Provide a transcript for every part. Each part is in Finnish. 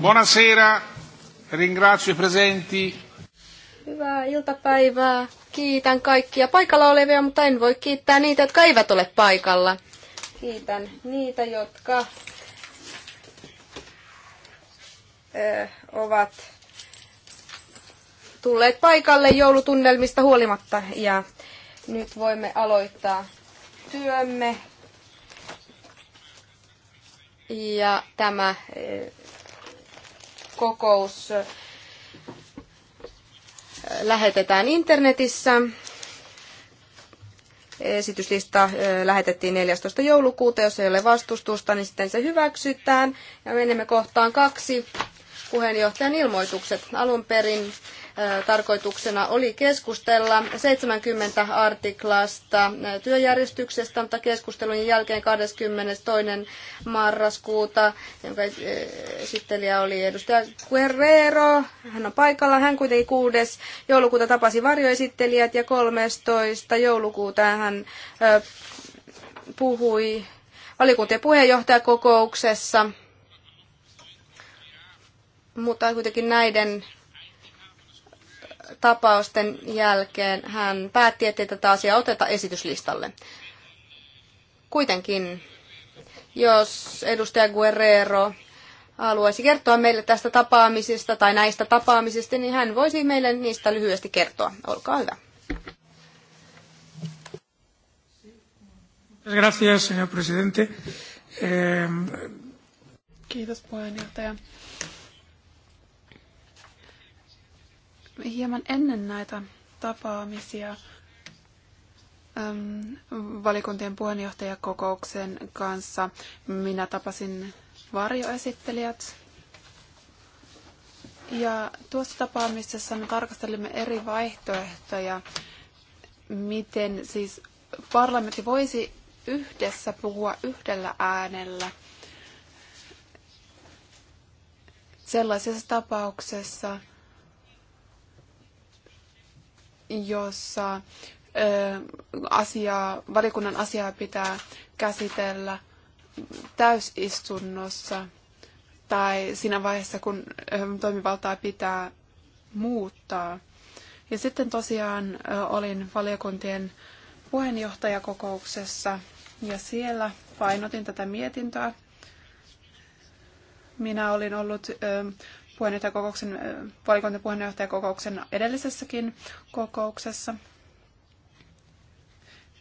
Buonasera. Ringrazio i presenti. Hyvää iltapäivää. Kiitän kaikkia paikalla olevia, mutta en voi kiittää niitä, jotka eivät ole paikalla. Kiitän niitä, jotka ö, ovat tulleet paikalle joulutunnelmista huolimatta. Ja nyt voimme aloittaa työmme. Ja tämä kokous lähetetään internetissä. Esityslista lähetettiin 14. joulukuuta. Jos ei ole vastustusta, niin sitten se hyväksytään. Ja menemme kohtaan kaksi. Puheenjohtajan ilmoitukset. Alun perin tarkoituksena oli keskustella 70 artiklasta työjärjestyksestä, mutta keskustelun jälkeen 22. marraskuuta, jonka esittelijä oli edustaja Guerrero, hän on paikalla, hän kuitenkin 6. joulukuuta tapasi varjoesittelijät ja 13. joulukuuta hän puhui valiokuntien puheenjohtajakokouksessa, mutta kuitenkin näiden tapausten jälkeen hän päätti, ettei tätä asiaa oteta esityslistalle. Kuitenkin, jos edustaja Guerrero haluaisi kertoa meille tästä tapaamisesta tai näistä tapaamisista, niin hän voisi meille niistä lyhyesti kertoa. Olkaa hyvä. Gracias, señor presidente. Eh, Kiitos puheenjohtaja. hieman ennen näitä tapaamisia äm, valikuntien puheenjohtajakokouksen kanssa minä tapasin varjoesittelijät. Ja tuossa tapaamisessa me tarkastelimme eri vaihtoehtoja, miten siis parlamentti voisi yhdessä puhua yhdellä äänellä sellaisessa tapauksessa, jossa asiaa, valikunnan asiaa pitää käsitellä täysistunnossa tai siinä vaiheessa, kun toimivaltaa pitää muuttaa. Ja sitten tosiaan olin valiokuntien puheenjohtajakokouksessa ja siellä painotin tätä mietintöä. Minä olin ollut puheenjohtajakokouksen, valikointen puheenjohtajakokouksen edellisessäkin kokouksessa.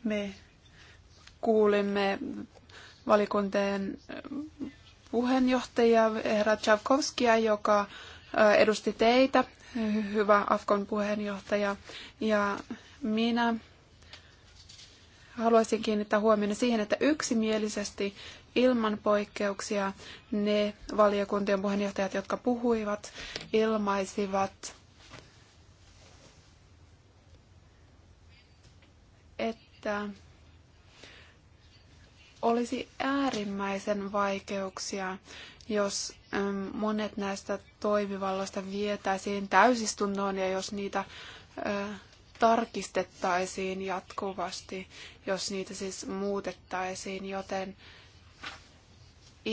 Me kuulimme valikunteen puheenjohtajaa herra Tchavkovskia, joka edusti teitä, hyvä Afkon puheenjohtaja, ja minä haluaisin kiinnittää huomioon siihen, että yksimielisesti ilman poikkeuksia ne valiokuntien puheenjohtajat, jotka puhuivat, ilmaisivat, että olisi äärimmäisen vaikeuksia, jos monet näistä toimivalloista vietäisiin täysistuntoon ja jos niitä tarkistettaisiin jatkuvasti, jos niitä siis muutettaisiin, joten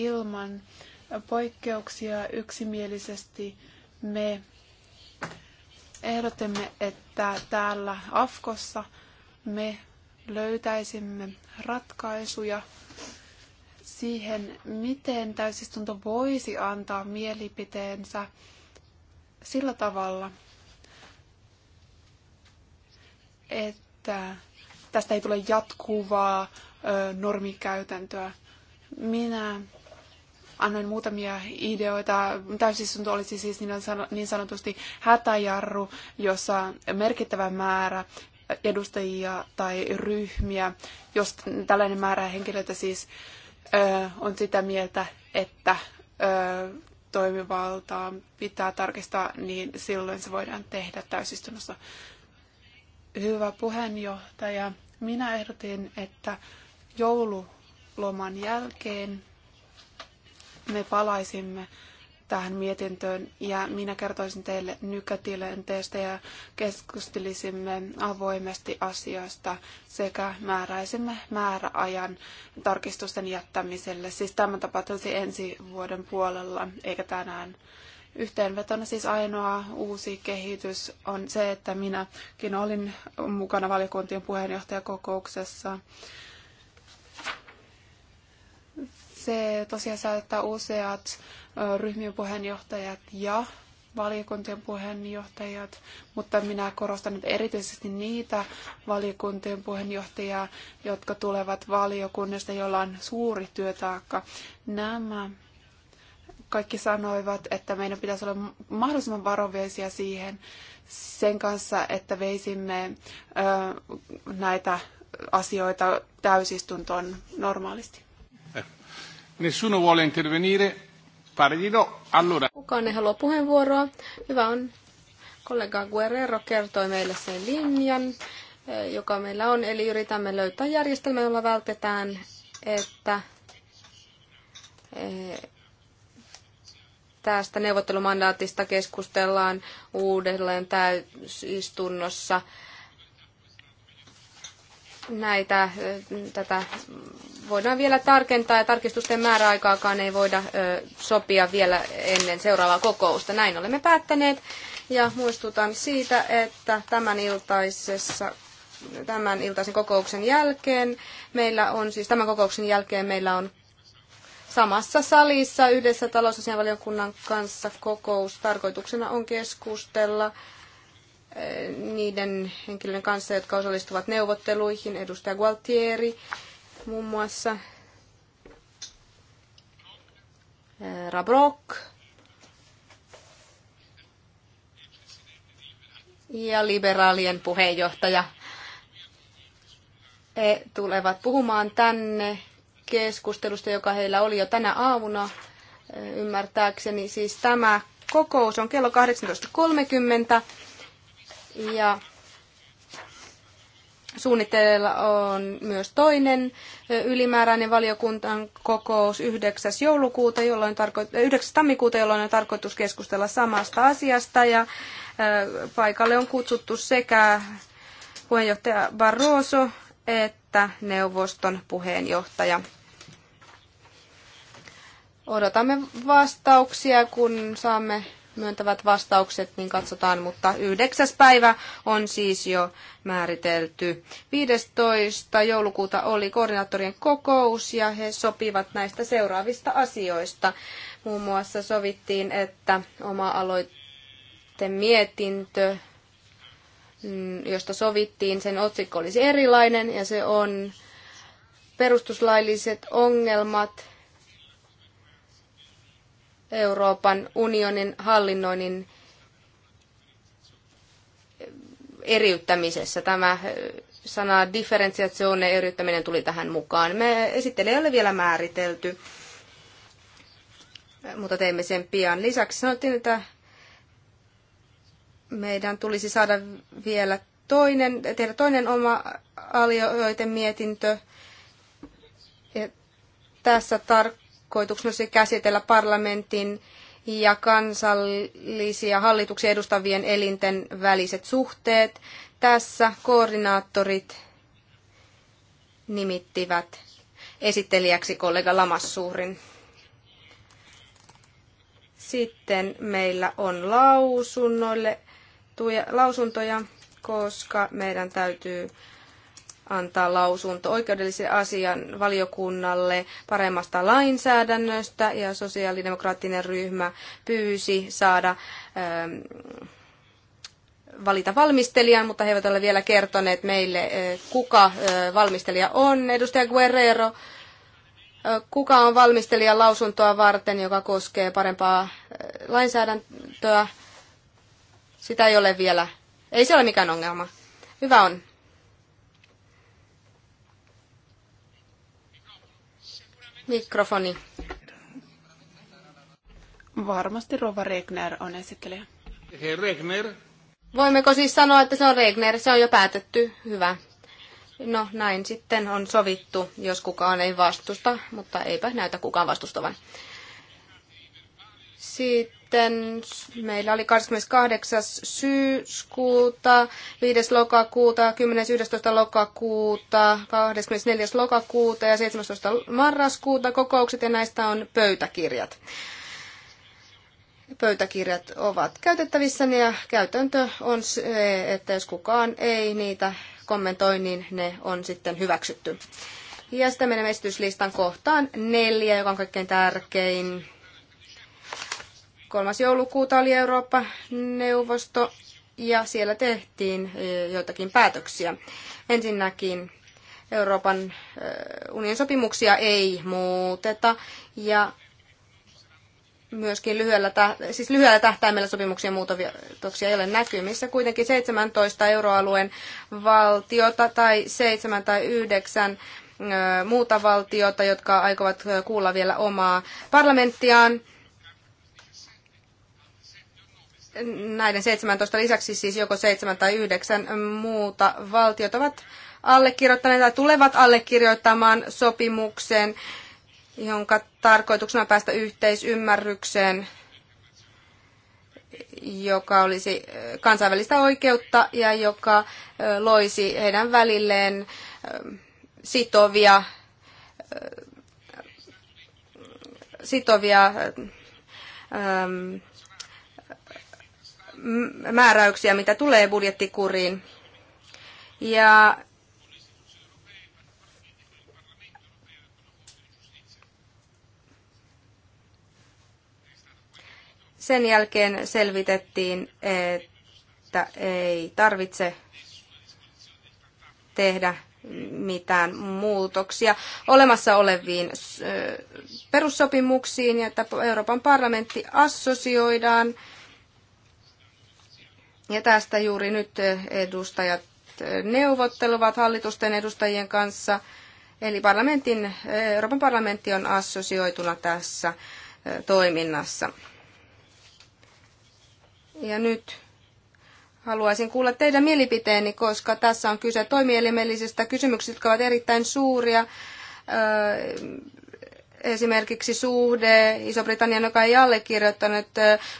ilman poikkeuksia yksimielisesti me ehdotimme, että täällä Afkossa me löytäisimme ratkaisuja siihen, miten täysistunto voisi antaa mielipiteensä sillä tavalla, että tästä ei tule jatkuvaa normikäytäntöä. Minä annoin muutamia ideoita. Täysistunto olisi siis niin, niin sanotusti hätäjarru, jossa merkittävä määrä edustajia tai ryhmiä, jos tällainen määrä henkilöitä siis on sitä mieltä, että toimivaltaa pitää tarkistaa, niin silloin se voidaan tehdä täysistunnossa. Hyvä puheenjohtaja, minä ehdotin, että joululoman jälkeen me palaisimme tähän mietintöön ja minä kertoisin teille nykätilanteesta ja keskustelisimme avoimesti asioista sekä määräisimme määräajan tarkistusten jättämiselle. Siis tämä tapahtuisi ensi vuoden puolella eikä tänään. Yhteenvetona siis ainoa uusi kehitys on se, että minäkin olin mukana valiokuntien puheenjohtajakokouksessa se tosiaan saattaa useat ryhmien puheenjohtajat ja valiokuntien puheenjohtajat, mutta minä korostan nyt erityisesti niitä valiokuntien puheenjohtajia, jotka tulevat valiokunnasta, joilla on suuri työtaakka. Nämä kaikki sanoivat, että meidän pitäisi olla mahdollisimman varovaisia siihen sen kanssa, että veisimme ö, näitä asioita täysistuntoon normaalisti. Nessuno vuole intervenire? Pare di no. Allora. Kukaan ei halua puheenvuoroa. Hyvä on. Kollega Guerrero kertoi meille sen linjan, eh, joka meillä on. Eli yritämme löytää järjestelmä, jolla vältetään, että eh, tästä neuvottelumandaatista keskustellaan uudelleen täysistunnossa näitä, tätä voidaan vielä tarkentaa ja tarkistusten määräaikaakaan ei voida sopia vielä ennen seuraavaa kokousta. Näin olemme päättäneet ja muistutan siitä, että tämän iltaisessa tämän iltaisen kokouksen jälkeen meillä on, siis tämän kokouksen jälkeen meillä on samassa salissa yhdessä talousasianvaliokunnan kanssa kokous. Tarkoituksena on keskustella niiden henkilöiden kanssa, jotka osallistuvat neuvotteluihin, edustaja Gualtieri muun muassa, eh, Rabrok ja liberaalien puheenjohtaja he tulevat puhumaan tänne keskustelusta, joka heillä oli jo tänä aamuna, eh, ymmärtääkseni. Siis tämä kokous on kello 18.30 ja suunnitteilla on myös toinen ylimääräinen valiokuntan kokous 9. joulukuuta, jolloin tarko- 9. tammikuuta, jolloin on tarkoitus keskustella samasta asiasta ja paikalle on kutsuttu sekä puheenjohtaja Barroso että neuvoston puheenjohtaja. Odotamme vastauksia, kun saamme myöntävät vastaukset, niin katsotaan, mutta yhdeksäs päivä on siis jo määritelty. 15. joulukuuta oli koordinaattorien kokous ja he sopivat näistä seuraavista asioista. Muun muassa sovittiin, että oma aloitteen mietintö, mm, josta sovittiin, sen otsikko olisi erilainen ja se on perustuslailliset ongelmat – Euroopan unionin hallinnoinnin eriyttämisessä. Tämä sana differentsiazione eriyttäminen tuli tähän mukaan. Me esittelee ei ole vielä määritelty, mutta teimme sen pian. Lisäksi sanottiin, että meidän tulisi saada vielä toinen, tehdä toinen oma mietintö. Ja tässä tarkkaan tarkoituksena olisi käsitellä parlamentin ja kansallisia hallituksia edustavien elinten väliset suhteet. Tässä koordinaattorit nimittivät esittelijäksi kollega Lamassuurin. Sitten meillä on lausunnoille, tuja lausuntoja, koska meidän täytyy antaa lausunto oikeudellisen asian valiokunnalle paremmasta lainsäädännöstä ja sosiaalidemokraattinen ryhmä pyysi saada ähm, valita valmistelijan, mutta he eivät ole vielä kertoneet meille, äh, kuka äh, valmistelija on. Edustaja Guerrero, äh, kuka on valmistelijan lausuntoa varten, joka koskee parempaa lainsäädäntöä? Sitä ei ole vielä. Ei se ole mikään ongelma. Hyvä on. Mikrofoni. Varmasti Rova Regner on esittelijä. Hei Regner. Voimmeko siis sanoa, että se on Regner? Se on jo päätetty. Hyvä. No näin sitten on sovittu, jos kukaan ei vastusta, mutta eipä näytä kukaan vastustavan. Sitten meillä oli 28. syyskuuta, 5. lokakuuta, 10. 11. lokakuuta, 24. lokakuuta ja 17. marraskuuta kokoukset ja näistä on pöytäkirjat. Pöytäkirjat ovat käytettävissä ja käytäntö on se, että jos kukaan ei niitä kommentoi, niin ne on sitten hyväksytty. Ja sitten menemme esityslistan kohtaan neljä, joka on kaikkein tärkein. 3. joulukuuta oli Eurooppa-neuvosto ja siellä tehtiin joitakin päätöksiä. Ensinnäkin Euroopan unionin sopimuksia ei muuteta ja myöskin lyhyellä, täht- siis lyhyellä tähtäimellä sopimuksia muutoksia ei ole näkymissä. Kuitenkin 17 euroalueen valtiota tai 7 tai 9 muuta valtiota, jotka aikovat kuulla vielä omaa parlamenttiaan näiden 17 lisäksi siis joko 7 tai 9 muuta valtiot ovat allekirjoittaneet tai tulevat allekirjoittamaan sopimuksen, jonka tarkoituksena on päästä yhteisymmärrykseen, joka olisi kansainvälistä oikeutta ja joka loisi heidän välilleen sitovia, sitovia määräyksiä, mitä tulee budjettikuriin. Ja sen jälkeen selvitettiin, että ei tarvitse tehdä mitään muutoksia olemassa oleviin perussopimuksiin, ja että Euroopan parlamentti assosioidaan ja tästä juuri nyt edustajat neuvottelevat hallitusten edustajien kanssa. Eli parlamentin, Euroopan parlamentti on assosioituna tässä toiminnassa. Ja nyt haluaisin kuulla teidän mielipiteeni, koska tässä on kyse toimielimellisistä kysymyksistä, jotka ovat erittäin suuria esimerkiksi suhde Iso-Britannian, joka ei allekirjoittanut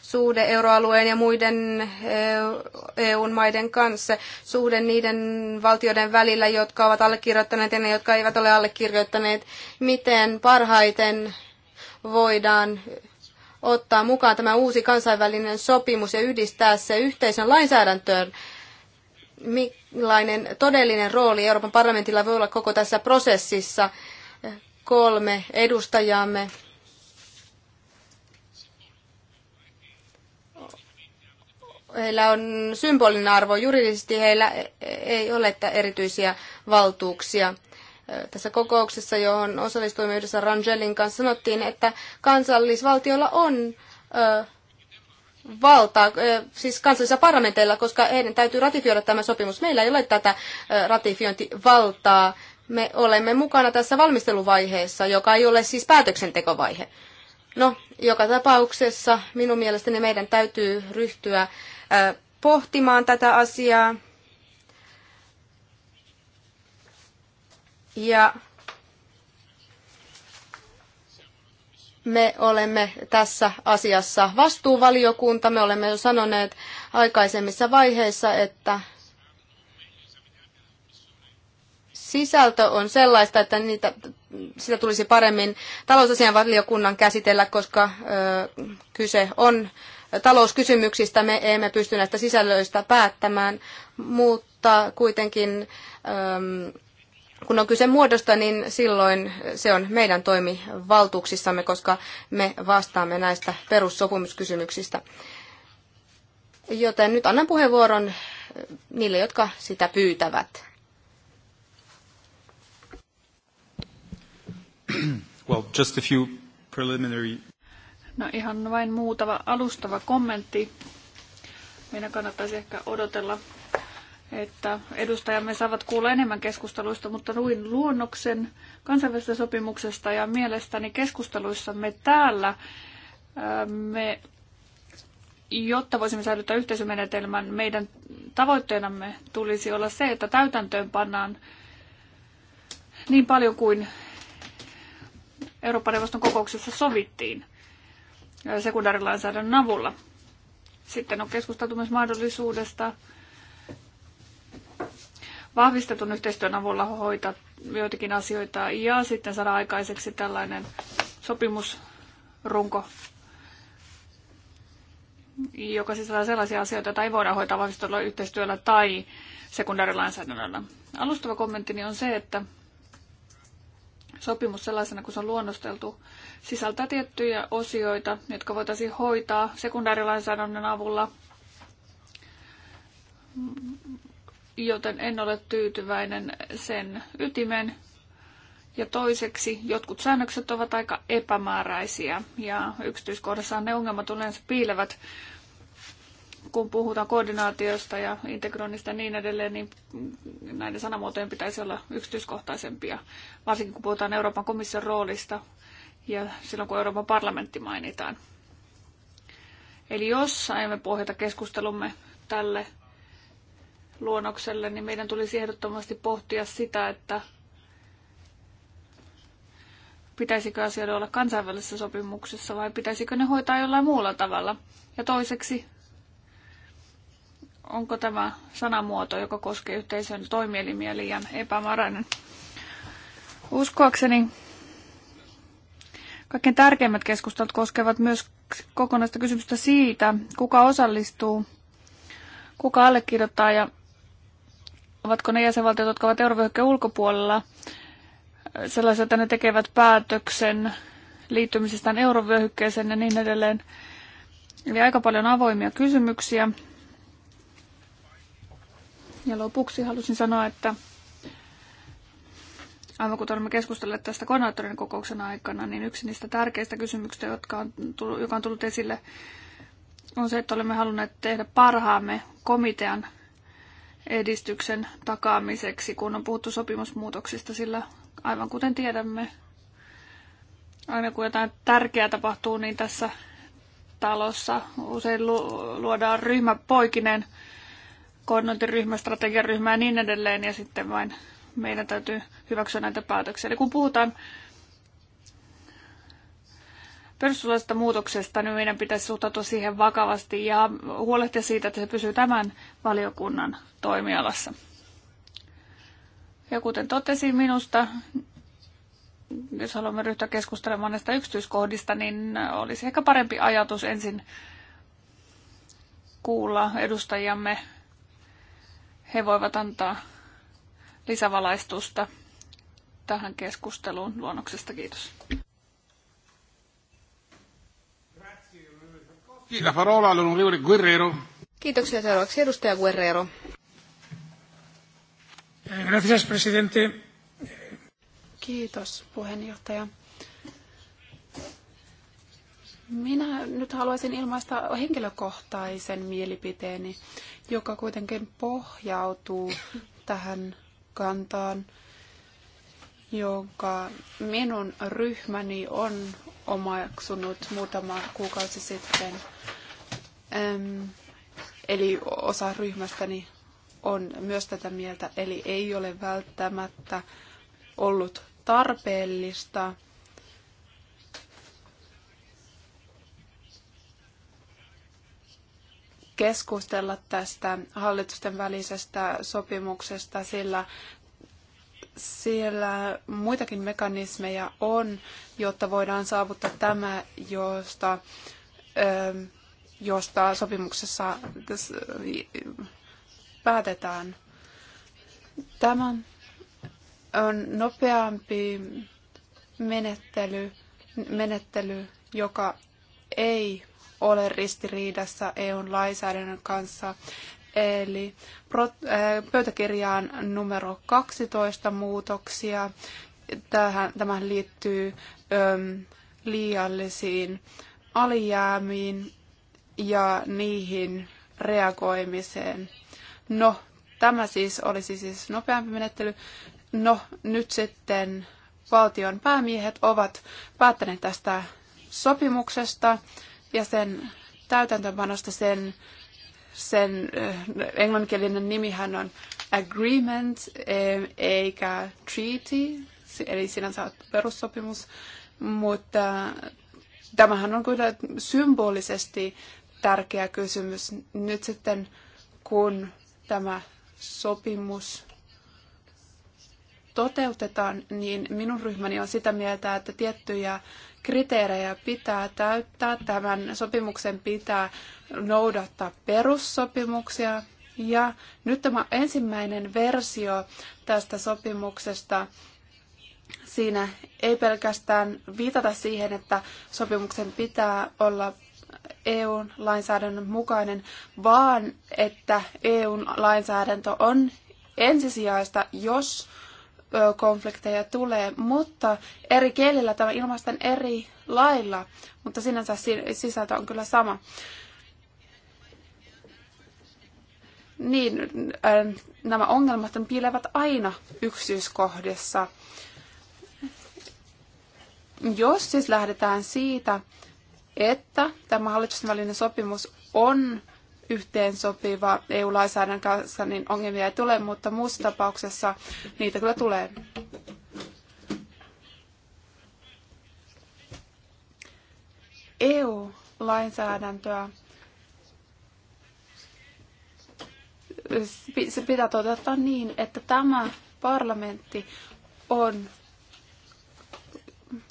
suhde euroalueen ja muiden EU-maiden kanssa, suhde niiden valtioiden välillä, jotka ovat allekirjoittaneet ja ne, jotka eivät ole allekirjoittaneet, miten parhaiten voidaan ottaa mukaan tämä uusi kansainvälinen sopimus ja yhdistää se yhteisön lainsäädäntöön millainen todellinen rooli Euroopan parlamentilla voi olla koko tässä prosessissa kolme edustajaamme heillä on symbolinen arvo. Juridisesti heillä e- ei ole erityisiä valtuuksia. Tässä kokouksessa, johon osallistuimme yhdessä Rangelin kanssa, sanottiin, että kansallisvaltiolla on ö, valtaa, ö, siis kansallisilla parlamenteilla, koska heidän täytyy ratifioida tämä sopimus. Meillä ei ole tätä ratifiointivaltaa. Me olemme mukana tässä valmisteluvaiheessa, joka ei ole siis päätöksentekovaihe. No, joka tapauksessa minun mielestäni meidän täytyy ryhtyä pohtimaan tätä asiaa. Ja me olemme tässä asiassa vastuuvaliokunta. Me olemme jo sanoneet aikaisemmissa vaiheissa, että sisältö on sellaista, että niitä, sitä tulisi paremmin talousasianvaliokunnan käsitellä, koska ö, kyse on talouskysymyksistä. Me emme pysty näistä sisällöistä päättämään, mutta kuitenkin ö, kun on kyse muodosta, niin silloin se on meidän toimivaltuuksissamme, koska me vastaamme näistä perussopimuskysymyksistä. Joten nyt annan puheenvuoron niille, jotka sitä pyytävät. well, just a few preliminary... No ihan vain muutama alustava kommentti. Meidän kannattaisi ehkä odotella, että edustajamme saavat kuulla enemmän keskusteluista, mutta luin luonnoksen kansainvälisestä sopimuksesta ja mielestäni keskusteluissamme täällä me jotta voisimme säilyttää yhteisömenetelmän, meidän tavoitteenamme tulisi olla se, että täytäntöön pannaan niin paljon kuin Euroopan neuvoston kokouksessa sovittiin sekundaarilainsäädännön avulla. Sitten on keskusteltu myös mahdollisuudesta vahvistetun yhteistyön avulla hoitaa joitakin asioita ja sitten saada aikaiseksi tällainen sopimusrunko, joka sisältää sellaisia asioita, joita ei voida hoitaa vahvistetulla yhteistyöllä tai sekundaarilainsäädännöllä. Alustava kommenttini on se, että sopimus sellaisena kuin se on luonnosteltu, sisältää tiettyjä osioita, jotka voitaisiin hoitaa sekundaarilainsäädännön avulla, joten en ole tyytyväinen sen ytimen. Ja toiseksi, jotkut säännökset ovat aika epämääräisiä ja yksityiskohdassa ne ongelmat yleensä piilevät kun puhutaan koordinaatiosta ja integroinnista ja niin edelleen, niin näiden sanamuotojen pitäisi olla yksityiskohtaisempia, varsinkin kun puhutaan Euroopan komission roolista ja silloin kun Euroopan parlamentti mainitaan. Eli jos saimme pohjata keskustelumme tälle luonnokselle, niin meidän tulisi ehdottomasti pohtia sitä, että pitäisikö asioiden olla kansainvälisessä sopimuksessa vai pitäisikö ne hoitaa jollain muulla tavalla. Ja toiseksi onko tämä sanamuoto, joka koskee yhteisön toimielimiä, liian epämääräinen. Uskoakseni kaikkein tärkeimmät keskustelut koskevat myös kokonaista kysymystä siitä, kuka osallistuu, kuka allekirjoittaa ja ovatko ne jäsenvaltiot, jotka ovat eurovyöhykkeen ulkopuolella, sellaisia, että ne tekevät päätöksen liittymisestään eurovyöhykkeeseen ja niin edelleen. Eli aika paljon avoimia kysymyksiä. Ja lopuksi halusin sanoa, että aivan kuten olemme keskustelleet tästä koordinaattorin kokouksen aikana, niin yksi niistä tärkeistä kysymyksistä, jotka on tullut, joka on tullut esille, on se, että olemme halunneet tehdä parhaamme komitean edistyksen takaamiseksi, kun on puhuttu sopimusmuutoksista, sillä aivan kuten tiedämme, aina kun jotain tärkeää tapahtuu, niin tässä talossa usein luodaan ryhmä poikinen koordinointiryhmä, strategiaryhmä ja niin edelleen, ja sitten vain meidän täytyy hyväksyä näitä päätöksiä. Eli kun puhutaan perustuslaista muutoksesta, niin meidän pitäisi suhtautua siihen vakavasti ja huolehtia siitä, että se pysyy tämän valiokunnan toimialassa. Ja kuten totesin minusta, jos haluamme ryhtyä keskustelemaan näistä yksityiskohdista, niin olisi ehkä parempi ajatus ensin kuulla edustajamme he voivat antaa lisävalaistusta tähän keskusteluun luonnoksesta. Kiitos. La parola Guerrero. Kiitoksia seuraavaksi edustaja Guerrero. Eh, gracias, presidente. Kiitos, puheenjohtaja. Minä nyt haluaisin ilmaista henkilökohtaisen mielipiteeni joka kuitenkin pohjautuu tähän kantaan, jonka minun ryhmäni on omaksunut muutama kuukausi sitten. Ähm, eli osa ryhmästäni on myös tätä mieltä, eli ei ole välttämättä ollut tarpeellista keskustella tästä hallitusten välisestä sopimuksesta, sillä siellä muitakin mekanismeja on, jotta voidaan saavuttaa tämä, josta, ähm, josta sopimuksessa äh, päätetään. Tämä on nopeampi menettely, menettely joka ei ole ristiriidassa EUn lainsäädännön kanssa. Eli äh, pöytäkirjaan numero 12 muutoksia. Tähän, tämähän liittyy öm, liiallisiin alijäämiin ja niihin reagoimiseen. No, tämä siis olisi siis nopeampi menettely. No, nyt sitten valtion päämiehet ovat päättäneet tästä sopimuksesta ja sen täytäntöpanosta, sen, sen äh, englanninkielinen nimihän on agreement e, eikä treaty, eli saa perussopimus, mutta tämähän on kyllä symbolisesti tärkeä kysymys. Nyt sitten kun tämä sopimus toteutetaan, niin minun ryhmäni on sitä mieltä, että tiettyjä kriteerejä pitää täyttää. Tämän sopimuksen pitää noudattaa perussopimuksia. Ja nyt tämä ensimmäinen versio tästä sopimuksesta, siinä ei pelkästään viitata siihen, että sopimuksen pitää olla eu lainsäädännön mukainen, vaan että eu lainsäädäntö on ensisijaista, jos konflikteja tulee, mutta eri kielillä tämä ilmaisten eri lailla, mutta sinänsä sisältö on kyllä sama. Niin, nämä ongelmat piilevät aina yksityiskohdissa. Jos siis lähdetään siitä, että tämä hallitusten välinen sopimus on yhteensopiva EU-lainsäädännön kanssa, niin ongelmia ei tule, mutta muussa tapauksessa niitä kyllä tulee. EU-lainsäädäntöä se pitää toteuttaa niin, että tämä parlamentti on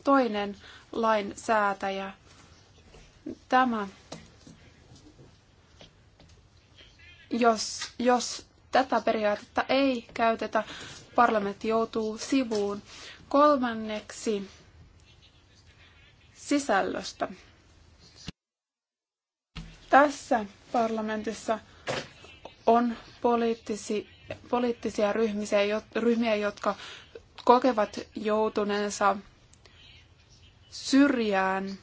toinen lainsäätäjä. Tämä Jos, jos tätä periaatetta ei käytetä, parlamentti joutuu sivuun. Kolmanneksi sisällöstä. Tässä parlamentissa on poliittisi, poliittisia ryhmisiä, ryhmiä, jotka kokevat joutuneensa syrjään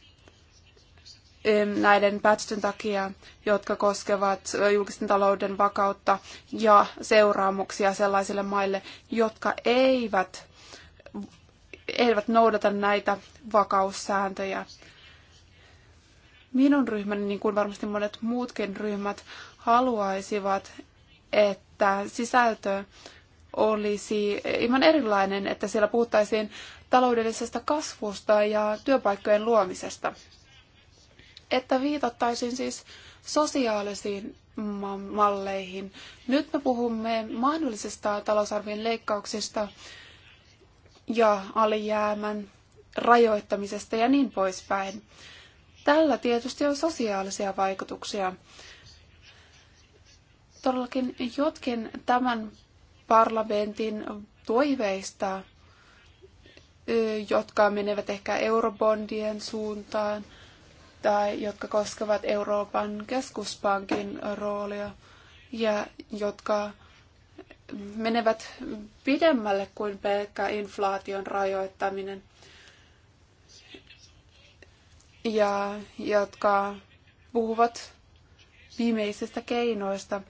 näiden päätösten takia, jotka koskevat julkisen talouden vakautta ja seuraamuksia sellaisille maille, jotka eivät, eivät noudata näitä vakaussääntöjä. Minun ryhmäni, niin kuin varmasti monet muutkin ryhmät, haluaisivat, että sisältö olisi ihan erilainen, että siellä puhuttaisiin taloudellisesta kasvusta ja työpaikkojen luomisesta että viitattaisiin siis sosiaalisiin malleihin. Nyt me puhumme mahdollisista talousarvien leikkauksista ja alijäämän rajoittamisesta ja niin poispäin. Tällä tietysti on sosiaalisia vaikutuksia. Todellakin jotkin tämän parlamentin toiveista, jotka menevät ehkä eurobondien suuntaan – tai jotka koskevat Euroopan keskuspankin roolia ja jotka menevät pidemmälle kuin pelkkä inflaation rajoittaminen ja jotka puhuvat viimeisistä keinoista.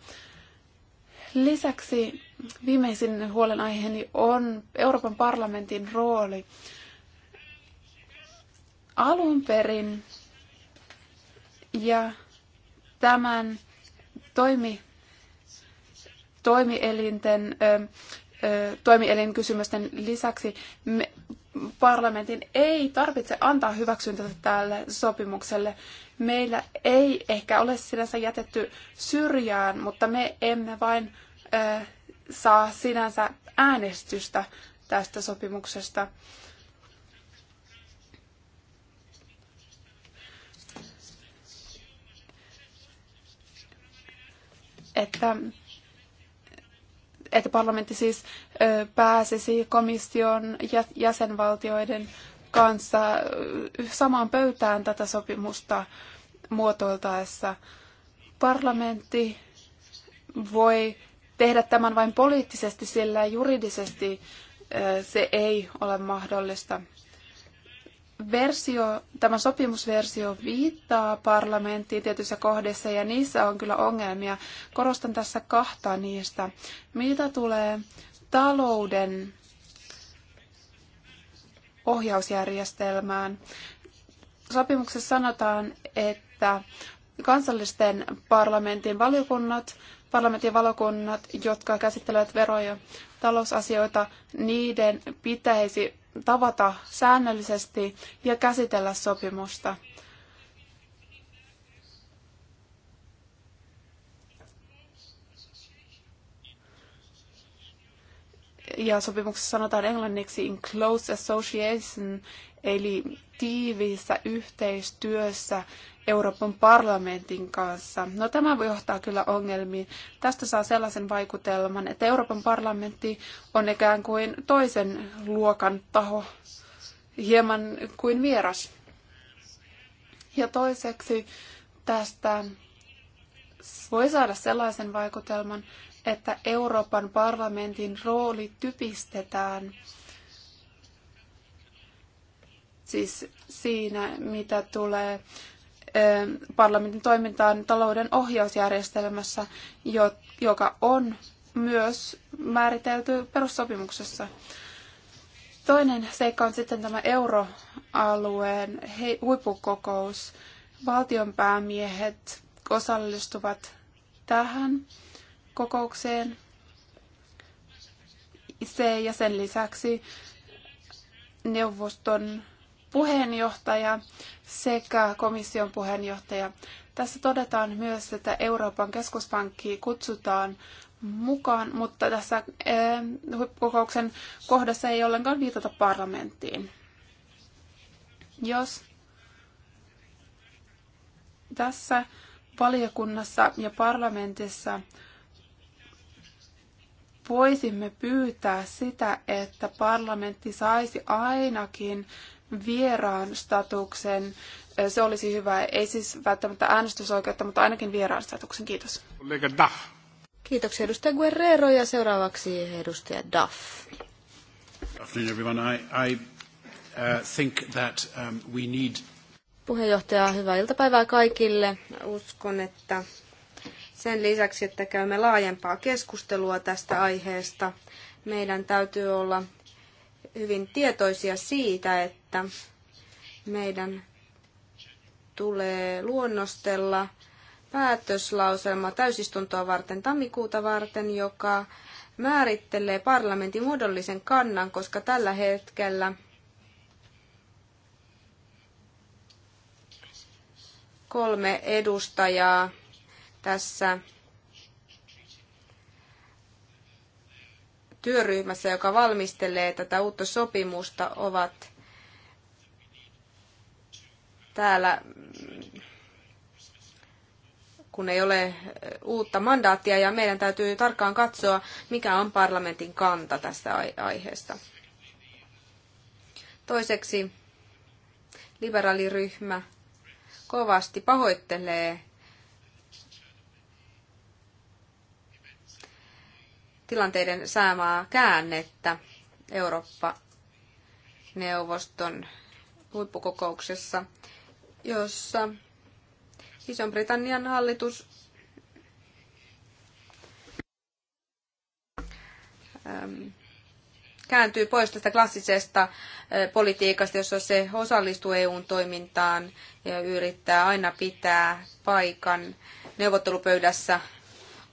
Lisäksi viimeisin huolenaiheeni on Euroopan parlamentin rooli. Alun perin ja tämän toimi, toimielinten, ö, ö, toimielinkysymysten lisäksi me, parlamentin ei tarvitse antaa hyväksyntä tälle sopimukselle. Meillä ei ehkä ole sinänsä jätetty syrjään, mutta me emme vain ö, saa sinänsä äänestystä tästä sopimuksesta. että, että parlamentti siis pääsisi komission jäsenvaltioiden kanssa samaan pöytään tätä sopimusta muotoiltaessa. Parlamentti voi tehdä tämän vain poliittisesti, sillä juridisesti se ei ole mahdollista versio, tämä sopimusversio viittaa parlamenttiin tietyissä kohdissa ja niissä on kyllä ongelmia. Korostan tässä kahta niistä. Mitä tulee talouden ohjausjärjestelmään? Sopimuksessa sanotaan, että kansallisten parlamentin valiokunnat, parlamentin valokunnat, jotka käsittelevät veroja talousasioita, niiden pitäisi tavata säännöllisesti ja käsitellä sopimusta. Ja sopimuksessa sanotaan englanniksi in close association, eli tiiviissä yhteistyössä Euroopan parlamentin kanssa. No tämä voi johtaa kyllä ongelmiin. Tästä saa sellaisen vaikutelman, että Euroopan parlamentti on ikään kuin toisen luokan taho, hieman kuin vieras. Ja toiseksi tästä voi saada sellaisen vaikutelman, että Euroopan parlamentin rooli typistetään siis siinä, mitä tulee parlamentin toimintaan talouden ohjausjärjestelmässä, joka on myös määritelty perussopimuksessa. Toinen seikka on sitten tämä euroalueen huippukokous. Valtionpäämiehet osallistuvat tähän kokoukseen. Se ja sen lisäksi neuvoston puheenjohtaja sekä komission puheenjohtaja. Tässä todetaan myös, että Euroopan keskuspankki kutsutaan mukaan, mutta tässä eh, huippukokouksen kohdassa ei ollenkaan viitata parlamenttiin. Jos tässä valiokunnassa ja parlamentissa voisimme pyytää sitä, että parlamentti saisi ainakin vieraan statuksen. Se olisi hyvä. Ei siis välttämättä äänestysoikeutta, mutta ainakin vieraan statuksen. Kiitos. Kiitoksia edustaja Guerrero ja seuraavaksi edustaja Duff. Afternoon everyone. I, I uh, think that um, we need... Puheenjohtaja, hyvää iltapäivää kaikille. Uskon, että sen lisäksi, että käymme laajempaa keskustelua tästä aiheesta, meidän täytyy olla hyvin tietoisia siitä, että että meidän tulee luonnostella päätöslauselma täysistuntoa varten tammikuuta varten, joka määrittelee parlamentin muodollisen kannan, koska tällä hetkellä kolme edustajaa tässä työryhmässä, joka valmistelee tätä uutta sopimusta, ovat täällä, kun ei ole uutta mandaattia ja meidän täytyy tarkkaan katsoa, mikä on parlamentin kanta tästä aiheesta. Toiseksi liberaaliryhmä kovasti pahoittelee tilanteiden saamaa käännettä Eurooppa-neuvoston huippukokouksessa jossa Ison-Britannian hallitus ähm, kääntyy pois tästä klassisesta äh, politiikasta, jossa se osallistuu EUn toimintaan ja yrittää aina pitää paikan neuvottelupöydässä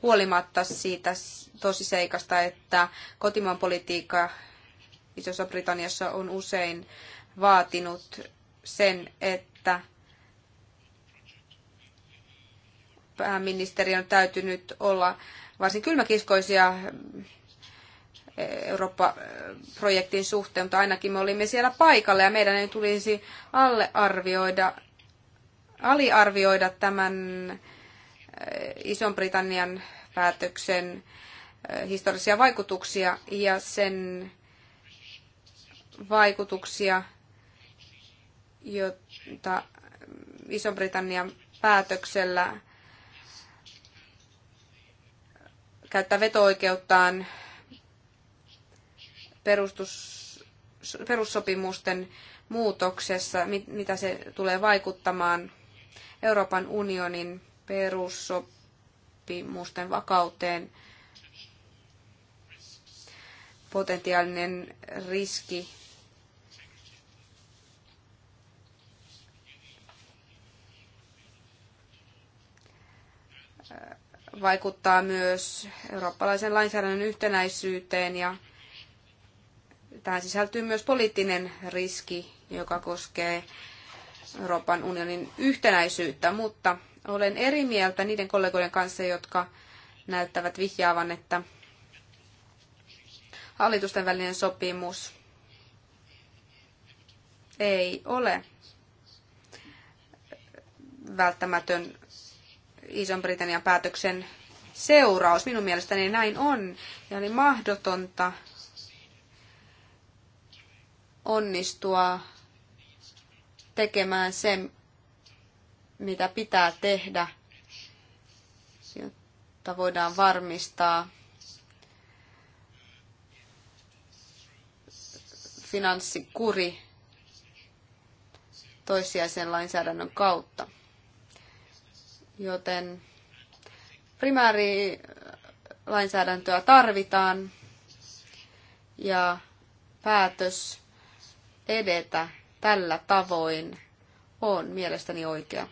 huolimatta siitä tosiseikasta, että kotimaan politiikka Isossa Britanniassa on usein vaatinut sen, että pääministeri on täytynyt olla varsin kylmäkiskoisia eh, Eurooppa-projektin suhteen, mutta ainakin me olimme siellä paikalla ja meidän ei tulisi arvioida, aliarvioida tämän eh, Ison-Britannian päätöksen eh, historiallisia vaikutuksia ja sen vaikutuksia, joita Ison-Britannian päätöksellä käyttää veto-oikeuttaan perustus, perussopimusten muutoksessa, mitä se tulee vaikuttamaan Euroopan unionin perussopimusten vakauteen. Potentiaalinen riski vaikuttaa myös eurooppalaisen lainsäädännön yhtenäisyyteen ja tähän sisältyy myös poliittinen riski, joka koskee Euroopan unionin yhtenäisyyttä, mutta olen eri mieltä niiden kollegoiden kanssa, jotka näyttävät vihjaavan, että hallitusten välinen sopimus ei ole välttämätön Ison-Britannian päätöksen seuraus. Minun mielestäni näin on. Ja oli mahdotonta onnistua tekemään sen, mitä pitää tehdä, jotta voidaan varmistaa finanssikuri toissijaisen lainsäädännön kautta. Joten primäärilainsäädäntöä tarvitaan ja päätös edetä tällä tavoin on mielestäni oikea.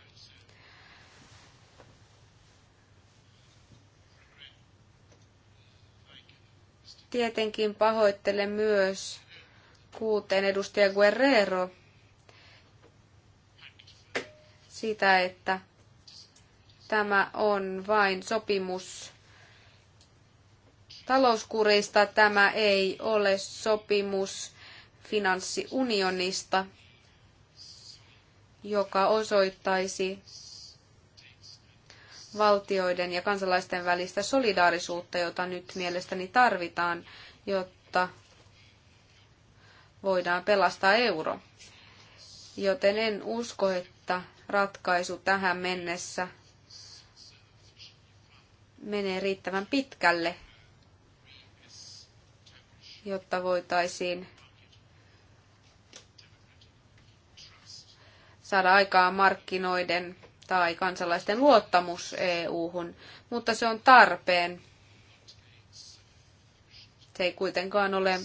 Tietenkin pahoittelen myös kuuteen edustaja Guerrero siitä, että Tämä on vain sopimus talouskurista, tämä ei ole sopimus finanssiunionista, joka osoittaisi valtioiden ja kansalaisten välistä solidaarisuutta, jota nyt mielestäni tarvitaan, jotta voidaan pelastaa euro. Joten en usko, että ratkaisu tähän mennessä menee riittävän pitkälle, jotta voitaisiin saada aikaan markkinoiden tai kansalaisten luottamus EU-hun, mutta se on tarpeen. Se ei kuitenkaan ole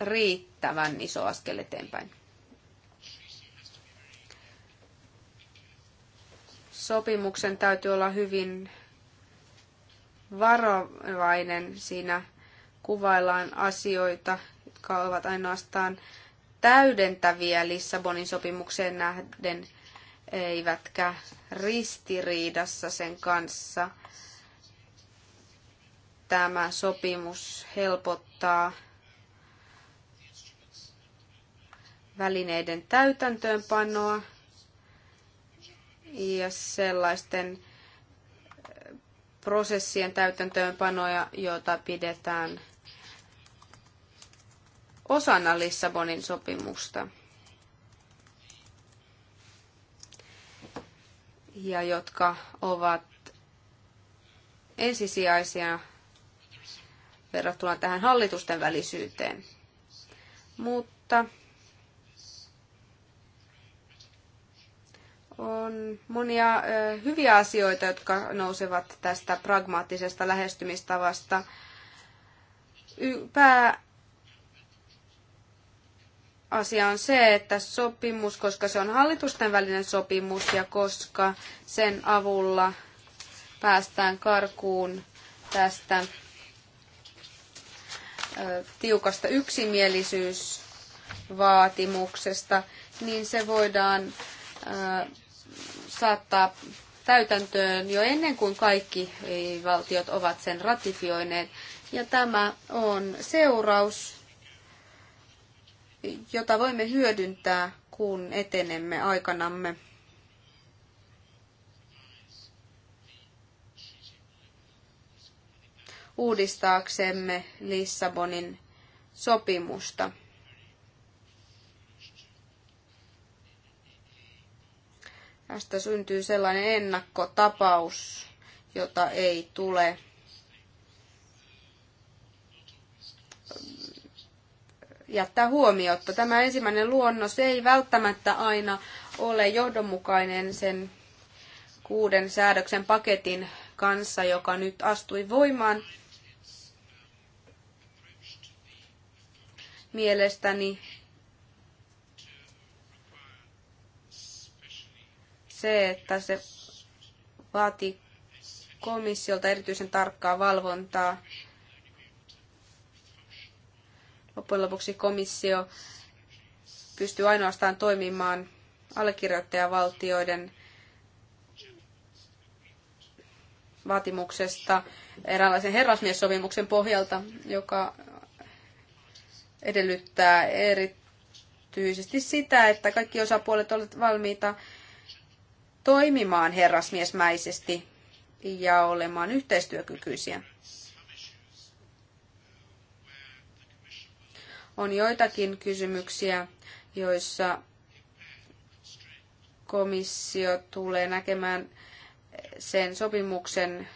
riittävän iso askel eteenpäin. Sopimuksen täytyy olla hyvin varovainen. Siinä kuvaillaan asioita, jotka ovat ainoastaan täydentäviä Lissabonin sopimukseen nähden, eivätkä ristiriidassa sen kanssa. Tämä sopimus helpottaa välineiden täytäntöönpanoa ja sellaisten prosessien täytäntöönpanoja, joita pidetään osana Lissabonin sopimusta. Ja jotka ovat ensisijaisia verrattuna tähän hallitusten välisyyteen. Mutta On monia hyviä asioita, jotka nousevat tästä pragmaattisesta lähestymistavasta. Pää asia on se, että sopimus, koska se on hallitusten välinen sopimus ja koska sen avulla päästään karkuun tästä tiukasta yksimielisyysvaatimuksesta, niin se voidaan saattaa täytäntöön jo ennen kuin kaikki valtiot ovat sen ratifioineet. Ja tämä on seuraus, jota voimme hyödyntää, kun etenemme aikanamme. uudistaaksemme Lissabonin sopimusta. Tästä syntyy sellainen ennakkotapaus, jota ei tule jättää huomiota. Tämä ensimmäinen luonnos ei välttämättä aina ole johdonmukainen sen kuuden säädöksen paketin kanssa, joka nyt astui voimaan. Mielestäni se, että se vaatii komissiolta erityisen tarkkaa valvontaa. Loppujen lopuksi komissio pystyy ainoastaan toimimaan allekirjoittajavaltioiden vaatimuksesta eräänlaisen herrasmiessopimuksen pohjalta, joka edellyttää erityisesti sitä, että kaikki osapuolet ovat valmiita toimimaan herrasmiesmäisesti ja olemaan yhteistyökykyisiä. On joitakin kysymyksiä, joissa komissio tulee näkemään sen sopimuksen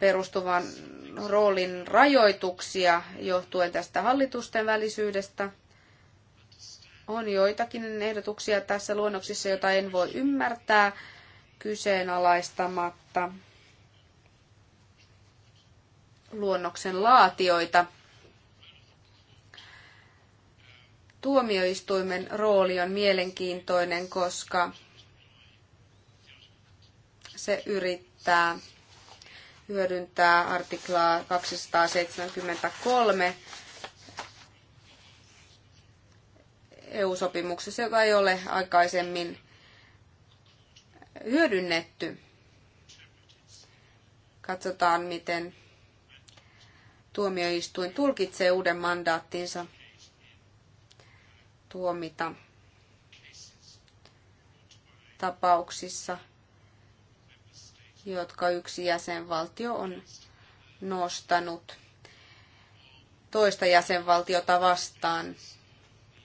perustuvan roolin rajoituksia johtuen tästä hallitusten välisyydestä – on joitakin ehdotuksia tässä luonnoksissa, joita en voi ymmärtää kyseenalaistamatta luonnoksen laatioita. Tuomioistuimen rooli on mielenkiintoinen, koska se yrittää hyödyntää artiklaa 273 EU-sopimuksessa, joka ei ole aikaisemmin hyödynnetty. Katsotaan, miten tuomioistuin tulkitsee uuden mandaattinsa tuomita tapauksissa, jotka yksi jäsenvaltio on nostanut toista jäsenvaltiota vastaan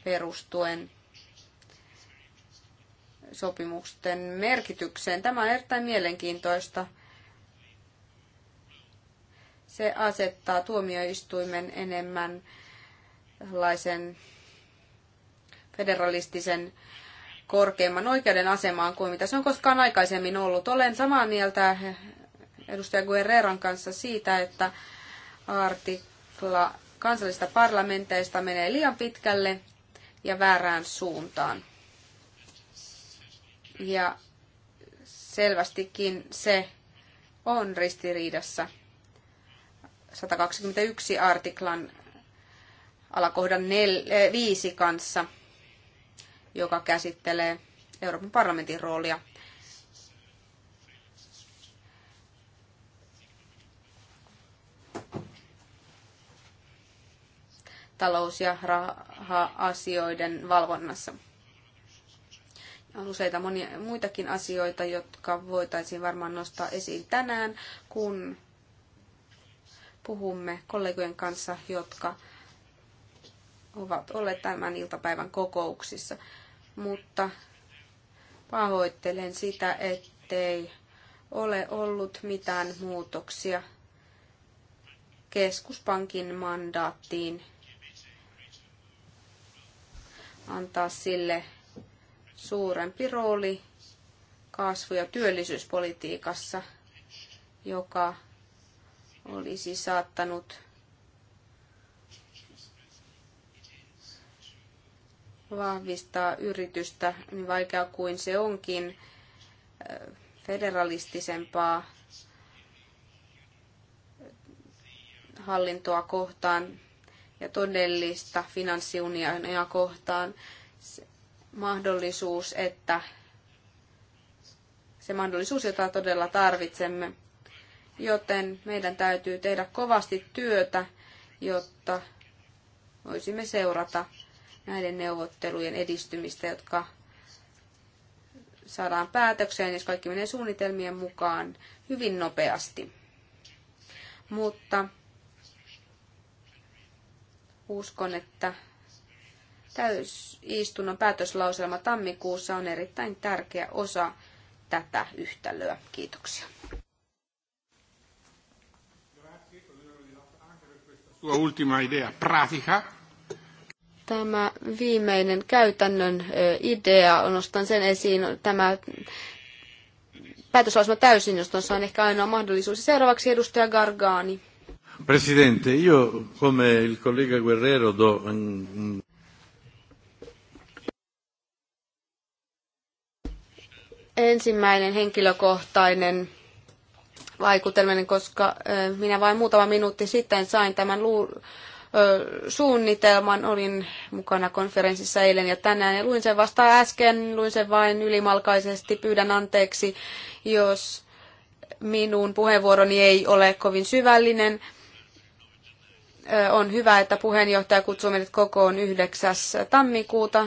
perustuen sopimusten merkitykseen. Tämä on erittäin mielenkiintoista. Se asettaa tuomioistuimen enemmän laisen federalistisen korkeimman oikeuden asemaan kuin mitä se on koskaan aikaisemmin ollut. Olen samaa mieltä edustaja Guerreran kanssa siitä, että artikla kansallista parlamenteista menee liian pitkälle ja väärään suuntaan. Ja selvästikin se on ristiriidassa 121 artiklan alakohdan 5 eh, kanssa, joka käsittelee Euroopan parlamentin roolia talous- ja raha-asioiden valvonnassa. On useita monia muitakin asioita, jotka voitaisiin varmaan nostaa esiin tänään, kun puhumme kollegojen kanssa, jotka ovat olleet tämän iltapäivän kokouksissa. Mutta pahoittelen sitä, ettei ole ollut mitään muutoksia keskuspankin mandaattiin antaa sille suurempi rooli kasvu- ja työllisyyspolitiikassa, joka olisi saattanut vahvistaa yritystä, niin vaikea kuin se onkin, federalistisempaa hallintoa kohtaan ja todellista finanssiunionia kohtaan se mahdollisuus, että se mahdollisuus, jota todella tarvitsemme. Joten meidän täytyy tehdä kovasti työtä, jotta voisimme seurata näiden neuvottelujen edistymistä, jotka saadaan päätökseen, jos kaikki menee suunnitelmien mukaan, hyvin nopeasti. Mutta uskon, että täysistunnon päätöslauselma tammikuussa on erittäin tärkeä osa tätä yhtälöä. Kiitoksia. Tämä viimeinen käytännön idea, nostan sen esiin, tämä päätöslausuma täysin, josta on ehkä ainoa mahdollisuus. Seuraavaksi edustaja Gargani. Presidente, io come il collega Guerrero do... Ensimmäinen henkilökohtainen vaikutelminen, koska minä vain muutama minuutti sitten sain tämän lu- suunnitelman. Olin mukana konferenssissa eilen ja tänään ja luin sen vasta äsken, luin sen vain ylimalkaisesti. Pyydän anteeksi, jos minun puheenvuoroni ei ole kovin syvällinen on hyvä, että puheenjohtaja kutsuu meidät kokoon 9. tammikuuta.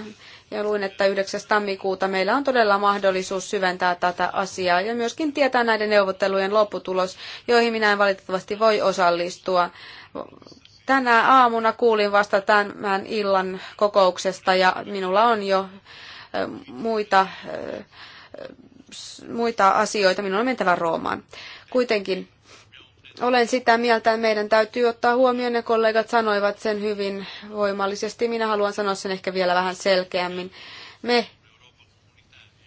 Ja luin, että 9. tammikuuta meillä on todella mahdollisuus syventää tätä asiaa ja myöskin tietää näiden neuvottelujen lopputulos, joihin minä en valitettavasti voi osallistua. Tänä aamuna kuulin vasta tämän illan kokouksesta ja minulla on jo muita, muita asioita. Minun on mentävä Roomaan. Kuitenkin olen sitä mieltä, että meidän täytyy ottaa huomioon, ne kollegat sanoivat sen hyvin voimallisesti. Minä haluan sanoa sen ehkä vielä vähän selkeämmin. Me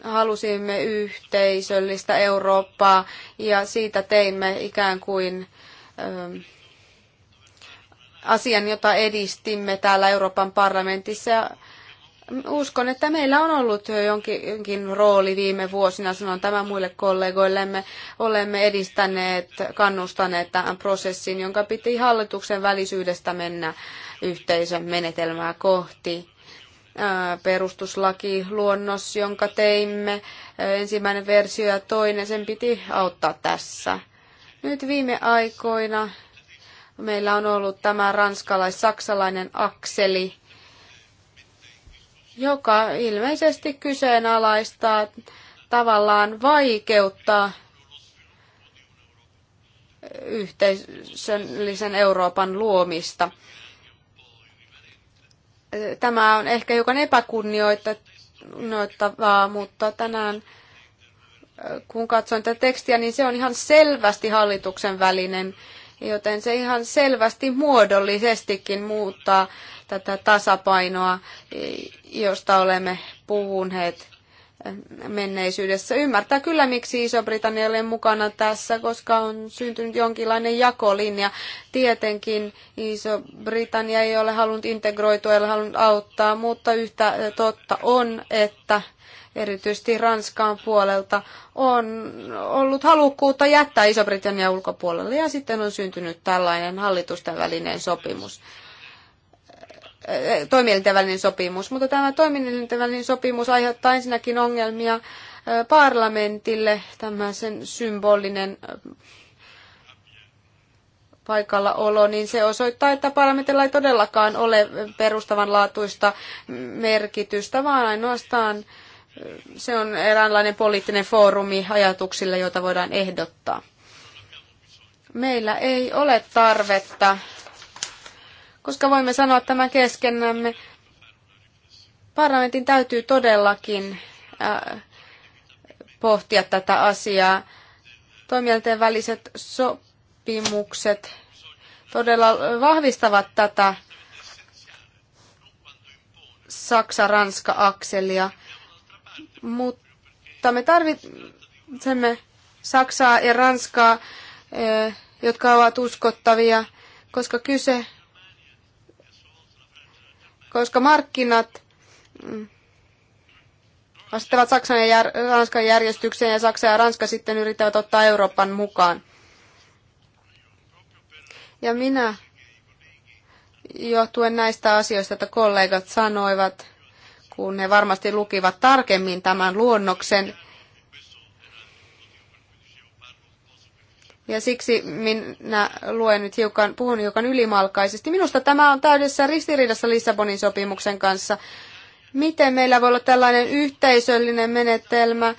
halusimme yhteisöllistä Eurooppaa ja siitä teimme ikään kuin ö, ähm, asian, jota edistimme täällä Euroopan parlamentissa. Uskon, että meillä on ollut jonkin, jonkin rooli viime vuosina, sanon tämä muille kollegoillemme. Olemme edistäneet, kannustaneet tähän prosessiin, jonka piti hallituksen välisyydestä mennä yhteisön menetelmää kohti. Perustuslaki, jonka teimme, ensimmäinen versio ja toinen, sen piti auttaa tässä. Nyt viime aikoina meillä on ollut tämä ranskalais-saksalainen akseli, joka ilmeisesti kyseenalaistaa tavallaan vaikeuttaa yhteisöllisen Euroopan luomista. Tämä on ehkä hiukan epäkunnioittavaa, mutta tänään kun katsoin tätä tekstiä, niin se on ihan selvästi hallituksen välinen, joten se ihan selvästi muodollisestikin muuttaa tätä tasapainoa, josta olemme puhuneet menneisyydessä. Ymmärtää kyllä, miksi Iso-Britannia oli mukana tässä, koska on syntynyt jonkinlainen jakolinja. Tietenkin Iso-Britannia ei ole halunnut integroitua, ei ole halunnut auttaa, mutta yhtä totta on, että erityisesti Ranskan puolelta on ollut halukkuutta jättää Iso-Britannia ulkopuolelle ja sitten on syntynyt tällainen hallitusten välinen sopimus. Eh, toimielinten välinen sopimus, mutta tämä toimielinten välinen sopimus aiheuttaa ensinnäkin ongelmia eh, parlamentille, tämä sen symbolinen eh, paikallaolo, niin se osoittaa, että parlamentilla ei todellakaan ole perustavanlaatuista merkitystä, vaan ainoastaan se on eräänlainen poliittinen foorumi ajatuksille, joita voidaan ehdottaa. Meillä ei ole tarvetta koska voimme sanoa tämän keskenämme. Parlamentin täytyy todellakin äh, pohtia tätä asiaa. Toimijoiden väliset sopimukset todella vahvistavat tätä Saksa-Ranska-akselia, mutta me tarvitsemme Saksaa ja Ranskaa, äh, jotka ovat uskottavia, koska kyse koska markkinat mm, asettavat Saksan ja Ranskan järjestykseen ja Saksa ja Ranska sitten yrittävät ottaa Euroopan mukaan. Ja minä, johtuen näistä asioista, että kollegat sanoivat, kun he varmasti lukivat tarkemmin tämän luonnoksen, Ja siksi minä luen nyt hiukan, puhun hiukan ylimalkaisesti. Minusta tämä on täydessä ristiriidassa Lissabonin sopimuksen kanssa. Miten meillä voi olla tällainen yhteisöllinen menetelmä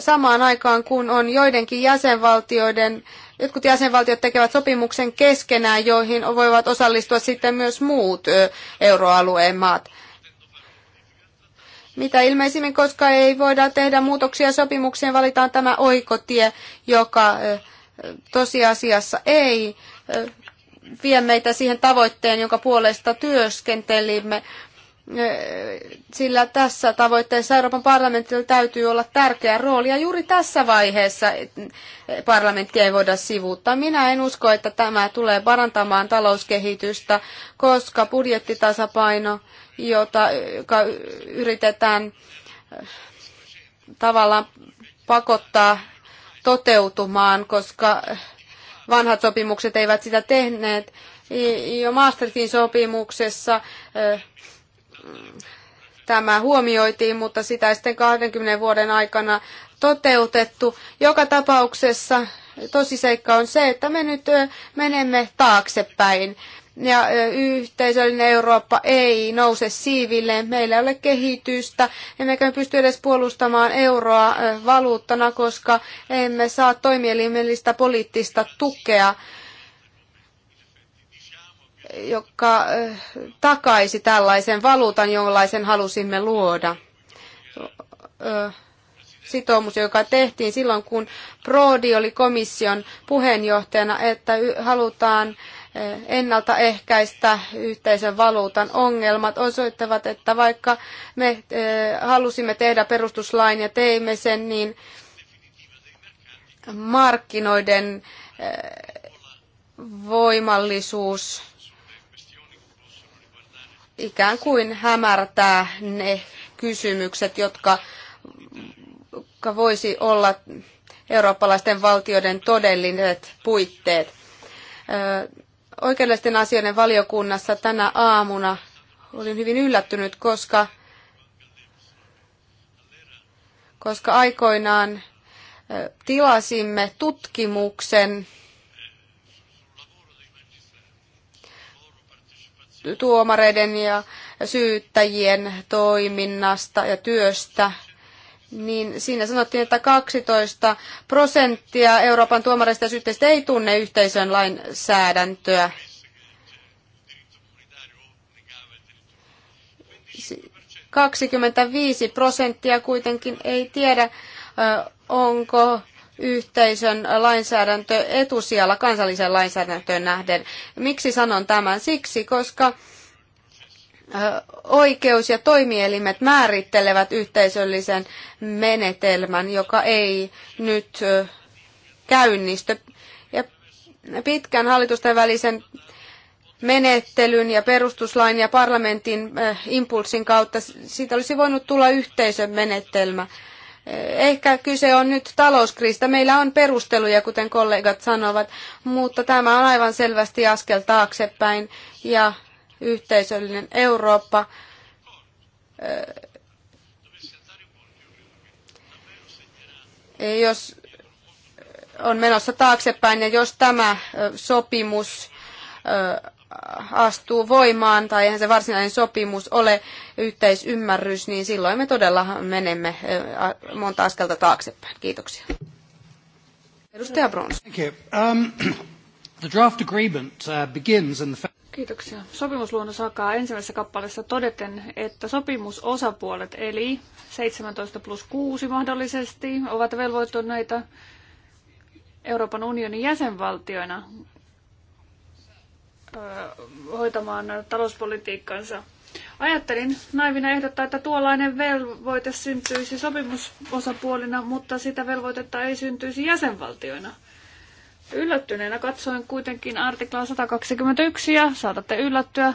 samaan aikaan, kun on joidenkin jäsenvaltioiden, jotkut jäsenvaltiot tekevät sopimuksen keskenään, joihin voivat osallistua sitten myös muut euroalueen maat mitä ilmeisimmin, koska ei voida tehdä muutoksia sopimukseen, valitaan tämä oikotie, joka tosiasiassa ei vie meitä siihen tavoitteen, jonka puolesta työskentelimme. Sillä tässä tavoitteessa Euroopan parlamentilla täytyy olla tärkeä rooli ja juuri tässä vaiheessa parlamentti ei voida sivuuttaa. Minä en usko, että tämä tulee parantamaan talouskehitystä, koska budjettitasapaino, jota yritetään tavallaan pakottaa toteutumaan, koska vanhat sopimukset eivät sitä tehneet. Jo Maastrichtin sopimuksessa eh, tämä huomioitiin, mutta sitä ei sitten 20 vuoden aikana toteutettu. Joka tapauksessa tosiseikka on se, että me nyt eh, menemme taaksepäin ja yhteisöllinen Eurooppa ei nouse siiville. Meillä ei ole kehitystä, emmekä me pysty edes puolustamaan euroa valuuttana, koska emme saa toimielimellistä poliittista tukea joka takaisi tällaisen valuutan, jollaisen halusimme luoda. Sitoumus, joka tehtiin silloin, kun Prodi oli komission puheenjohtajana, että halutaan ennaltaehkäistä yhteisen valuutan ongelmat osoittavat, että vaikka me eh, halusimme tehdä perustuslain ja teimme sen, niin markkinoiden eh, voimallisuus ikään kuin hämärtää ne kysymykset, jotka, voisi olla eurooppalaisten valtioiden todelliset puitteet. Eh, oikeudellisten asioiden valiokunnassa tänä aamuna olin hyvin yllättynyt, koska, koska aikoinaan tilasimme tutkimuksen tuomareiden ja syyttäjien toiminnasta ja työstä niin siinä sanottiin, että 12 prosenttia Euroopan tuomareista ja syyttäjistä ei tunne yhteisön lainsäädäntöä. Si- 25 prosenttia kuitenkin ei tiedä, onko yhteisön lainsäädäntö etusijalla kansalliseen lainsäädäntöön nähden. Miksi sanon tämän? Siksi, koska oikeus ja toimielimet määrittelevät yhteisöllisen menetelmän, joka ei nyt käynnisty. Ja pitkän hallitusten välisen menettelyn ja perustuslain ja parlamentin impulssin kautta siitä olisi voinut tulla yhteisön menetelmä. Ehkä kyse on nyt talouskriisistä. Meillä on perusteluja, kuten kollegat sanovat, mutta tämä on aivan selvästi askel taaksepäin ja yhteisöllinen Eurooppa jos on menossa taaksepäin ja jos tämä sopimus astuu voimaan, tai eihän se varsinainen sopimus ole yhteisymmärrys, niin silloin me todella menemme monta askelta taaksepäin. Kiitoksia. Edustaja Bruns. Thank you. Um, the draft agreement uh, begins in the Kiitoksia. Sopimusluonnos alkaa ensimmäisessä kappaleessa todeten, että sopimusosapuolet, eli 17 plus 6 mahdollisesti, ovat velvoittuneita Euroopan unionin jäsenvaltioina hoitamaan talouspolitiikkansa. Ajattelin naivina ehdottaa, että tuollainen velvoite syntyisi sopimusosapuolina, mutta sitä velvoitetta ei syntyisi jäsenvaltioina. Yllättyneenä katsoin kuitenkin artiklaa 121 ja saatatte yllättyä,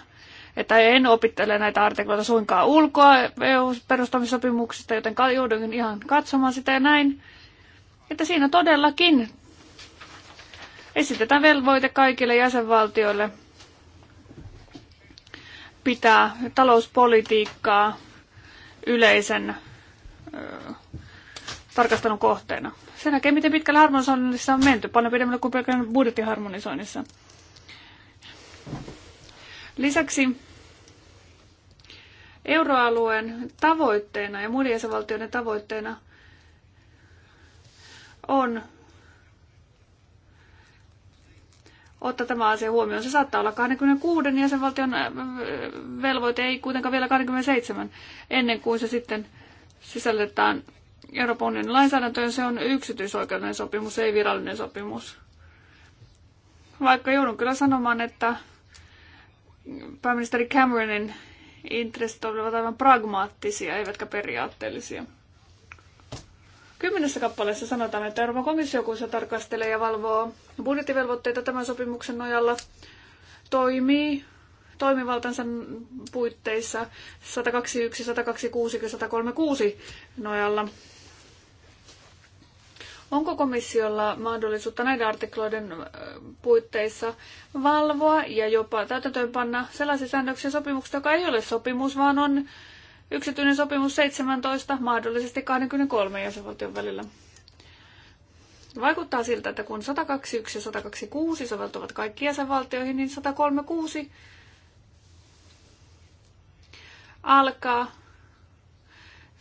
että en opittele näitä artikloita suinkaan ulkoa EU-perustamissopimuksista, joten joudunkin ihan katsomaan sitä ja näin. Että siinä todellakin esitetään velvoite kaikille jäsenvaltioille pitää talouspolitiikkaa yleisen tarkastelun kohteena. Sen näkee, miten pitkällä harmonisoinnissa on menty, paljon pidemmälle kuin pelkän budjettiharmonisoinnissa. Lisäksi euroalueen tavoitteena ja muiden jäsenvaltioiden tavoitteena on ottaa tämä asia huomioon. Se saattaa olla 26 jäsenvaltion äh, äh, velvoite, ei kuitenkaan vielä 27, ennen kuin se sitten sisällytetään Euroopan unionin lainsäädäntöön, se on yksityisoikeudellinen sopimus, ei virallinen sopimus. Vaikka joudun kyllä sanomaan, että pääministeri Cameronin intressit olivat aivan pragmaattisia, eivätkä periaatteellisia. Kymmenessä kappaleessa sanotaan, että Euroopan komissio, kun se tarkastelee ja valvoo budjettivelvoitteita tämän sopimuksen nojalla, toimii toimivaltansa puitteissa 121, 126 ja 136 nojalla. Onko komissiolla mahdollisuutta näiden artikloiden puitteissa valvoa ja jopa täytäntöönpanna sellaisia säännöksiä sopimuksesta, joka ei ole sopimus, vaan on yksityinen sopimus 17, mahdollisesti 23 jäsenvaltion välillä? Vaikuttaa siltä, että kun 121 ja 126 soveltuvat kaikkiin jäsenvaltioihin, niin 136 alkaa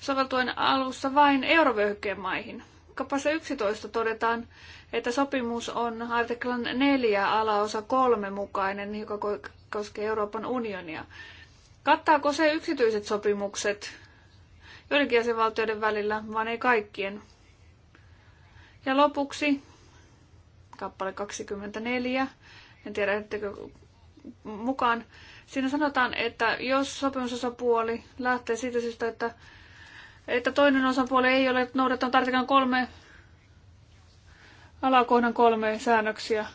soveltuen alussa vain eurovyöhykkeen maihin kapassa 11 todetaan, että sopimus on artiklan 4 alaosa 3 mukainen, joka koskee Euroopan unionia. Kattaako se yksityiset sopimukset joidenkin jäsenvaltioiden välillä, vaan ei kaikkien? Ja lopuksi kappale 24, en tiedä, ettekö mukaan. Siinä sanotaan, että jos sopimusosapuoli lähtee siitä syystä, että että toinen osapuoli ei ole noudattanut artikan kolme alakohdan kolme säännöksiä.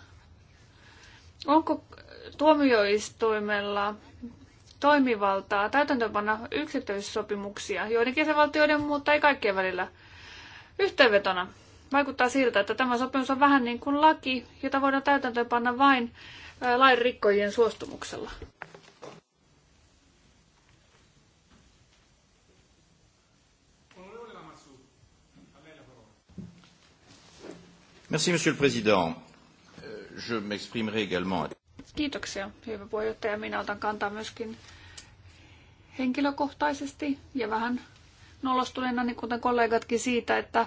Onko tuomioistuimella toimivaltaa täytäntöönpanna yksittäissopimuksia joiden jäsenvaltioiden, mutta ei kaikkien välillä? Yhteenvetona vaikuttaa siltä, että tämä sopimus on vähän niin kuin laki, jota voidaan täytäntöönpanna vain lain rikkojien suostumuksella. Merci, Monsieur le Président. Euh, je m'exprimerai également. Kiitoksia, hyvä puheenjohtaja. Minä otan kantaa myöskin henkilökohtaisesti ja vähän nolostuneena, niin kuten kollegatkin siitä, että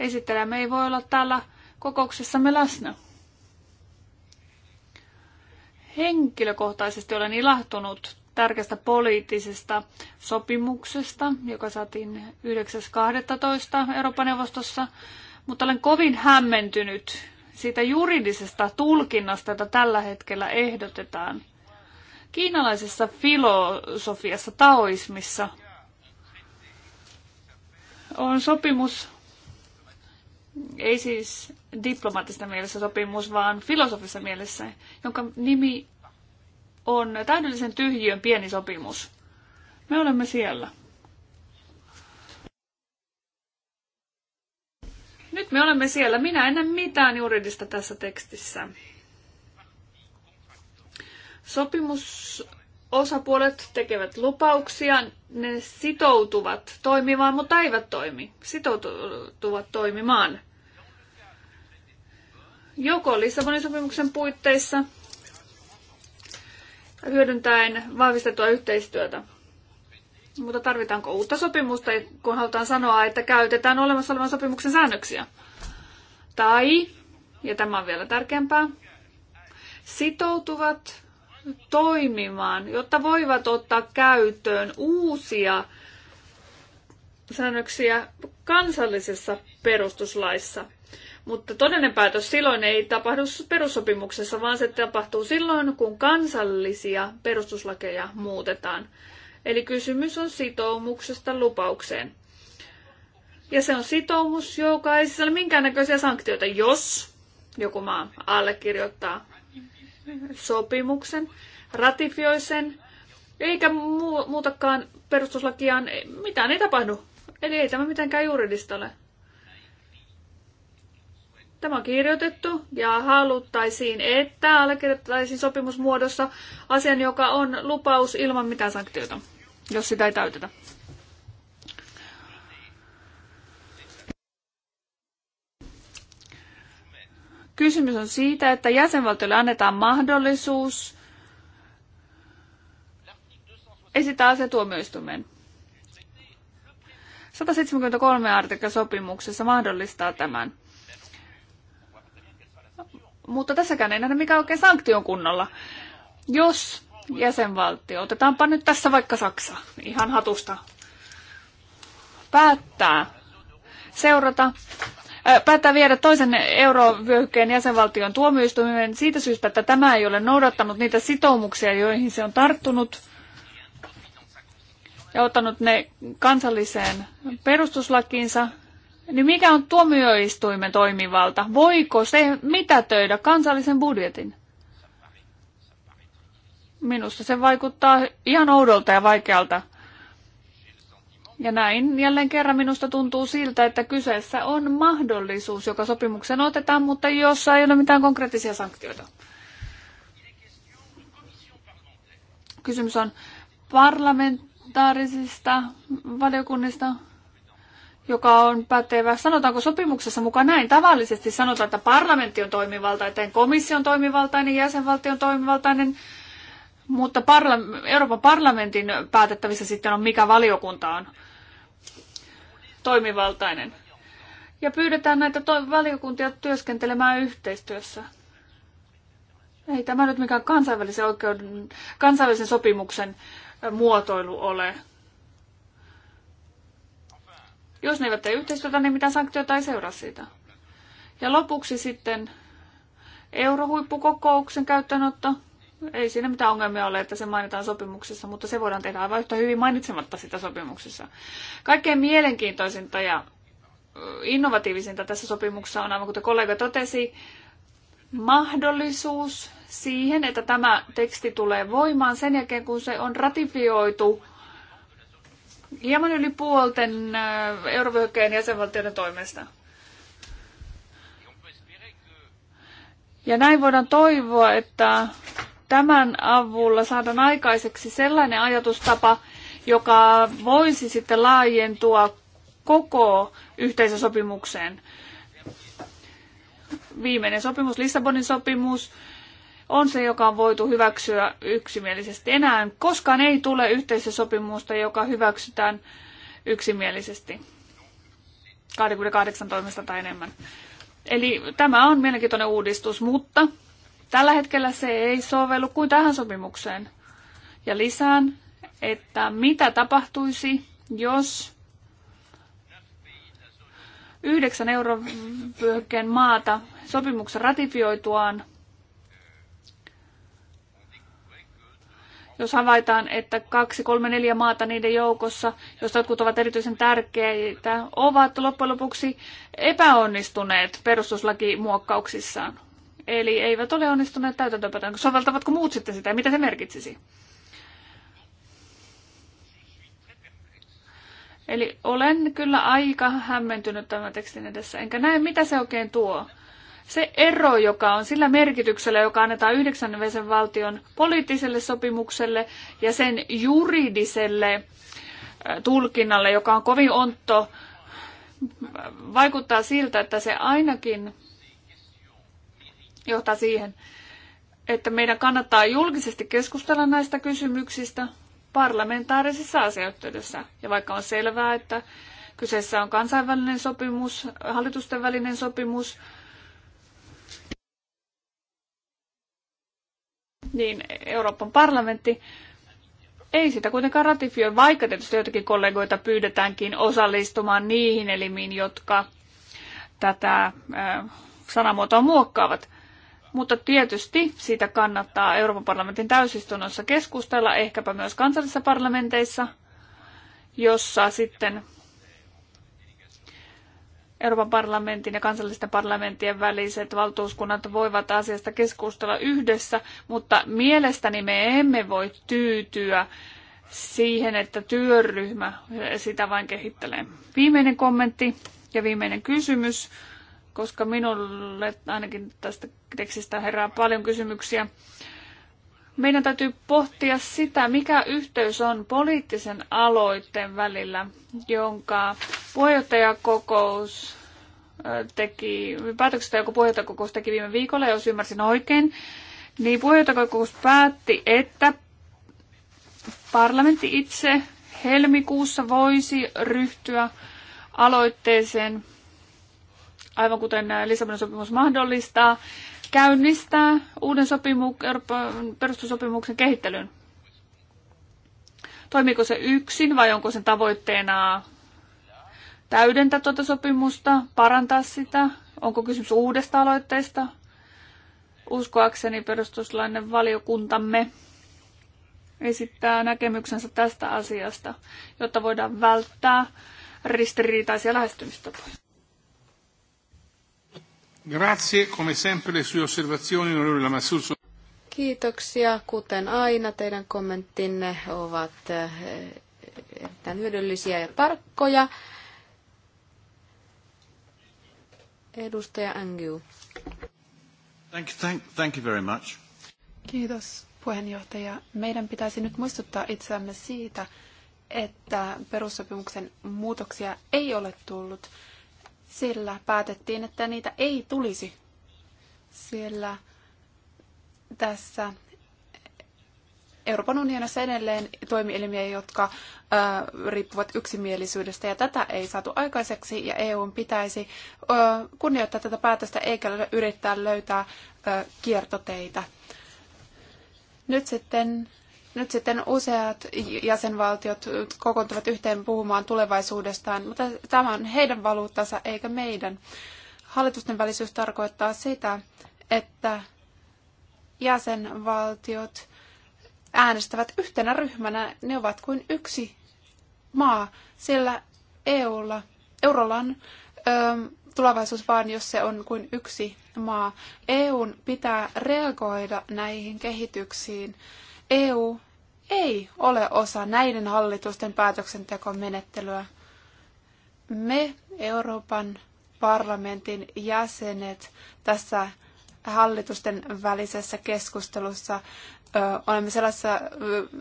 esittelemme ei voi olla täällä kokouksessamme läsnä. Henkilökohtaisesti olen ilahtunut tärkeästä poliittisesta sopimuksesta, joka saatiin 9.12. Euroopan neuvostossa mutta olen kovin hämmentynyt siitä juridisesta tulkinnasta, jota tällä hetkellä ehdotetaan. Kiinalaisessa filosofiassa, taoismissa, on sopimus, ei siis diplomaattista mielessä sopimus, vaan filosofisessa mielessä, jonka nimi on täydellisen tyhjiön pieni sopimus. Me olemme siellä. Nyt me olemme siellä. Minä en näe mitään juridista tässä tekstissä. Sopimusosapuolet tekevät lupauksia, ne sitoutuvat toimimaan, mutta eivät toimi. Sitoutuvat toimimaan. Joko Lissabonin sopimuksen puitteissa hyödyntäen vahvistettua yhteistyötä mutta tarvitaanko uutta sopimusta, kun halutaan sanoa, että käytetään olemassa olevan sopimuksen säännöksiä? Tai, ja tämä on vielä tärkeämpää, sitoutuvat toimimaan, jotta voivat ottaa käyttöön uusia säännöksiä kansallisessa perustuslaissa. Mutta todellinen päätös silloin ei tapahdu perussopimuksessa, vaan se tapahtuu silloin, kun kansallisia perustuslakeja muutetaan. Eli kysymys on sitoumuksesta lupaukseen. Ja se on sitoumus, joka ei sisällä minkäännäköisiä sanktioita, jos joku maa allekirjoittaa sopimuksen, ratifioi sen, eikä muutakaan perustuslakiaan, mitään ei tapahdu. Eli ei tämä mitenkään juridista ole. Tämä on kirjoitettu ja haluttaisiin, että allekirjoittaisiin sopimusmuodossa asian, joka on lupaus ilman mitään sanktiota, jos sitä ei täytetä. Kysymys on siitä, että jäsenvaltiolle annetaan mahdollisuus esittää asia tuomioistuimeen. 173 artikla sopimuksessa mahdollistaa tämän. Mutta tässäkään ei nähdä mikä oikein sanktion kunnolla. Jos jäsenvaltio, otetaanpa nyt tässä vaikka Saksa, ihan hatusta, päättää seurata päättää viedä toisen eurovyöhykkeen jäsenvaltion tuomioistuimeen siitä syystä, että tämä ei ole noudattanut niitä sitoumuksia, joihin se on tarttunut ja ottanut ne kansalliseen perustuslakiinsa niin mikä on tuomioistuimen toimivalta? Voiko se mitätöidä kansallisen budjetin? Minusta se vaikuttaa ihan oudolta ja vaikealta. Ja näin jälleen kerran minusta tuntuu siltä, että kyseessä on mahdollisuus, joka sopimuksen otetaan, mutta jossa ei ole mitään konkreettisia sanktioita. Kysymys on parlamentaarisista valiokunnista, joka on pätevä. Sanotaanko sopimuksessa mukaan näin? Tavallisesti sanotaan, että parlamentti on toimivaltainen, komissio on toimivaltainen, jäsenvaltio on toimivaltainen, mutta parla- Euroopan parlamentin päätettävissä sitten on, mikä valiokunta on toimivaltainen. Ja pyydetään näitä to- valiokuntia työskentelemään yhteistyössä. Ei tämä nyt mikään kansainvälisen, oikeuden, kansainvälisen sopimuksen muotoilu ole. Jos ne eivät tee yhteistyötä, niin mitä sanktiota ei seuraa siitä. Ja lopuksi sitten eurohuippukokouksen käyttöönotto. Ei siinä mitään ongelmia ole, että se mainitaan sopimuksessa, mutta se voidaan tehdä aivan yhtä hyvin mainitsematta sitä sopimuksessa. Kaikkein mielenkiintoisinta ja innovatiivisinta tässä sopimuksessa on, aivan kuten kollega totesi, mahdollisuus siihen, että tämä teksti tulee voimaan sen jälkeen, kun se on ratifioitu hieman yli puolten äh, eurovyöhykkeen jäsenvaltioiden toimesta. Ja näin voidaan toivoa, että tämän avulla saadaan aikaiseksi sellainen ajatustapa, joka voisi sitten laajentua koko yhteisösopimukseen. Viimeinen sopimus, Lissabonin sopimus, on se, joka on voitu hyväksyä yksimielisesti. Enää koskaan ei tule yhteisösopimusta, joka hyväksytään yksimielisesti 28 toimesta tai enemmän. Eli tämä on mielenkiintoinen uudistus, mutta tällä hetkellä se ei sovellu kuin tähän sopimukseen. Ja lisään, että mitä tapahtuisi, jos yhdeksän euron maata sopimuksen ratifioituaan jos havaitaan, että kaksi, kolme, neljä maata niiden joukossa, joista jotkut ovat erityisen tärkeitä, ovat loppujen lopuksi epäonnistuneet perustuslakimuokkauksissaan. Eli eivät ole onnistuneet täytäntöönpanoon. Soveltavatko muut sitten sitä? Mitä se merkitsisi? Eli olen kyllä aika hämmentynyt tämän tekstin edessä, enkä näe mitä se oikein tuo se ero, joka on sillä merkityksellä, joka annetaan yhdeksännevesen valtion poliittiselle sopimukselle ja sen juridiselle äh, tulkinnalle, joka on kovin ontto, vaikuttaa siltä, että se ainakin johtaa siihen, että meidän kannattaa julkisesti keskustella näistä kysymyksistä parlamentaarisessa asiayhteydessä. Ja vaikka on selvää, että kyseessä on kansainvälinen sopimus, hallitusten välinen sopimus, niin Euroopan parlamentti ei sitä kuitenkaan ratifioi, vaikka tietysti joitakin kollegoita pyydetäänkin osallistumaan niihin elimiin, jotka tätä sanamuotoa muokkaavat. Mutta tietysti siitä kannattaa Euroopan parlamentin täysistunnossa keskustella, ehkäpä myös kansallisissa parlamenteissa, jossa sitten Euroopan parlamentin ja kansallisten parlamenttien väliset valtuuskunnat voivat asiasta keskustella yhdessä, mutta mielestäni me emme voi tyytyä siihen, että työryhmä sitä vain kehittelee. Viimeinen kommentti ja viimeinen kysymys, koska minulle ainakin tästä tekstistä herää paljon kysymyksiä. Meidän täytyy pohtia sitä, mikä yhteys on poliittisen aloitteen välillä, jonka puheenjohtajakokous teki, päätöksestä joku puheenjohtajakokous teki viime viikolla, jos ymmärsin oikein, niin puheenjohtajakokous päätti, että parlamentti itse helmikuussa voisi ryhtyä aloitteeseen, aivan kuten Lissabonin sopimus mahdollistaa, käynnistää uuden sopimuk- Euroopan perustusopimuksen kehittelyn? Toimiiko se yksin vai onko sen tavoitteena täydentää tuota sopimusta, parantaa sitä? Onko kysymys uudesta aloitteesta? Uskoakseni perustuslainen valiokuntamme esittää näkemyksensä tästä asiasta, jotta voidaan välttää ristiriitaisia lähestymistapoja. Grazie, come sempre, le sue osservazioni, onorevole Kiitoksia. Kuten aina, teidän kommenttinne ovat eh, erittäin hyödyllisiä ja tarkkoja. Edustaja Angu. Thank, thank, thank you very much. Kiitos puheenjohtaja. Meidän pitäisi nyt muistuttaa itseämme siitä, että perussopimuksen muutoksia ei ole tullut. Sillä päätettiin, että niitä ei tulisi, sillä tässä Euroopan unionissa edelleen toimielimiä, jotka ö, riippuvat yksimielisyydestä, ja tätä ei saatu aikaiseksi, ja EUn pitäisi ö, kunnioittaa tätä päätöstä eikä yrittää löytää ö, kiertoteitä. Nyt sitten nyt sitten useat jäsenvaltiot kokoontuvat yhteen puhumaan tulevaisuudestaan, mutta tämä on heidän valuuttansa eikä meidän. Hallitusten välisyys tarkoittaa sitä, että jäsenvaltiot äänestävät yhtenä ryhmänä, ne ovat kuin yksi maa, sillä EUlla, eurolla on ö, tulevaisuus vaan, jos se on kuin yksi maa. EUn pitää reagoida näihin kehityksiin. EU ei ole osa näiden hallitusten päätöksentekomenettelyä. Me Euroopan parlamentin jäsenet tässä hallitusten välisessä keskustelussa ö, olemme sellaisessa ö,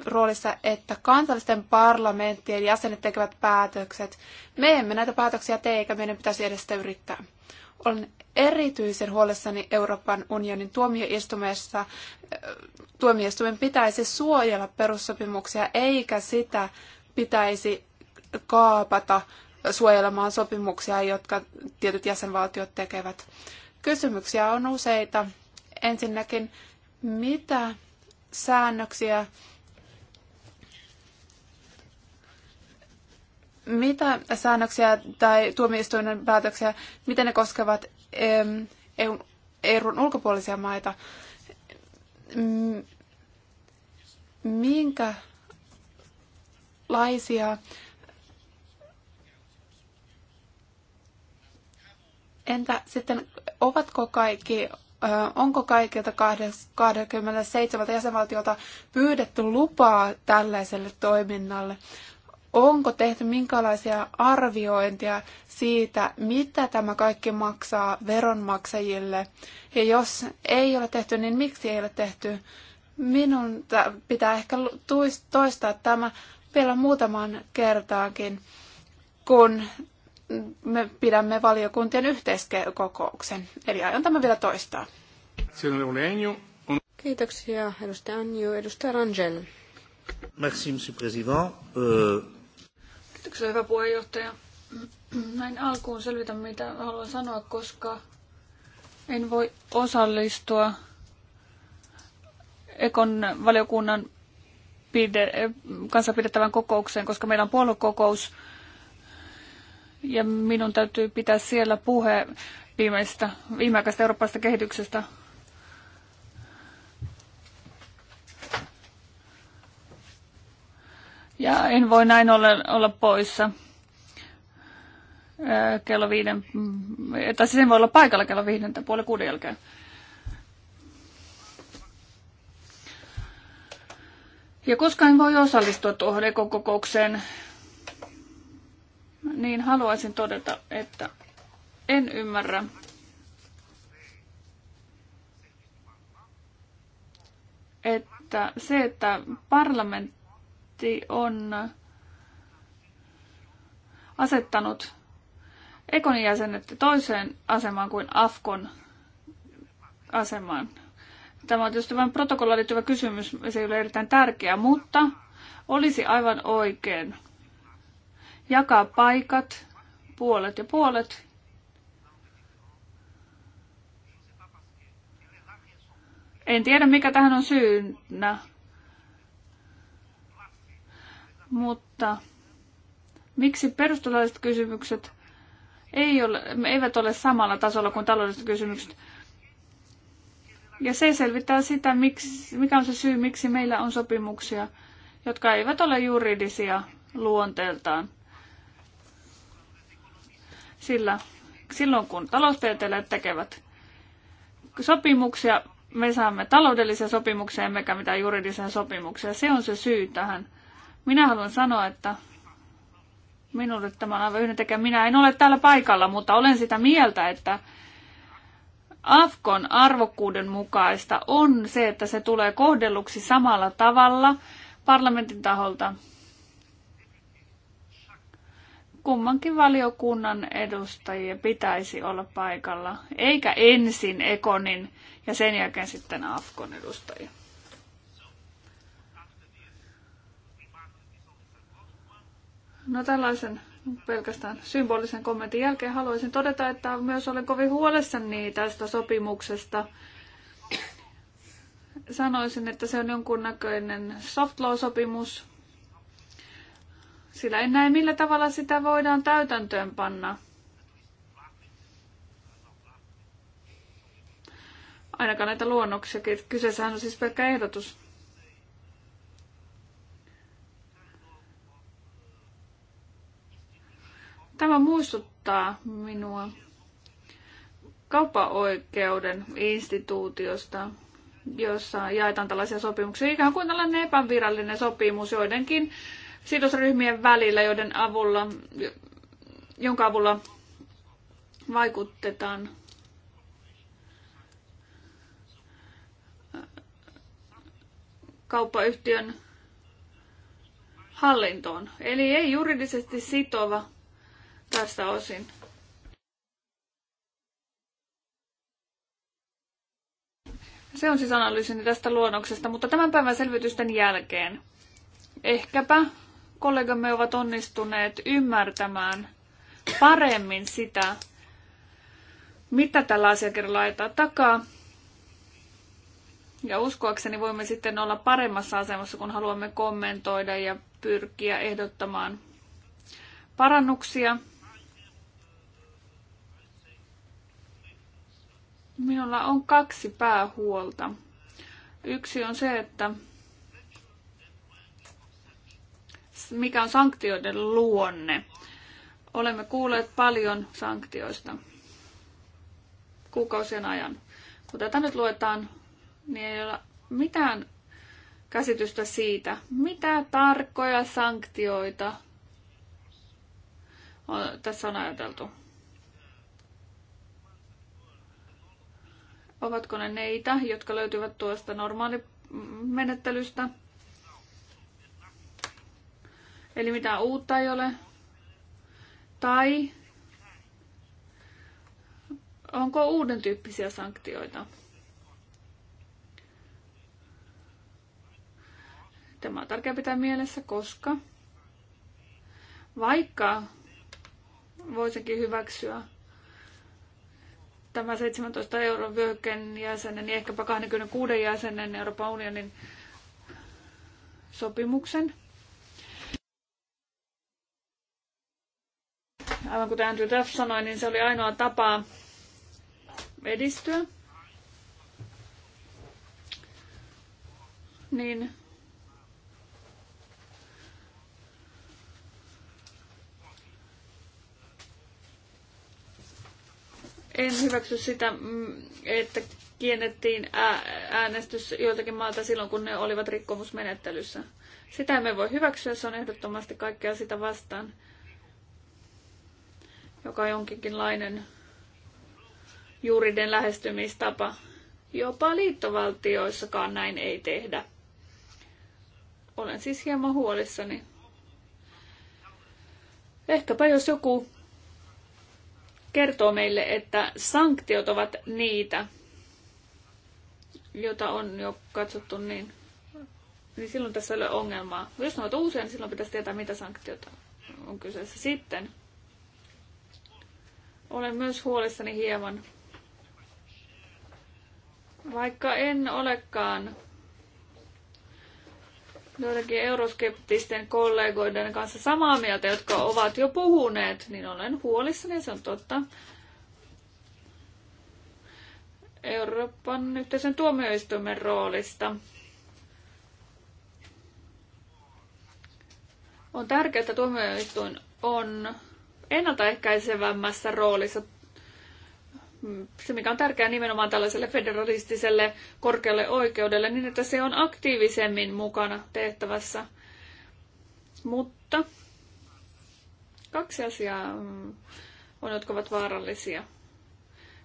roolissa, että kansallisten parlamenttien jäsenet tekevät päätökset. Me emme näitä päätöksiä tee, eikä meidän pitäisi edes sitä yrittää. Olen erityisen huolissani Euroopan unionin tuomioistuimessa. Tuomioistuimen pitäisi suojella perussopimuksia, eikä sitä pitäisi kaapata suojelemaan sopimuksia, jotka tietyt jäsenvaltiot tekevät. Kysymyksiä on useita. Ensinnäkin, mitä säännöksiä Mitä säännöksiä tai tuomioistuimen päätöksiä, miten ne koskevat EUn, EUn ulkopuolisia maita? Minkälaisia Entä sitten, ovatko kaikki, onko kaikilta 27 jäsenvaltiolta pyydetty lupaa tällaiselle toiminnalle? Onko tehty minkälaisia arviointia siitä, mitä tämä kaikki maksaa veronmaksajille? Ja jos ei ole tehty, niin miksi ei ole tehty? Minun pitää ehkä toistaa tämä vielä muutaman kertaakin, kun me pidämme valiokuntien yhteiskokouksen. Eli aion tämä vielä toistaa. Kiitoksia, edustaja Anju. Edustaja Rangel. Merci, monsieur président. Euh... Kiitoksia, hyvä puheenjohtaja. Näin alkuun selvitän, mitä haluan sanoa, koska en voi osallistua Ekon valiokunnan pide, kanssa pidettävän kokoukseen, koska meillä on puoluekokous ja minun täytyy pitää siellä puhe viimeistä, viimeaikaista eurooppalaisesta kehityksestä ja en voi näin ollen olla poissa kello viiden, tai siis en voi olla paikalla kello viiden tai puoli kuuden jälkeen. Ja koska en voi osallistua tuohon ekokokoukseen, niin haluaisin todeta, että en ymmärrä, että se, että parlamentti parlamentti on asettanut Ekonin jäsenet toiseen asemaan kuin Afkon asemaan. Tämä on tietysti vain protokollaan liittyvä kysymys, se ei ole erittäin tärkeä, mutta olisi aivan oikein jakaa paikat, puolet ja puolet. En tiedä, mikä tähän on syynä. Mutta miksi perustuslailliset kysymykset ei ole, eivät ole samalla tasolla kuin taloudelliset kysymykset? Ja se selvittää sitä, miksi, mikä on se syy, miksi meillä on sopimuksia, jotka eivät ole juridisia luonteeltaan. Sillä silloin kun taloustieteilijät tekevät sopimuksia, me saamme taloudellisia sopimuksia emmekä mitään juridisia sopimuksia. Se on se syy tähän. Minä haluan sanoa, että minulle tämä on aivan yhdentekijä. Minä en ole täällä paikalla, mutta olen sitä mieltä, että Afkon arvokkuuden mukaista on se, että se tulee kohdelluksi samalla tavalla parlamentin taholta kummankin valiokunnan edustajia pitäisi olla paikalla, eikä ensin Ekonin ja sen jälkeen sitten Afkon edustajia. No tällaisen pelkästään symbolisen kommentin jälkeen haluaisin todeta, että myös olen kovin huolessani tästä sopimuksesta. Sanoisin, että se on jonkunnäköinen soft law-sopimus, sillä en näe millä tavalla sitä voidaan täytäntöön panna. Ainakaan näitä luonnoksia. Kyseessähän on siis pelkkä ehdotus. Tämä muistuttaa minua kauppaoikeuden instituutiosta, jossa jaetaan tällaisia sopimuksia. Ikään kuin tällainen epävirallinen sopimus joidenkin sidosryhmien välillä, joiden avulla, jonka avulla vaikutetaan kauppayhtiön hallintoon. Eli ei juridisesti sitova tästä osin. Se on siis analyysini tästä luonnoksesta, mutta tämän päivän selvitysten jälkeen ehkäpä kollegamme ovat onnistuneet ymmärtämään paremmin sitä, mitä tällä asiakirjalla laittaa takaa. Ja uskoakseni voimme sitten olla paremmassa asemassa, kun haluamme kommentoida ja pyrkiä ehdottamaan parannuksia Minulla on kaksi päähuolta. Yksi on se, että mikä on sanktioiden luonne. Olemme kuulleet paljon sanktioista kuukausien ajan. Kun tätä nyt luetaan, niin ei ole mitään käsitystä siitä, mitä tarkkoja sanktioita on, tässä on ajateltu. Ovatko ne neitä, jotka löytyvät tuosta normaalimenettelystä? Eli mitään uutta ei ole. Tai onko uuden tyyppisiä sanktioita? Tämä on tärkeää pitää mielessä, koska vaikka voisinkin hyväksyä tämä 17 euron vyöhykkeen jäsenen ja ehkäpä 26 jäsenen Euroopan unionin sopimuksen. Aivan kuten Andrew Duff sanoi, niin se oli ainoa tapa edistyä. Niin En hyväksy sitä, mm, että kiennettiin äänestys joiltakin maalta silloin, kun ne olivat rikkomusmenettelyssä. Sitä me voi hyväksyä, se on ehdottomasti kaikkea sitä vastaan, joka on jonkinlainen juuriden lähestymistapa. Jopa liittovaltioissakaan näin ei tehdä. Olen siis hieman huolissani. Ehkäpä jos joku kertoo meille, että sanktiot ovat niitä, jota on jo katsottu, niin, niin silloin tässä ei ole ongelmaa. Jos ne ovat uusia, niin silloin pitäisi tietää, mitä sanktiota on kyseessä sitten. Olen myös huolissani hieman, vaikka en olekaan joidenkin euroskeptisten kollegoiden kanssa samaa mieltä, jotka ovat jo puhuneet, niin olen huolissani, se on totta. Euroopan yhteisen tuomioistuimen roolista. On tärkeää, että tuomioistuin on ennaltaehkäisevämmässä roolissa se, mikä on tärkeää nimenomaan tällaiselle federalistiselle korkealle oikeudelle, niin että se on aktiivisemmin mukana tehtävässä. Mutta kaksi asiaa mm, on, jotka ovat vaarallisia.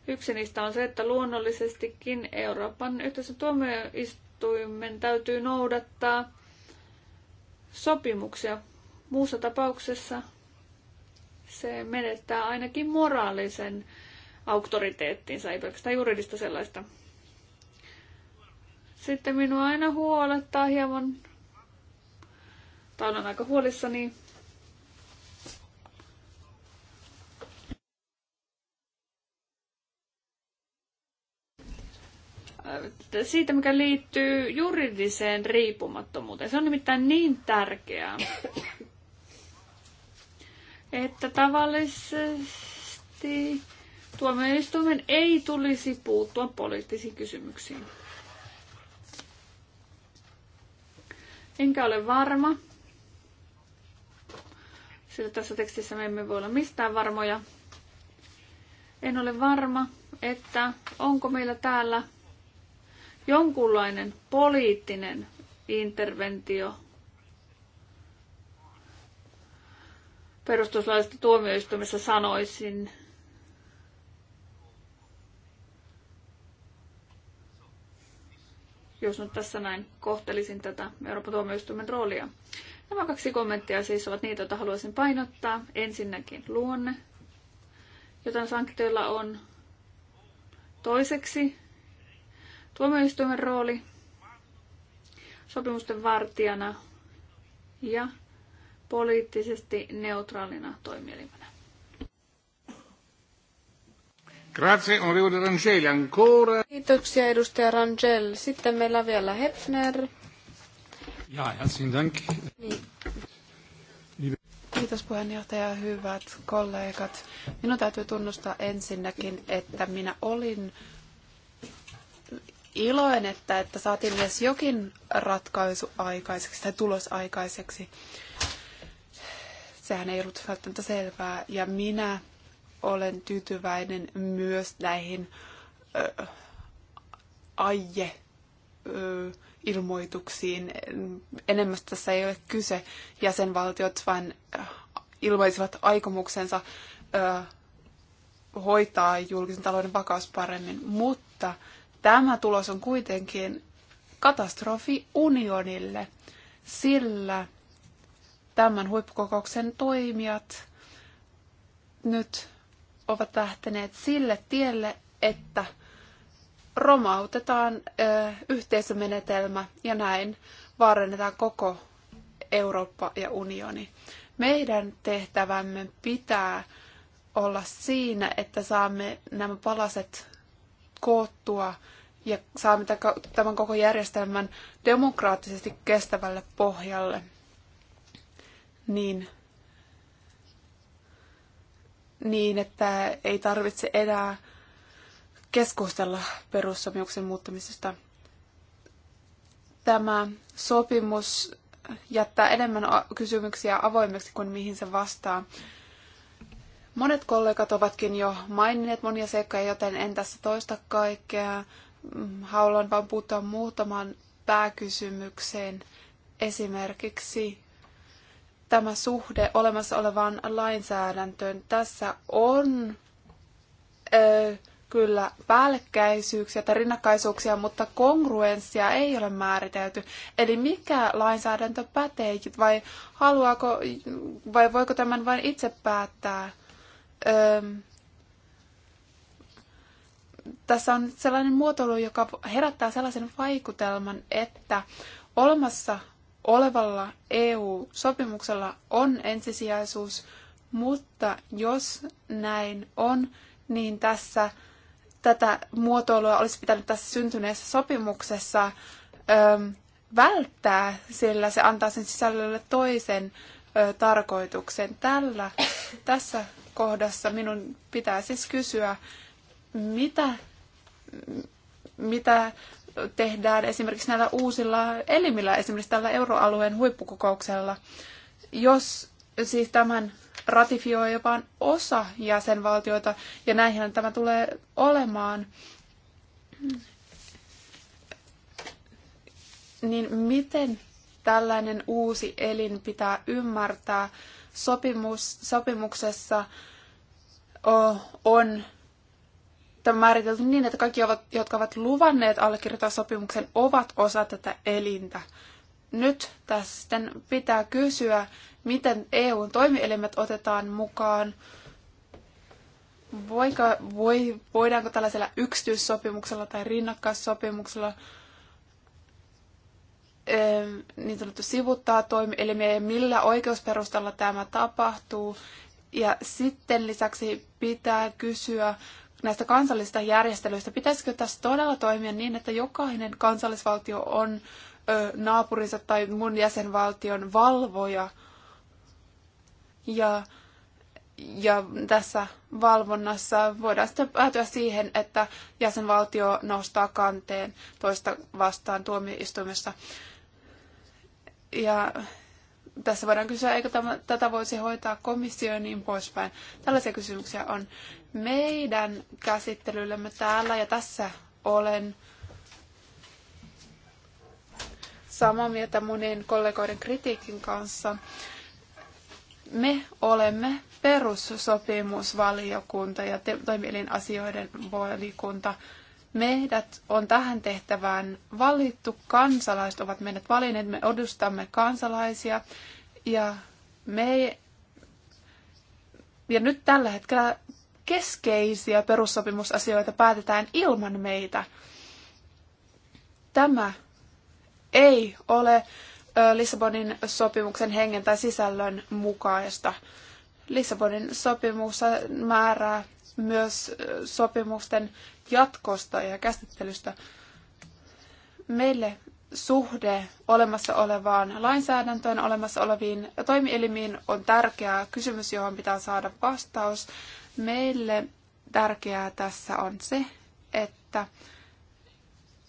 Yksi niistä on se, että luonnollisestikin Euroopan yhteisön tuomioistuimen täytyy noudattaa sopimuksia. Muussa tapauksessa se menettää ainakin moraalisen auktoriteettiinsa, ei pelkästään juridista sellaista. Sitten minua aina huolettaa hieman, tai olen aika huolissani, siitä, mikä liittyy juridiseen riippumattomuuteen. Se on nimittäin niin tärkeää, että tavallisesti Tuomioistuimen ei tulisi puuttua poliittisiin kysymyksiin. Enkä ole varma, sillä tässä tekstissä me emme voi olla mistään varmoja. En ole varma, että onko meillä täällä jonkunlainen poliittinen interventio perustuslaista tuomioistuimessa sanoisin jos nyt tässä näin kohtelisin tätä Euroopan tuomioistuimen roolia. Nämä kaksi kommenttia siis ovat niitä, joita haluaisin painottaa. Ensinnäkin luonne, jota sanktioilla on. Toiseksi tuomioistuimen rooli sopimusten vartijana ja poliittisesti neutraalina toimielimenä. Grazie, onorevole Rangel, ancora. Kiitoksia, edustaja Rangel. Sitten meillä on vielä Hepner. Ja, herzlichen Dank. Niin. Kiitos puheenjohtaja, hyvät kollegat. Minun täytyy tunnustaa ensinnäkin, että minä olin iloinen, että, että saatiin edes jokin ratkaisu aikaiseksi tai tulos aikaiseksi. Sehän ei ollut välttämättä selvää. Ja minä olen tyytyväinen myös näihin ö, aie ilmoituksiin. Enemmästä tässä ei ole kyse. Jäsenvaltiot vain ilmaisivat aikomuksensa hoitaa julkisen talouden vakaus paremmin, mutta tämä tulos on kuitenkin katastrofi unionille, sillä tämän huippukokouksen toimijat nyt ovat lähteneet sille tielle, että romautetaan ö, yhteisömenetelmä ja näin vaarannetaan koko Eurooppa ja unioni. Meidän tehtävämme pitää olla siinä, että saamme nämä palaset koottua ja saamme tämän koko järjestelmän demokraattisesti kestävälle pohjalle. Niin, niin, että ei tarvitse enää keskustella perussopimuksen muuttamisesta. Tämä sopimus jättää enemmän kysymyksiä avoimeksi kuin mihin se vastaa. Monet kollegat ovatkin jo maininneet monia seikkoja, joten en tässä toista kaikkea. Haluan vain puuttua muutamaan pääkysymykseen. Esimerkiksi tämä suhde olemassa olevaan lainsäädäntöön. Tässä on ö, kyllä päällekkäisyyksiä tai rinnakkaisuuksia, mutta kongruenssia ei ole määritelty. Eli mikä lainsäädäntö pätee vai, haluaako, vai voiko tämän vain itse päättää? Ö, tässä on sellainen muotoilu, joka herättää sellaisen vaikutelman, että olemassa olevalla EU-sopimuksella on ensisijaisuus, mutta jos näin on, niin tässä tätä muotoilua olisi pitänyt tässä syntyneessä sopimuksessa välttää, sillä se antaa sen sisällölle toisen ö, tarkoituksen. Tällä, tässä kohdassa minun pitää siis kysyä, mitä, mitä tehdään esimerkiksi näillä uusilla elimillä, esimerkiksi tällä euroalueen huippukokouksella. Jos siis tämän ratifioi jopa osa jäsenvaltioita, ja näinhän tämä tulee olemaan, niin miten tällainen uusi elin pitää ymmärtää? Sopimus, sopimuksessa on tämä määritelty niin, että kaikki, ovat, jotka ovat luvanneet allekirjoittaa sopimuksen, ovat osa tätä elintä. Nyt tässä sitten pitää kysyä, miten EUn toimielimet otetaan mukaan. Voiko, voi, voidaanko tällaisella yksityissopimuksella tai rinnakkaissopimuksella eh, niin sanottu sivuttaa toimielimiä ja millä oikeusperustalla tämä tapahtuu. Ja sitten lisäksi pitää kysyä, näistä kansallisista järjestelyistä. Pitäisikö tässä todella toimia niin, että jokainen kansallisvaltio on ö, naapurinsa tai mun jäsenvaltion valvoja? Ja, ja tässä valvonnassa voidaan sitten päätyä siihen, että jäsenvaltio nostaa kanteen toista vastaan tuomioistuimessa. Ja tässä voidaan kysyä, eikö tämä, tätä voisi hoitaa komissio ja niin poispäin. Tällaisia kysymyksiä on meidän käsittelyllemme täällä ja tässä olen samaa mieltä monien kollegoiden kritiikin kanssa. Me olemme perussopimusvaliokunta ja asioiden valiokunta. Meidät on tähän tehtävään valittu, kansalaiset ovat meidät valinneet, me edustamme kansalaisia ja me ja nyt tällä hetkellä keskeisiä perussopimusasioita päätetään ilman meitä. Tämä ei ole Lissabonin sopimuksen hengen tai sisällön mukaista. Lissabonin sopimus määrää myös sopimusten jatkosta ja käsittelystä. Meille suhde olemassa olevaan lainsäädäntöön, olemassa oleviin toimielimiin on tärkeä kysymys, johon pitää saada vastaus. Meille tärkeää tässä on se, että,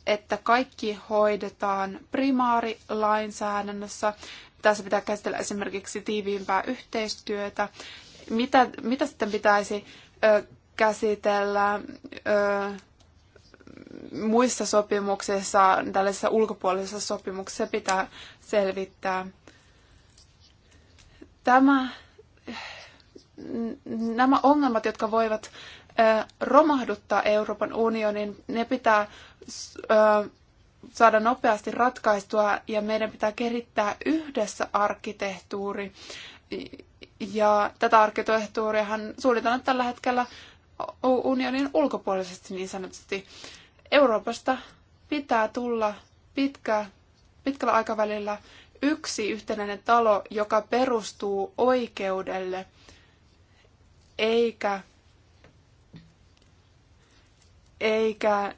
että kaikki hoidetaan primaarilainsäädännössä. Tässä pitää käsitellä esimerkiksi tiiviimpää yhteistyötä. Mitä, mitä sitten pitäisi ö, käsitellä ö, muissa sopimuksissa, tällaisissa ulkopuolisissa sopimuksissa pitää selvittää. Tämä nämä ongelmat, jotka voivat romahduttaa Euroopan unionin, ne pitää saada nopeasti ratkaistua ja meidän pitää kehittää yhdessä arkkitehtuuri. Ja tätä arkkitehtuuriahan suunnitellaan tällä hetkellä unionin ulkopuolisesti niin sanotusti. Euroopasta pitää tulla pitkä, pitkällä aikavälillä yksi yhtenäinen talo, joka perustuu oikeudelle – eikä, eikä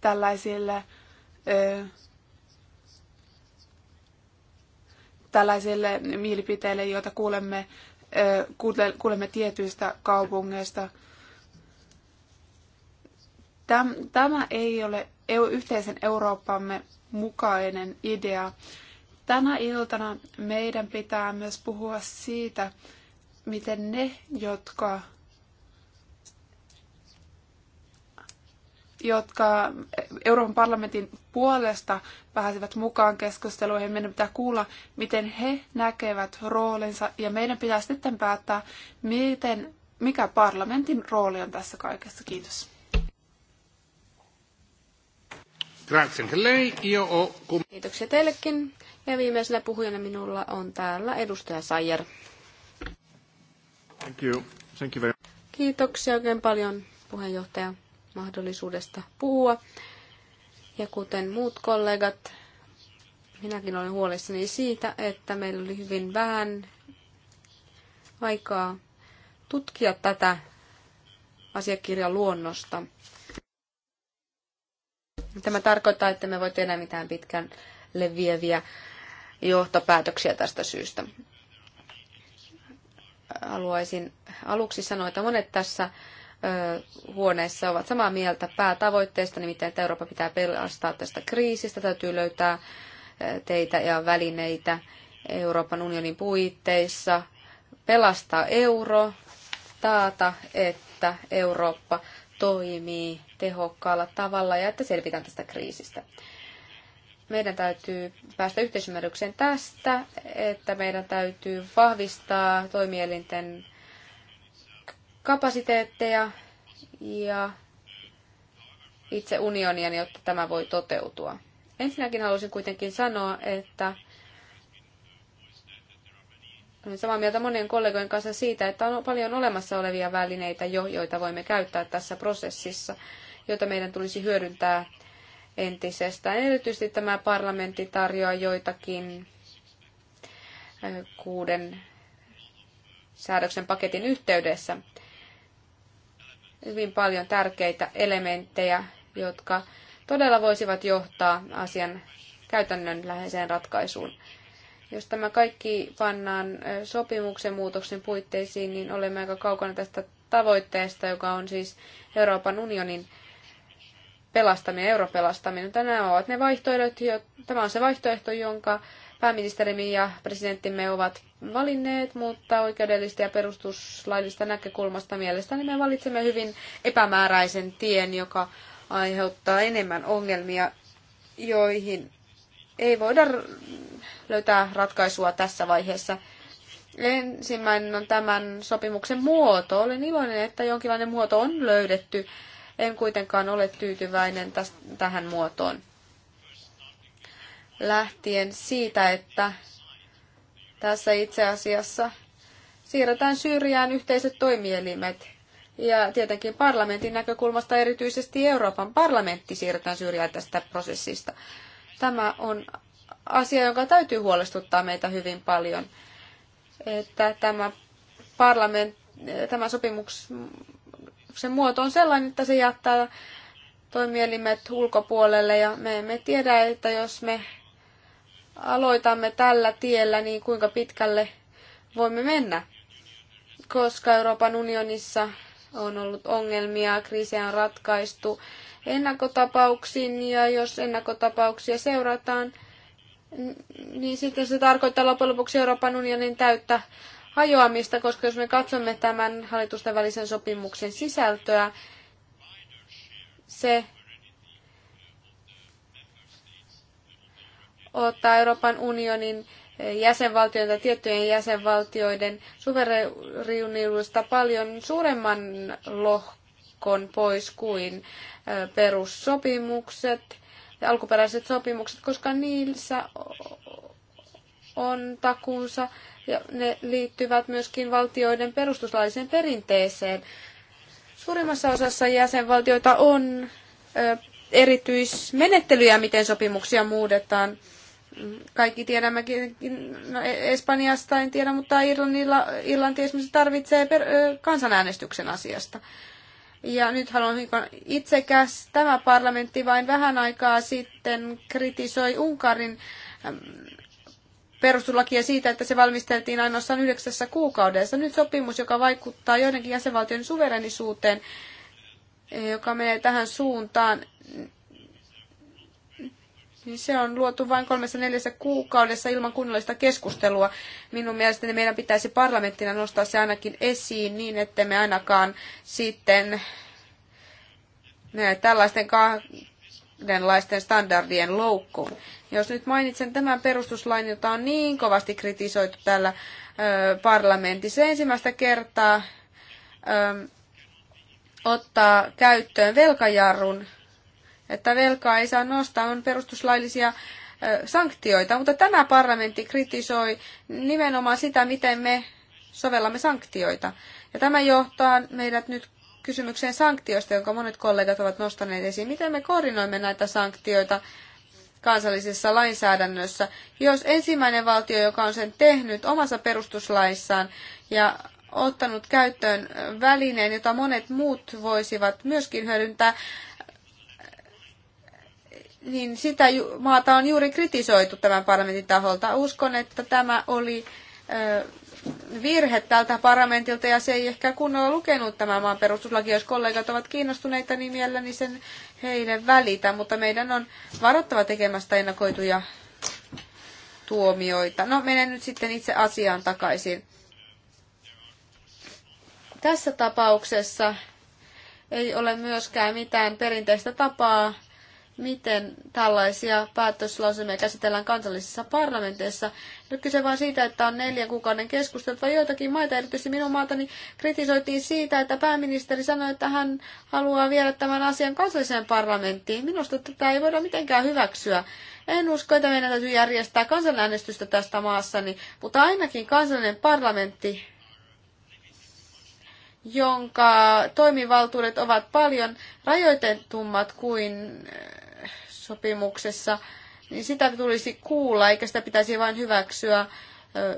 tällaisille, ö, tällaisille mielipiteille, joita kuulemme, ö, kuulemme tietyistä kaupungeista. Tämä ei ole yhteisen Eurooppamme mukainen idea. Tänä iltana meidän pitää myös puhua siitä, miten ne, jotka, jotka Euroopan parlamentin puolesta pääsevät mukaan keskusteluihin, meidän pitää kuulla, miten he näkevät roolinsa ja meidän pitää sitten päättää, miten, mikä parlamentin rooli on tässä kaikessa. Kiitos. Kiitoksia teillekin. Ja viimeisenä puhujana minulla on täällä edustaja Sayer. Thank you. Thank you very... Kiitoksia oikein paljon puheenjohtaja mahdollisuudesta puhua. Ja kuten muut kollegat, minäkin olen huolissani siitä, että meillä oli hyvin vähän aikaa tutkia tätä asiakirjan luonnosta. Tämä tarkoittaa, että me voi tehdä mitään pitkälle vieviä johtopäätöksiä tästä syystä haluaisin aluksi sanoa, että monet tässä huoneessa ovat samaa mieltä päätavoitteesta, nimittäin että Eurooppa pitää pelastaa tästä kriisistä, täytyy löytää teitä ja välineitä Euroopan unionin puitteissa, pelastaa euro, taata, että Eurooppa toimii tehokkaalla tavalla ja että selvitään tästä kriisistä meidän täytyy päästä yhteisymmärrykseen tästä, että meidän täytyy vahvistaa toimielinten kapasiteetteja ja itse unionia, niin jotta tämä voi toteutua. Ensinnäkin haluaisin kuitenkin sanoa, että olen samaa mieltä monien kollegojen kanssa siitä, että on paljon olemassa olevia välineitä jo, joita voimme käyttää tässä prosessissa, joita meidän tulisi hyödyntää entisestään. Erityisesti tämä parlamentti tarjoaa joitakin kuuden säädöksen paketin yhteydessä hyvin paljon tärkeitä elementtejä, jotka todella voisivat johtaa asian käytännönläheiseen ratkaisuun. Jos tämä kaikki pannaan sopimuksen muutoksen puitteisiin, niin olemme aika kaukana tästä tavoitteesta, joka on siis Euroopan unionin pelastaminen, europelastaminen. Tänään ovat ne vaihtoehdot, jo, tämä on se vaihtoehto, jonka pääministerimme ja presidenttimme ovat valinneet, mutta oikeudellista ja perustuslaillista näkökulmasta mielestäni me valitsemme hyvin epämääräisen tien, joka aiheuttaa enemmän ongelmia, joihin ei voida löytää ratkaisua tässä vaiheessa. Ensimmäinen on tämän sopimuksen muoto. Olen iloinen, että jonkinlainen muoto on löydetty en kuitenkaan ole tyytyväinen tähän muotoon. Lähtien siitä, että tässä itse asiassa siirretään syrjään yhteiset toimielimet. Ja tietenkin parlamentin näkökulmasta erityisesti Euroopan parlamentti siirretään syrjään tästä prosessista. Tämä on asia, joka täytyy huolestuttaa meitä hyvin paljon, että tämä, parlament, tämä sopimus se muoto on sellainen, että se jättää toimielimet ulkopuolelle ja me emme tiedä, että jos me aloitamme tällä tiellä, niin kuinka pitkälle voimme mennä. Koska Euroopan unionissa on ollut ongelmia, kriisejä on ratkaistu ennakkotapauksiin ja jos ennakkotapauksia seurataan, niin sitten se tarkoittaa loppujen lopuksi Euroopan unionin täyttä hajoamista, koska jos me katsomme tämän hallitusten välisen sopimuksen sisältöä, se ottaa Euroopan unionin jäsenvaltioiden tai tiettyjen jäsenvaltioiden suvereniudesta paljon suuremman lohkon pois kuin perussopimukset ja alkuperäiset sopimukset, koska niissä on takuunsa ja ne liittyvät myöskin valtioiden perustuslailliseen perinteeseen. Suurimmassa osassa jäsenvaltioita on erityismenettelyjä, miten sopimuksia muudetaan. Kaikki tiedämmekin, no e- Espanjasta en tiedä, mutta Irlannilla, Irlanti esimerkiksi tarvitsee per, kansanäänestyksen asiasta. Ja nyt haluan itsekäs, tämä parlamentti vain vähän aikaa sitten kritisoi Unkarin perustuslakia siitä, että se valmisteltiin ainoastaan yhdeksässä kuukaudessa. Nyt sopimus, joka vaikuttaa joidenkin jäsenvaltion suverenisuuteen, eh, joka menee tähän suuntaan, niin se on luotu vain kolmessa neljässä kuukaudessa ilman kunnollista keskustelua. Minun mielestäni meidän pitäisi parlamenttina nostaa se ainakin esiin niin, että me ainakaan sitten eh, tällaisten uudenlaisten standardien loukkuun. Jos nyt mainitsen tämän perustuslain, jota on niin kovasti kritisoitu täällä parlamentissa ensimmäistä kertaa, ottaa käyttöön velkajarrun, että velkaa ei saa nostaa, on perustuslaillisia sanktioita, mutta tämä parlamentti kritisoi nimenomaan sitä, miten me sovellamme sanktioita. Ja tämä johtaa meidät nyt kysymykseen sanktioista, jonka monet kollegat ovat nostaneet esiin. Miten me koordinoimme näitä sanktioita kansallisessa lainsäädännössä, jos ensimmäinen valtio, joka on sen tehnyt omassa perustuslaissaan ja ottanut käyttöön välineen, jota monet muut voisivat myöskin hyödyntää, niin sitä maata on juuri kritisoitu tämän parlamentin taholta. Uskon, että tämä oli virhe tältä parlamentilta ja se ei ehkä kunnolla lukenut tämän maan perustuslaki. Jos kollegat ovat kiinnostuneita, niin mielelläni sen heille välitä, mutta meidän on varottava tekemästä ennakoituja tuomioita. No menen nyt sitten itse asiaan takaisin. Tässä tapauksessa ei ole myöskään mitään perinteistä tapaa miten tällaisia päätöslausumia käsitellään kansallisissa parlamenteissa. Nyt kyse vain siitä, että on neljän kuukauden keskustelut, vai joitakin maita, erityisesti minun maatani, kritisoitiin siitä, että pääministeri sanoi, että hän haluaa viedä tämän asian kansalliseen parlamenttiin. Minusta tätä ei voida mitenkään hyväksyä. En usko, että meidän täytyy järjestää kansanäänestystä tästä maassani, mutta ainakin kansallinen parlamentti jonka toimivaltuudet ovat paljon rajoitetummat kuin sopimuksessa, niin sitä tulisi kuulla, eikä sitä pitäisi vain hyväksyä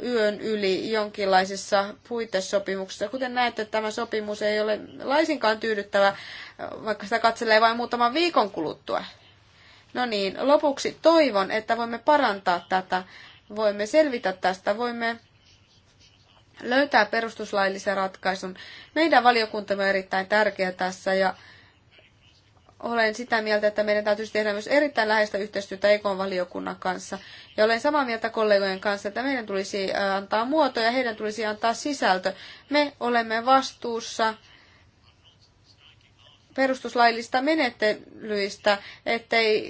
yön yli jonkinlaisessa puitesopimuksessa. Kuten näette, tämä sopimus ei ole laisinkaan tyydyttävä, vaikka sitä katselee vain muutaman viikon kuluttua. No niin, lopuksi toivon, että voimme parantaa tätä, voimme selvitä tästä, voimme löytää perustuslaillisen ratkaisun. Meidän valiokuntamme on erittäin tärkeä tässä ja olen sitä mieltä, että meidän täytyisi tehdä myös erittäin läheistä yhteistyötä Ekon valiokunnan kanssa. Ja olen samaa mieltä kollegojen kanssa, että meidän tulisi antaa muoto ja heidän tulisi antaa sisältö. Me olemme vastuussa perustuslaillista menettelyistä, ettei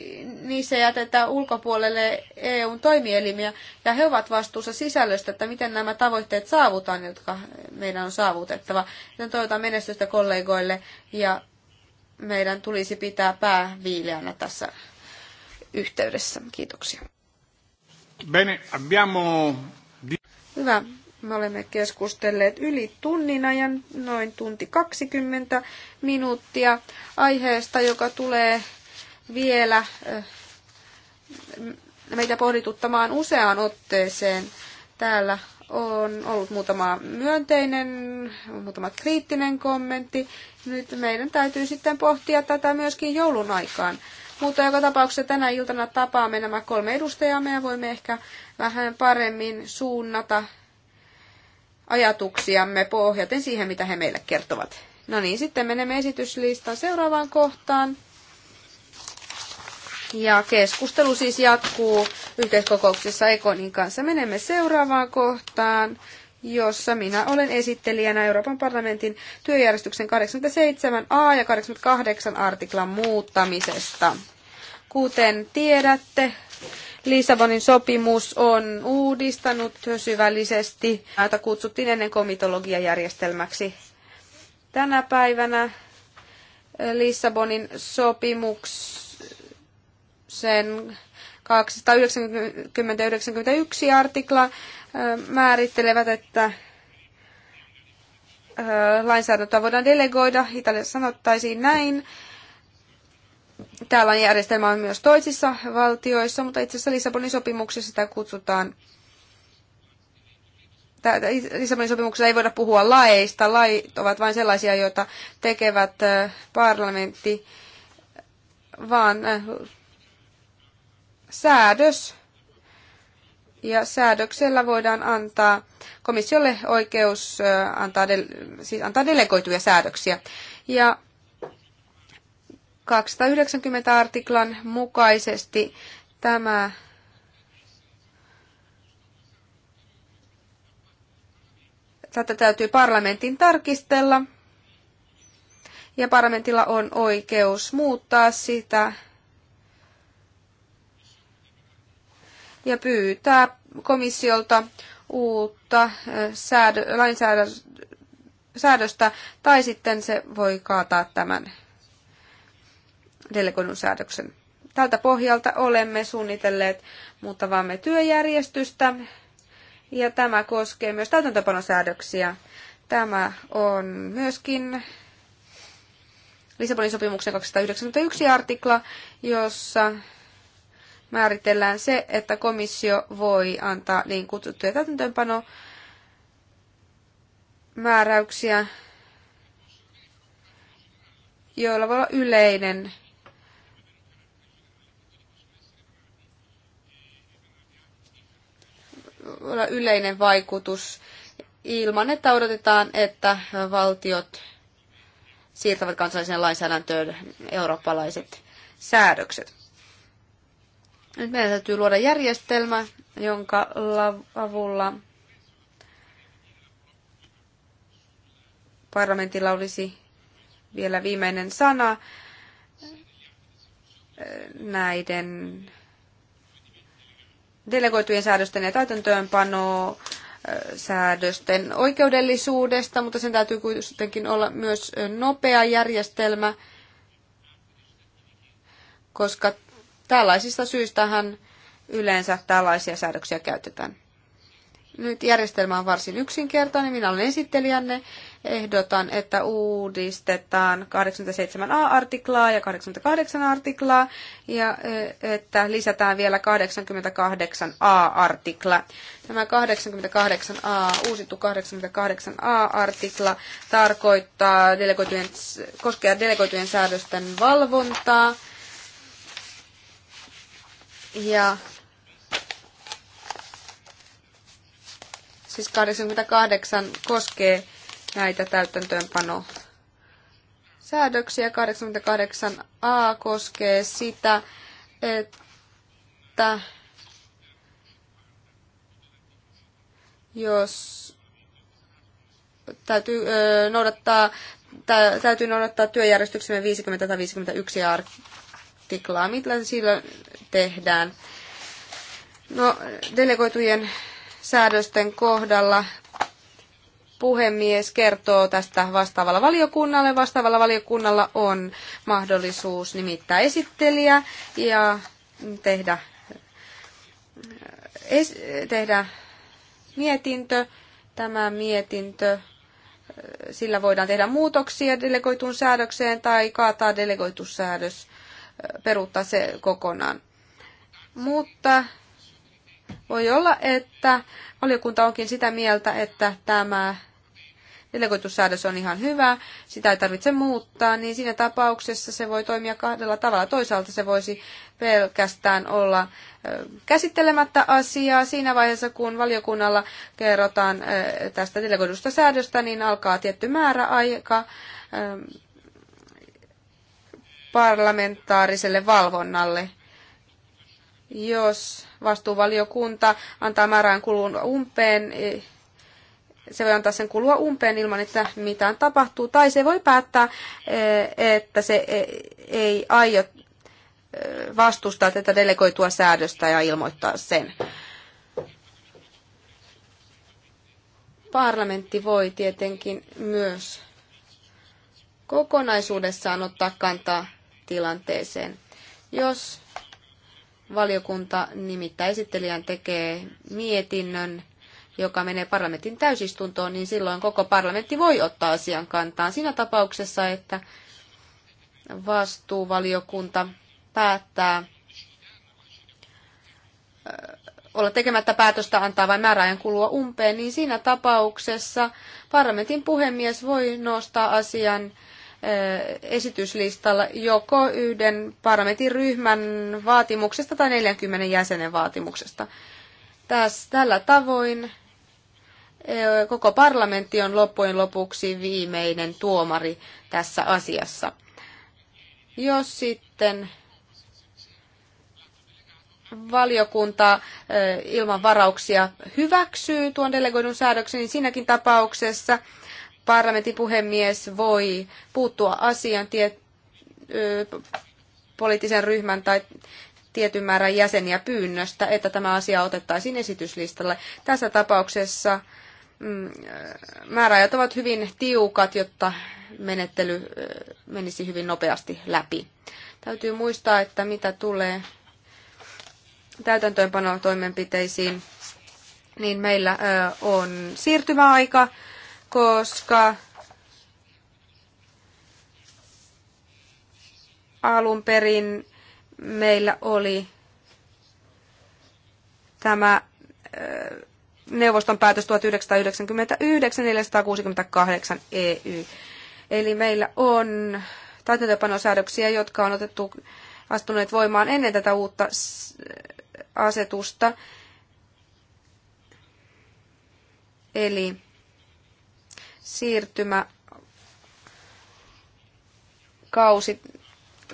niissä jätetä ulkopuolelle EUn toimielimiä, ja he ovat vastuussa sisällöstä, että miten nämä tavoitteet saavutaan, jotka meidän on saavutettava. Joten toivotan menestystä kollegoille, ja meidän tulisi pitää pää viileänä tässä yhteydessä. Kiitoksia. Bene, abbiamo... Hyvä. Me olemme keskustelleet yli tunnin ajan, noin tunti 20 minuuttia, aiheesta, joka tulee vielä eh, meitä pohdituttamaan useaan otteeseen. Täällä on ollut muutama myönteinen, muutama kriittinen kommentti. Nyt meidän täytyy sitten pohtia tätä myöskin joulun aikaan. Mutta joka tapauksessa tänä iltana tapaamme nämä kolme edustajaa ja voimme ehkä vähän paremmin suunnata ajatuksiamme pohjaten siihen, mitä he meille kertovat. No niin, sitten menemme esityslistan seuraavaan kohtaan. Ja keskustelu siis jatkuu yhteiskokouksessa Ekonin kanssa. Menemme seuraavaan kohtaan, jossa minä olen esittelijänä Euroopan parlamentin työjärjestyksen 87a ja 88 artiklan muuttamisesta. Kuten tiedätte, Lissabonin sopimus on uudistanut syvällisesti, Näitä kutsuttiin ennen komitologiajärjestelmäksi. Tänä päivänä Lissabonin sopimus sen 290-91 artikla määrittelevät, että lainsäädäntöä voidaan delegoida. Italiassa sanottaisiin näin. Täällä on järjestelmä on myös toisissa valtioissa, mutta itse asiassa Lissabonin sopimuksessa sitä kutsutaan Lissabonin sopimuksessa ei voida puhua laeista. Lait ovat vain sellaisia, joita tekevät parlamentti, vaan säädös, ja säädöksellä voidaan antaa komissiolle oikeus antaa, de, siis antaa delegoituja säädöksiä. Ja 290 artiklan mukaisesti tämä tätä täytyy parlamentin tarkistella. Ja parlamentilla on oikeus muuttaa sitä ja pyytää komissiolta uutta säädö, lainsäädöstä, tai sitten se voi kaataa tämän delegoidun säädöksen. Tältä pohjalta olemme suunnitelleet muuttavamme työjärjestystä, ja tämä koskee myös täytäntöpanosäädöksiä. Tämä on myöskin Lissabonin sopimuksen 291 artikla, jossa määritellään se, että komissio voi antaa niin kutsuttuja täytäntöönpano määräyksiä, joilla voi olla yleinen yleinen vaikutus ilman, että odotetaan, että valtiot siirtävät kansalliseen lainsäädäntöön eurooppalaiset säädökset. Nyt meidän täytyy luoda järjestelmä, jonka avulla parlamentilla olisi vielä viimeinen sana eh, näiden delegoitujen säädösten ja täytäntöönpanoa eh, säädösten oikeudellisuudesta, mutta sen täytyy kuitenkin olla myös eh, nopea järjestelmä, koska Tällaisista syistähän yleensä tällaisia säädöksiä käytetään. Nyt järjestelmä on varsin yksinkertainen. Minä olen esittelijänne. Ehdotan, että uudistetaan 87a-artiklaa ja 88-artiklaa ja e, että lisätään vielä 88a-artikla. Tämä 88a, uusittu 88a-artikla tarkoittaa delegoitujen, koskea delegoitujen säädösten valvontaa ja siis 88 koskee näitä täytäntöönpano säädöksiä. 88a koskee sitä, että jos täytyy noudattaa, täytyy noudattaa työjärjestyksemme 50 tai 51 artiklaa. Mitä silloin tehdään? No, delegoitujen säädösten kohdalla puhemies kertoo tästä vastaavalla valiokunnalle. Vastaavalla valiokunnalla on mahdollisuus nimittää esittelijä ja tehdä, es, tehdä mietintö. Tämä mietintö, sillä voidaan tehdä muutoksia delegoitun säädökseen tai kaataa delegoitussäädös peruuttaa se kokonaan. Mutta voi olla, että valiokunta onkin sitä mieltä, että tämä delegoitussäädös on ihan hyvä, sitä ei tarvitse muuttaa, niin siinä tapauksessa se voi toimia kahdella tavalla. Toisaalta se voisi pelkästään olla käsittelemättä asiaa siinä vaiheessa, kun valiokunnalla kerrotaan tästä delegoidusta säädöstä, niin alkaa tietty määrä aika parlamentaariselle valvonnalle. Jos vastuuvaliokunta antaa määrään kulun umpeen, e, se voi antaa sen kulua umpeen ilman, että mitään tapahtuu, tai se voi päättää, e, että se e, ei aio vastustaa tätä delegoitua säädöstä ja ilmoittaa sen. Parlamentti voi tietenkin myös kokonaisuudessaan ottaa kantaa tilanteeseen. Jos valiokunta nimittäin esittelijän tekee mietinnön, joka menee parlamentin täysistuntoon, niin silloin koko parlamentti voi ottaa asian kantaa. siinä tapauksessa, että vastuuvaliokunta päättää olla tekemättä päätöstä antaa vain määräajan kulua umpeen, niin siinä tapauksessa parlamentin puhemies voi nostaa asian esityslistalla joko yhden parlamentin ryhmän vaatimuksesta tai 40 jäsenen vaatimuksesta. Tässä, tällä tavoin koko parlamentti on loppujen lopuksi viimeinen tuomari tässä asiassa. Jos sitten valiokunta ilman varauksia hyväksyy tuon delegoidun säädöksen, niin siinäkin tapauksessa parlamentin puhemies voi puuttua asian tiet, poliittisen ryhmän tai tietyn määrän jäseniä pyynnöstä, että tämä asia otettaisiin esityslistalle. Tässä tapauksessa mm, määräajat ovat hyvin tiukat, jotta menettely menisi hyvin nopeasti läpi. Täytyy muistaa, että mitä tulee täytäntöönpanotoimenpiteisiin, niin meillä on siirtymäaika koska alun perin meillä oli tämä neuvoston päätös 1999-468 EY. Eli meillä on täytäntöpanosäädöksiä, jotka on otettu astuneet voimaan ennen tätä uutta asetusta. Eli siirtymä kausi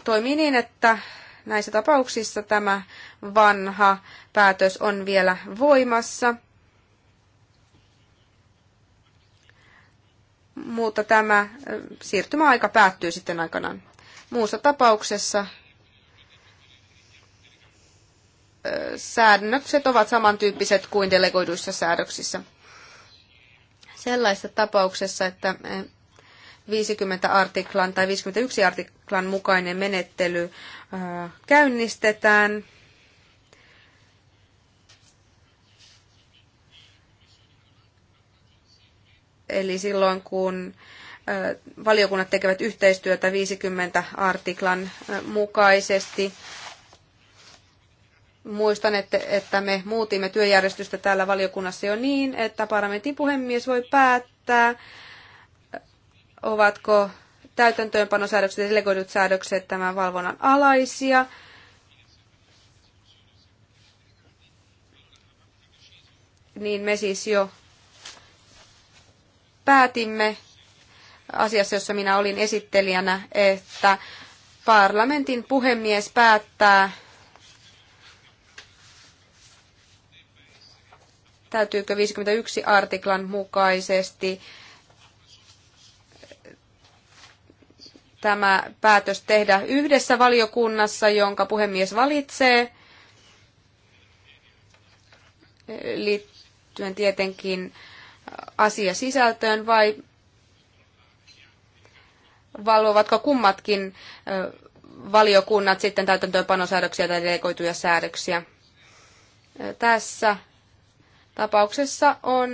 toimii niin, että näissä tapauksissa tämä vanha päätös on vielä voimassa. Mutta tämä siirtymäaika päättyy sitten aikanaan. Muussa tapauksessa säännökset ovat samantyyppiset kuin delegoiduissa säädöksissä sellaisessa tapauksessa, että 50 eh, artiklan tai 51 artiklan mukainen menettely eh, käynnistetään. Eli silloin kun eh, valiokunnat tekevät yhteistyötä 50 artiklan mukaisesti Muistan, että, että me muutimme työjärjestystä täällä valiokunnassa jo niin, että parlamentin puhemies voi päättää, ovatko täytäntöönpanosäädökset ja delegoidut säädökset tämän valvonnan alaisia. Niin me siis jo päätimme asiassa, jossa minä olin esittelijänä, että parlamentin puhemies päättää täytyykö 51 artiklan mukaisesti tämä päätös tehdä yhdessä valiokunnassa, jonka puhemies valitsee, liittyen tietenkin asia sisältöön vai valvovatko kummatkin valiokunnat sitten täytäntöönpanosäädöksiä tai delegoituja säädöksiä. Tässä tapauksessa on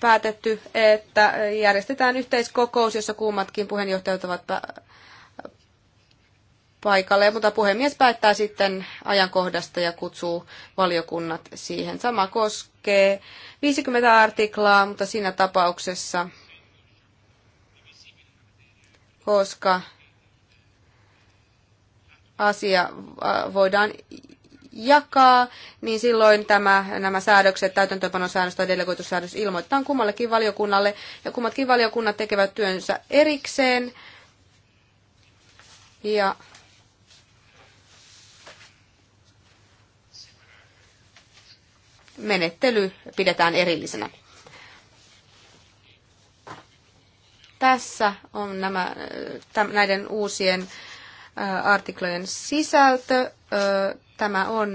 päätetty, että järjestetään yhteiskokous, jossa kummatkin puheenjohtajat ovat paikalle, mutta puhemies päättää sitten ajankohdasta ja kutsuu valiokunnat siihen. Sama koskee 50 artiklaa, mutta siinä tapauksessa, koska asia voidaan jakaa, niin silloin tämä, nämä säädökset, täytäntöpanosäännös tai delegoitussäädös ilmoittaa kummallekin valiokunnalle, ja kummatkin valiokunnat tekevät työnsä erikseen. Ja menettely pidetään erillisenä. Tässä on nämä, äh, näiden uusien äh, artiklojen sisältö. Äh, Tämä on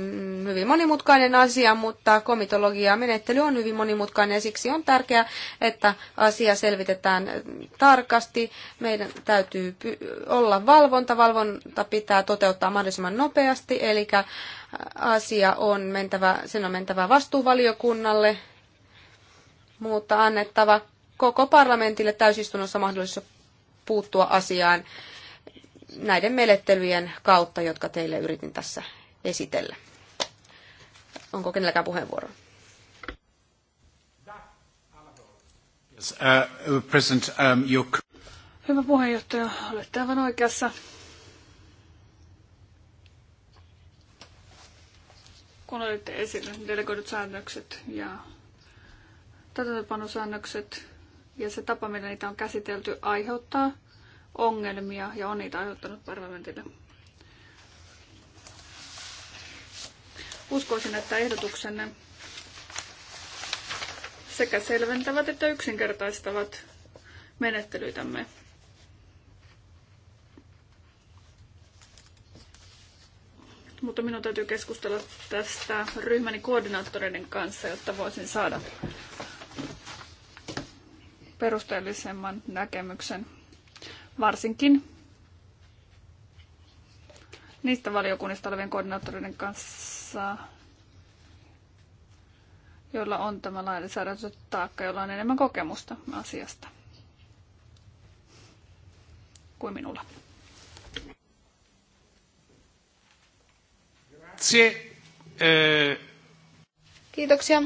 hyvin monimutkainen asia, mutta komitologia menettely on hyvin monimutkainen ja siksi on tärkeää, että asia selvitetään tarkasti. Meidän täytyy olla valvonta. Valvonta pitää toteuttaa mahdollisimman nopeasti, eli asia on mentävä, sen on mentävä vastuuvaliokunnalle, mutta annettava koko parlamentille täysistunnossa mahdollisuus puuttua asiaan näiden menettelyjen kautta, jotka teille yritin tässä esitellä. Onko kenelläkään puheenvuoro? Uh, uh, um, Hyvä puheenjohtaja, olette aivan oikeassa. Kun olitte esillä niin delegoidut säännökset ja täytäntöpanosäännökset ja se tapa, millä niitä on käsitelty, aiheuttaa ongelmia ja on niitä aiheuttanut parlamentille. Uskoisin, että ehdotuksenne sekä selventävät että yksinkertaistavat menettelyitämme. Mutta minun täytyy keskustella tästä ryhmäni koordinaattoreiden kanssa, jotta voisin saada perusteellisemman näkemyksen. Varsinkin niistä valiokunnista olevien koordinaattoreiden kanssa, maassa, jolla on tämä taakka, jolla on enemmän kokemusta asiasta kuin minulla. Eh. Kiitoksia.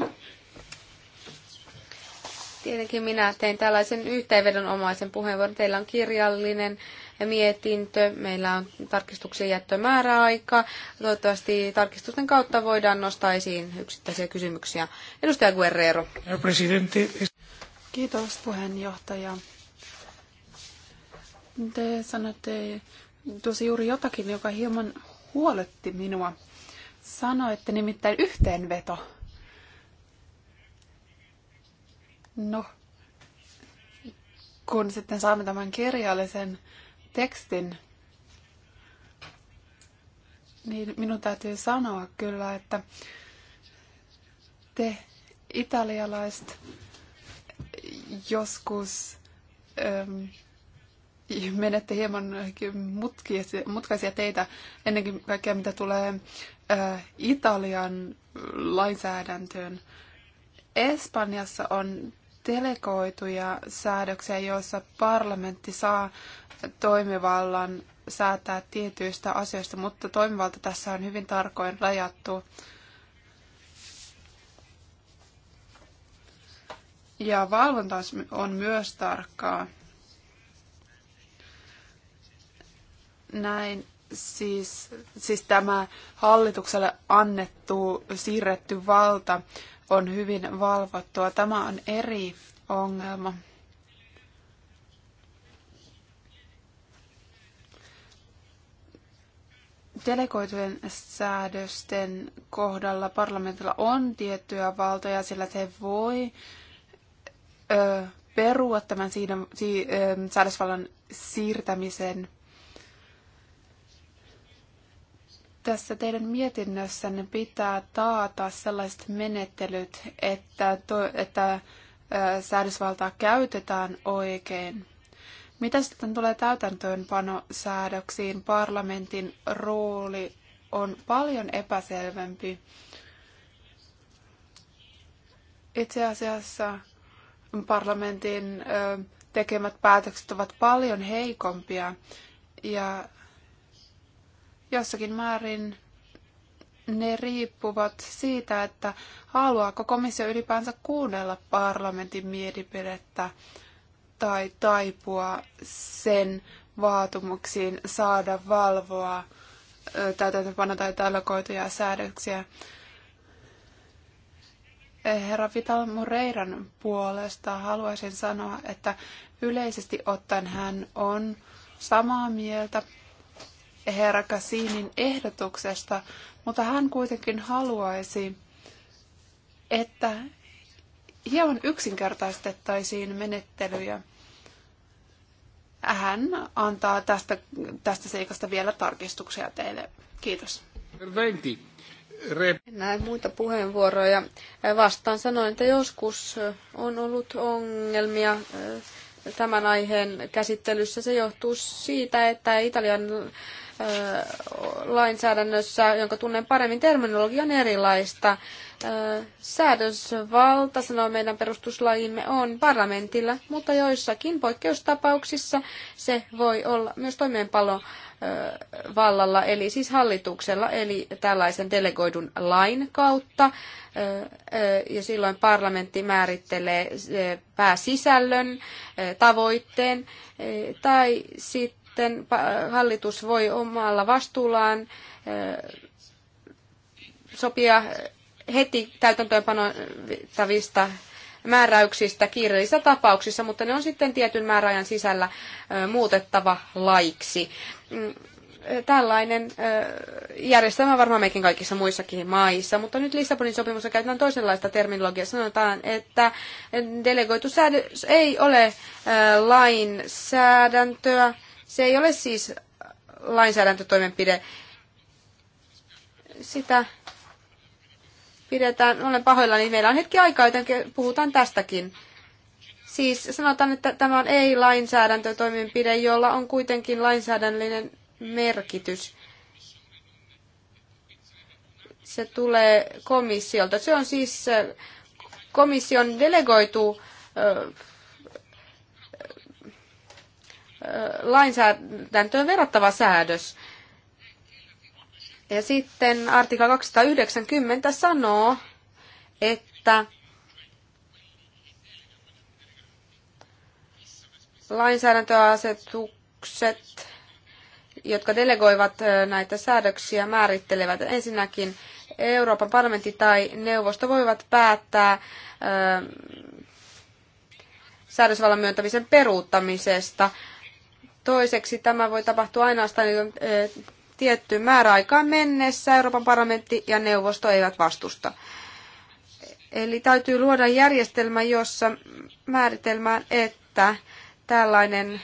Tietenkin minä tein tällaisen yhteenvedonomaisen puheenvuoron. Teillä on kirjallinen mietintö. Meillä on tarkistuksen jättömääräaika. Toivottavasti tarkistusten kautta voidaan nostaa esiin yksittäisiä kysymyksiä. Edustaja Guerrero. Kiitos puheenjohtaja. Te sanoitte tuossa juuri jotakin, joka hieman huoletti minua. Sanoitte nimittäin yhteenveto. No, kun sitten saamme tämän kirjallisen tekstin, niin minun täytyy sanoa kyllä, että te italialaiset joskus ähm, menette hieman mutkaisia teitä ennenkin kaikkea, mitä tulee äh, Italian lainsäädäntöön. Espanjassa on delegoituja säädöksiä, joissa parlamentti saa toimivallan säätää tietyistä asioista, mutta toimivalta tässä on hyvin tarkoin rajattu. Ja valvonta on myös tarkkaa. Näin siis, siis tämä hallitukselle annettu siirretty valta on hyvin valvottua. Tämä on eri ongelma. Delegoitujen säädösten kohdalla parlamentilla on tiettyjä valtoja, sillä se voi ö, perua tämän siinä, si, ö, säädösvallan siirtämisen. Tässä teidän mietinnössänne pitää taata sellaiset menettelyt, että, to, että ö, säädösvaltaa käytetään oikein. Mitä sitten tulee täytäntöönpanosäädöksiin, parlamentin rooli on paljon epäselvempi. Itse asiassa parlamentin tekemät päätökset ovat paljon heikompia ja jossakin määrin ne riippuvat siitä, että haluaako komissio ylipäänsä kuunnella parlamentin mielipidettä tai taipua sen vaatimuksiin saada valvoa täytäntöpano- tai delegoituja säädöksiä. Herra Vital Moreiran puolesta haluaisin sanoa, että yleisesti ottaen hän on samaa mieltä herra Kasinin ehdotuksesta, mutta hän kuitenkin haluaisi, että hieman yksinkertaistettaisiin menettelyjä. Hän antaa tästä, tästä seikasta vielä tarkistuksia teille. Kiitos. Terventi. Näin muita puheenvuoroja. Vastaan sanoin, että joskus on ollut ongelmia tämän aiheen käsittelyssä. Se johtuu siitä, että Italian lainsäädännössä, jonka tunnen paremmin, terminologia on erilaista. Säädösvalta, sanoo meidän perustuslajimme, on parlamentilla, mutta joissakin poikkeustapauksissa se voi olla myös toimeenpalo vallalla, eli siis hallituksella, eli tällaisen delegoidun lain kautta. Ja silloin parlamentti määrittelee pääsisällön, tavoitteen tai sitten sitten hallitus voi omalla vastuullaan sopia heti täytäntöönpanottavista määräyksistä kiireellisissä tapauksissa, mutta ne on sitten tietyn määräajan sisällä muutettava laiksi. Mm, tällainen järjestelmä varmaan meikin kaikissa muissakin maissa, mutta nyt Lissabonin sopimuksessa käytetään toisenlaista terminologiaa. Sanotaan, että delegoitu säädös ei ole lainsäädäntöä, se ei ole siis lainsäädäntötoimenpide. Sitä pidetään, olen pahoillani, meillä on hetki aikaa, joten puhutaan tästäkin. Siis sanotaan, että tämä on ei-lainsäädäntötoimenpide, jolla on kuitenkin lainsäädännöllinen merkitys. Se tulee komissiolta. Se on siis eh, komission delegoitu eh, lainsäädäntöön verrattava säädös. Ja sitten artikla 290 sanoo, että lainsäädäntöasetukset, jotka delegoivat näitä säädöksiä, määrittelevät ensinnäkin Euroopan parlamentti tai neuvosto voivat päättää säädösvallan myöntämisen peruuttamisesta Toiseksi tämä voi tapahtua ainoastaan tiettyyn määräaikaan mennessä. Euroopan parlamentti ja neuvosto eivät vastusta. Eli täytyy luoda järjestelmä, jossa määritelmään, että tällainen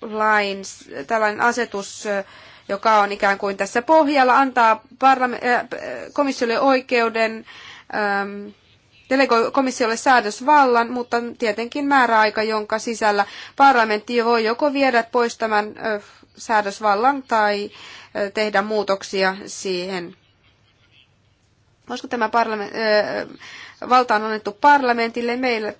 lain, tällainen asetus, joka on ikään kuin tässä pohjalla, antaa parlame- komissiolle oikeuden delegoi komissiolle säädösvallan, mutta tietenkin määräaika, jonka sisällä parlamentti voi joko viedä pois tämän säädösvallan tai tehdä muutoksia siihen. Koska tämä parlament, valta on annettu parlamentille, meillä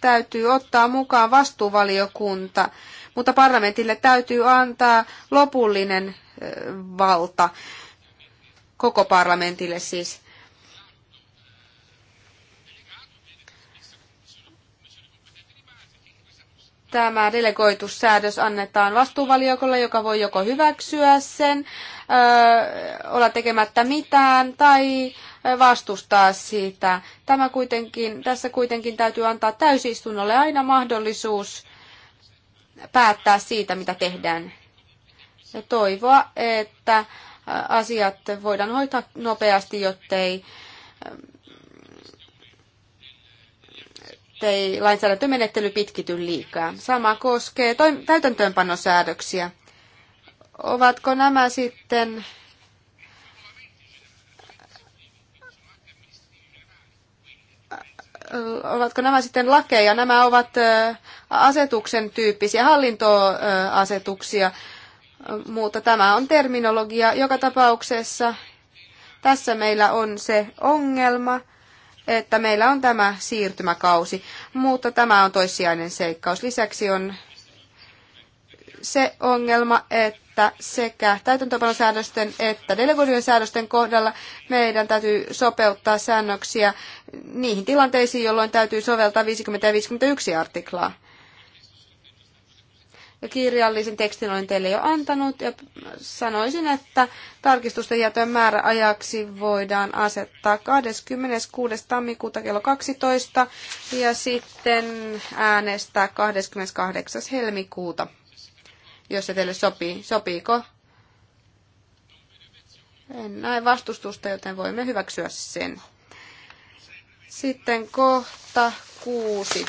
täytyy ottaa mukaan vastuuvaliokunta, mutta parlamentille täytyy antaa lopullinen valta, koko parlamentille siis. tämä delegoitussäädös annetaan vastuuvaliokolle, joka voi joko hyväksyä sen, ö, olla tekemättä mitään tai vastustaa sitä. Tämä kuitenkin, tässä kuitenkin täytyy antaa täysistunnolle aina mahdollisuus päättää siitä, mitä tehdään. Ja toivoa, että asiat voidaan hoitaa nopeasti, jottei ettei lainsäädäntömenettely pitkity liikaa. Sama koskee toim- täytäntöönpanosäädöksiä. Ovatko nämä sitten ovatko nämä sitten lakeja? Nämä ovat asetuksen tyyppisiä hallintoasetuksia, mutta tämä on terminologia. Joka tapauksessa tässä meillä on se ongelma, että meillä on tämä siirtymäkausi, mutta tämä on toissijainen seikkaus. Lisäksi on se ongelma, että sekä täytäntöpanosäädösten että delegoidujen säädösten kohdalla meidän täytyy sopeuttaa säännöksiä niihin tilanteisiin, jolloin täytyy soveltaa 50 ja 51 artiklaa kirjallisen tekstin olen teille jo antanut ja sanoisin, että tarkistusten jätön määräajaksi voidaan asettaa 26. tammikuuta kello 12 ja sitten äänestää 28. helmikuuta, jos se teille sopii. Sopiiko? En näe vastustusta, joten voimme hyväksyä sen. Sitten kohta kuusi.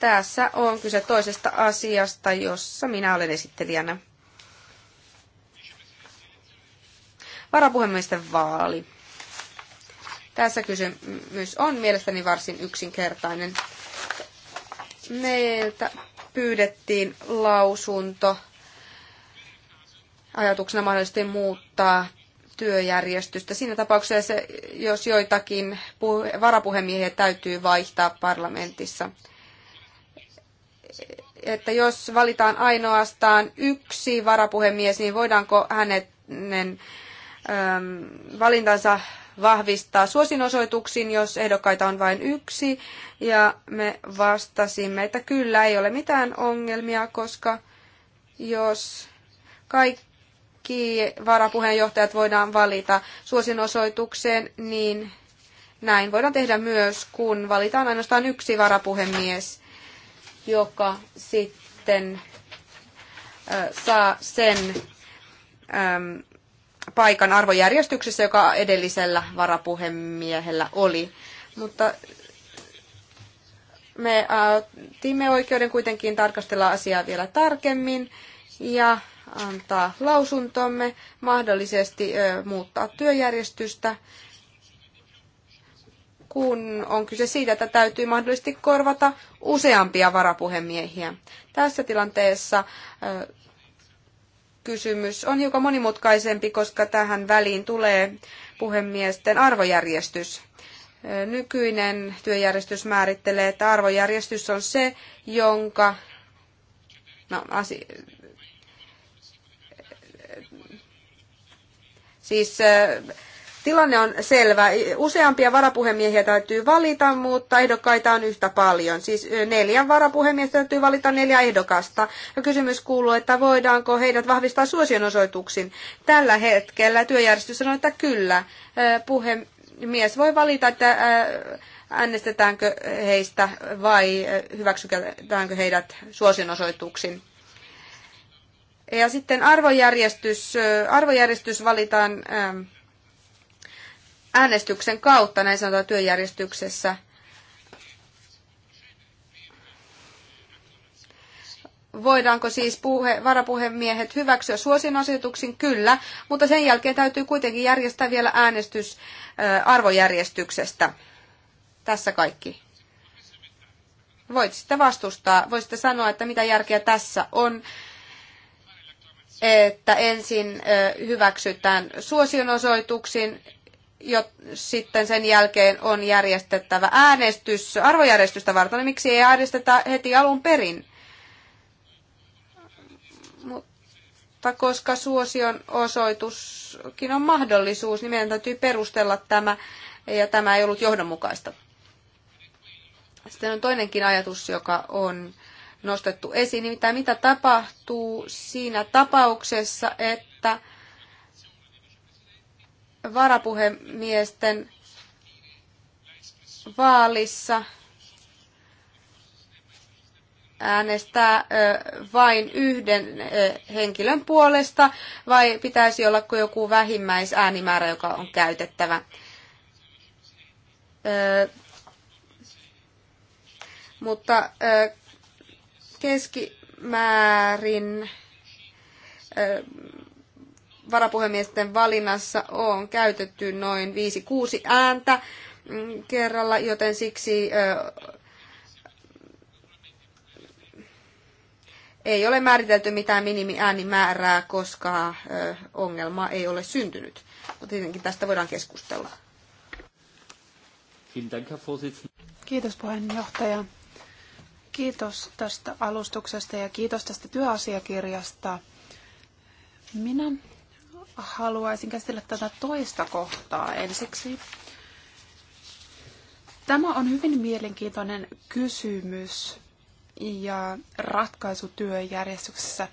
Tässä on kyse toisesta asiasta, jossa minä olen esittelijänä. Varapuhemiesten vaali. Tässä kysymys on mielestäni varsin yksinkertainen. Meiltä pyydettiin lausunto ajatuksena mahdollisesti muuttaa työjärjestystä. Siinä tapauksessa, jos joitakin varapuhemiehiä täytyy vaihtaa parlamentissa että jos valitaan ainoastaan yksi varapuhemies, niin voidaanko hänen ähm, valintansa vahvistaa suosinosoituksiin, jos ehdokkaita on vain yksi. Ja me vastasimme, että kyllä ei ole mitään ongelmia, koska jos kaikki varapuheenjohtajat voidaan valita suosinosoitukseen, niin näin voidaan tehdä myös, kun valitaan ainoastaan yksi varapuhemies joka sitten saa sen paikan arvojärjestyksessä, joka edellisellä varapuhemiehellä oli. Mutta me tiimme oikeuden kuitenkin tarkastella asiaa vielä tarkemmin ja antaa lausuntomme, mahdollisesti muuttaa työjärjestystä kun on kyse siitä, että täytyy mahdollisesti korvata useampia varapuhemiehiä. Tässä tilanteessa kysymys on hiukan monimutkaisempi, koska tähän väliin tulee puhemiesten arvojärjestys. Nykyinen työjärjestys määrittelee, että arvojärjestys on se, jonka no, asi, siis Tilanne on selvä. Useampia varapuhemiehiä täytyy valita, mutta ehdokkaita on yhtä paljon. Siis neljän varapuhemiestä täytyy valita neljä ehdokasta. Ja kysymys kuuluu, että voidaanko heidät vahvistaa suosionosoituksin. Tällä hetkellä työjärjestys sanoo, että kyllä. Puhemies voi valita, että äänestetäänkö heistä vai hyväksytäänkö heidät suosionosoituksin. Ja sitten arvojärjestys, arvojärjestys valitaan äänestyksen kautta näin sanotaan työjärjestyksessä Voidaanko siis puhe, varapuhemiehet hyväksyä suosinosituksin? Kyllä, mutta sen jälkeen täytyy kuitenkin järjestää vielä äänestys arvojärjestyksestä. Tässä kaikki. Voit sitten vastustaa, voisitte sanoa, että mitä järkeä tässä on, että ensin hyväksytään suosionosoituksin jo, sitten sen jälkeen on järjestettävä äänestys arvojärjestystä varten, niin miksi ei äänestetä heti alun perin? Mutta koska suosion osoituskin on mahdollisuus, niin meidän täytyy perustella tämä, ja tämä ei ollut johdonmukaista. Sitten on toinenkin ajatus, joka on nostettu esiin, nimittäin mitä tapahtuu siinä tapauksessa, että varapuhemiesten vaalissa äänestää vain yhden henkilön puolesta vai pitäisi olla joku vähimmäisäänimäärä, joka on käytettävä? Mutta keskimäärin varapuhemiesten valinnassa on käytetty noin 5-6 ääntä mm, kerralla, joten siksi ei ole määritelty mitään minimiäänimäärää, koska ongelma ei ole syntynyt. Mutta no, tietenkin tästä voidaan keskustella. Kiitos puheenjohtaja. Kiitos tästä alustuksesta ja kiitos tästä työasiakirjasta. Minä haluaisin käsitellä tätä toista kohtaa ensiksi. Tämä on hyvin mielenkiintoinen kysymys ja ratkaisutyöjärjestyksessä,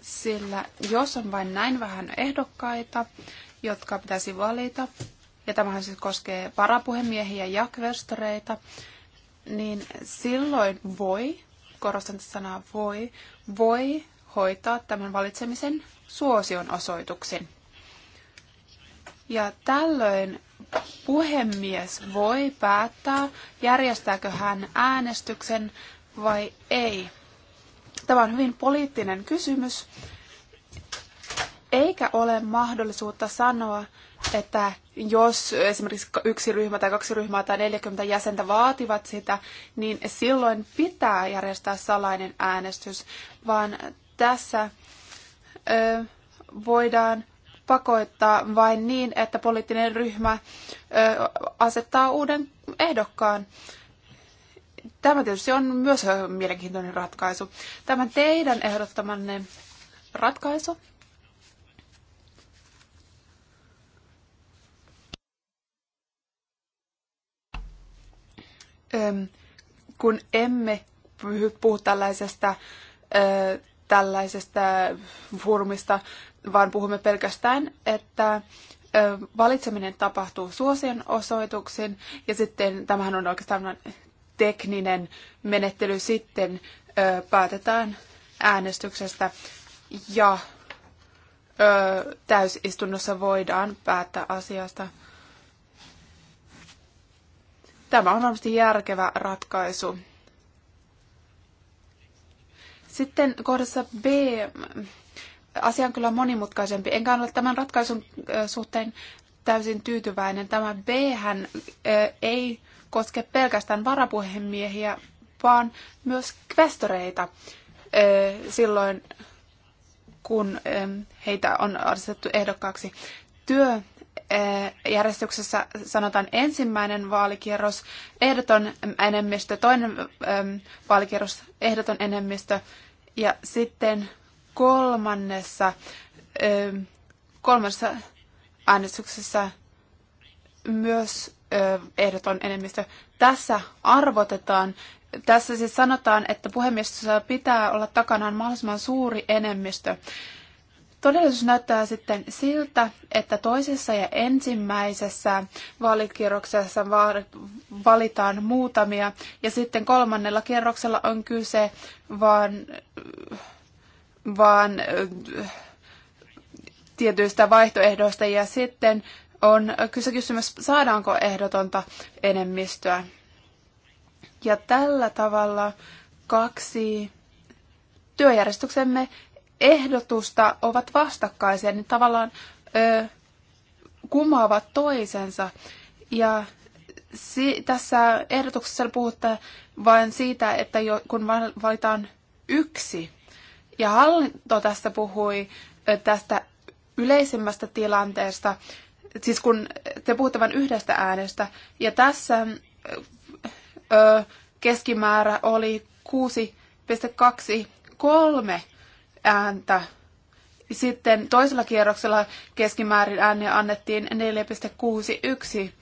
sillä jos on vain näin vähän ehdokkaita, jotka pitäisi valita, ja tämähän siis koskee varapuhemiehiä ja kvestoreita, niin silloin voi, korostan tätä sanaa voi, voi hoitaa tämän valitsemisen suosion osoituksen. Ja tällöin puhemies voi päättää, järjestääkö hän äänestyksen vai ei. Tämä on hyvin poliittinen kysymys, eikä ole mahdollisuutta sanoa, että jos esimerkiksi yksi ryhmä tai kaksi ryhmää tai 40 jäsentä vaativat sitä, niin silloin pitää järjestää salainen äänestys, vaan tässä ö, voidaan pakoittaa vain niin, että poliittinen ryhmä asettaa uuden ehdokkaan. Tämä tietysti on myös mielenkiintoinen ratkaisu. Tämä teidän ehdottamanne ratkaisu kun emme puhu tällaisesta, tällaisesta foorumista, vaan puhumme pelkästään, että valitseminen tapahtuu suosion osoituksen ja sitten tämähän on oikeastaan tekninen menettely sitten päätetään äänestyksestä ja täysistunnossa voidaan päättää asiasta. Tämä on varmasti järkevä ratkaisu. Sitten kohdassa B asia on kyllä monimutkaisempi. Enkä ole tämän ratkaisun suhteen täysin tyytyväinen. Tämä b hän ei koske pelkästään varapuhemiehiä, vaan myös kvestoreita silloin, kun heitä on asetettu ehdokkaaksi. työjärjestyksessä sanotaan ensimmäinen vaalikierros, ehdoton enemmistö, toinen vaalikierros, ehdoton enemmistö ja sitten kolmannessa, kolmannessa äänestyksessä myös ehdoton enemmistö. Tässä arvotetaan, tässä siis sanotaan, että puhemiestössä pitää olla takanaan mahdollisimman suuri enemmistö. Todellisuus näyttää sitten siltä, että toisessa ja ensimmäisessä vaalikierroksessa valitaan muutamia ja sitten kolmannella kierroksella on kyse vaan vaan tietyistä vaihtoehdoista ja sitten on kyse kysymys, saadaanko ehdotonta enemmistöä. Ja tällä tavalla kaksi työjärjestyksemme ehdotusta ovat vastakkaisia, niin tavallaan ö, kumoavat toisensa. Ja si- tässä ehdotuksessa puhutaan vain siitä, että jo, kun valitaan yksi ja hallinto tässä puhui tästä yleisimmästä tilanteesta, siis kun te puhutte vain yhdestä äänestä, ja tässä ö, keskimäärä oli 6,23 ääntä. Sitten toisella kierroksella keskimäärin ääniä annettiin 4,61.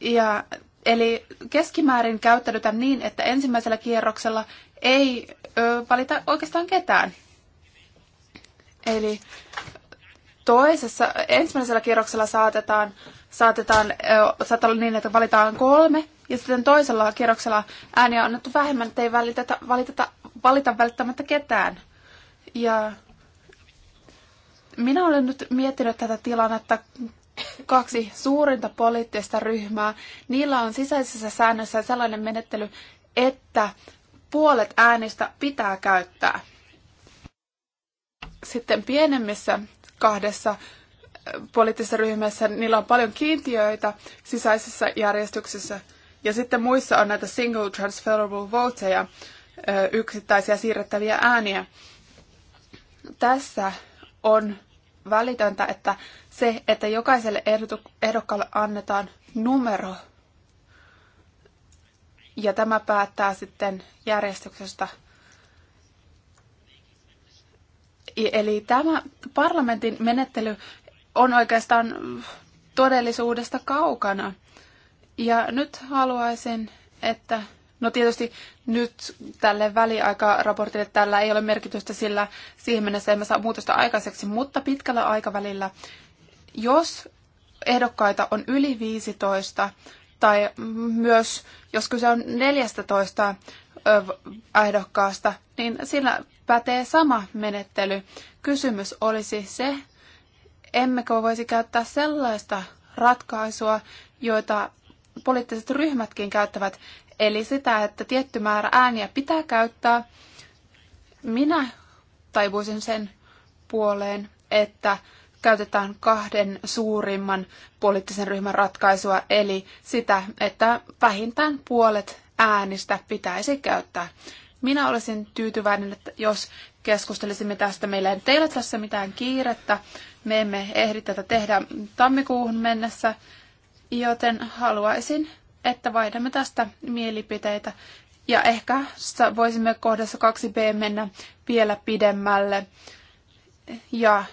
Ja Eli keskimäärin käyttäydytään niin, että ensimmäisellä kierroksella ei ö, valita oikeastaan ketään. Eli toisessa, ensimmäisellä kierroksella saatetaan, saatetaan, ö, saattaa olla niin, että valitaan kolme, ja sitten toisella kierroksella ääniä on annettu vähemmän, että ei välitetä, valiteta, valita välttämättä ketään. Ja minä olen nyt miettinyt tätä tilannetta kaksi suurinta poliittista ryhmää, niillä on sisäisessä säännössä sellainen menettely, että puolet äänistä pitää käyttää. Sitten pienemmissä kahdessa äh, poliittisessa ryhmässä niillä on paljon kiintiöitä sisäisessä järjestyksessä. Ja sitten muissa on näitä single transferable voteja, äh, yksittäisiä siirrettäviä ääniä. Tässä on välitöntä, että se, että jokaiselle ehdokkaalle annetaan numero ja tämä päättää sitten järjestyksestä. Eli tämä parlamentin menettely on oikeastaan todellisuudesta kaukana. Ja nyt haluaisin, että No tietysti nyt tälle väliaikaraportille tällä ei ole merkitystä, sillä siihen mennessä emme saa muutosta aikaiseksi, mutta pitkällä aikavälillä, jos ehdokkaita on yli 15 tai myös jos kyse on 14 ehdokkaasta, niin sillä pätee sama menettely. Kysymys olisi se, emmekö voisi käyttää sellaista ratkaisua, joita poliittiset ryhmätkin käyttävät, Eli sitä, että tietty määrä ääniä pitää käyttää. Minä taipuisin sen puoleen, että käytetään kahden suurimman poliittisen ryhmän ratkaisua, eli sitä, että vähintään puolet äänistä pitäisi käyttää. Minä olisin tyytyväinen, että jos keskustelisimme tästä. Meillä ei teillä tässä mitään kiirettä. Me emme ehdi tätä tehdä tammikuuhun mennessä, joten haluaisin että vaihdamme tästä mielipiteitä ja ehkä voisimme kohdassa 2b mennä vielä pidemmälle ja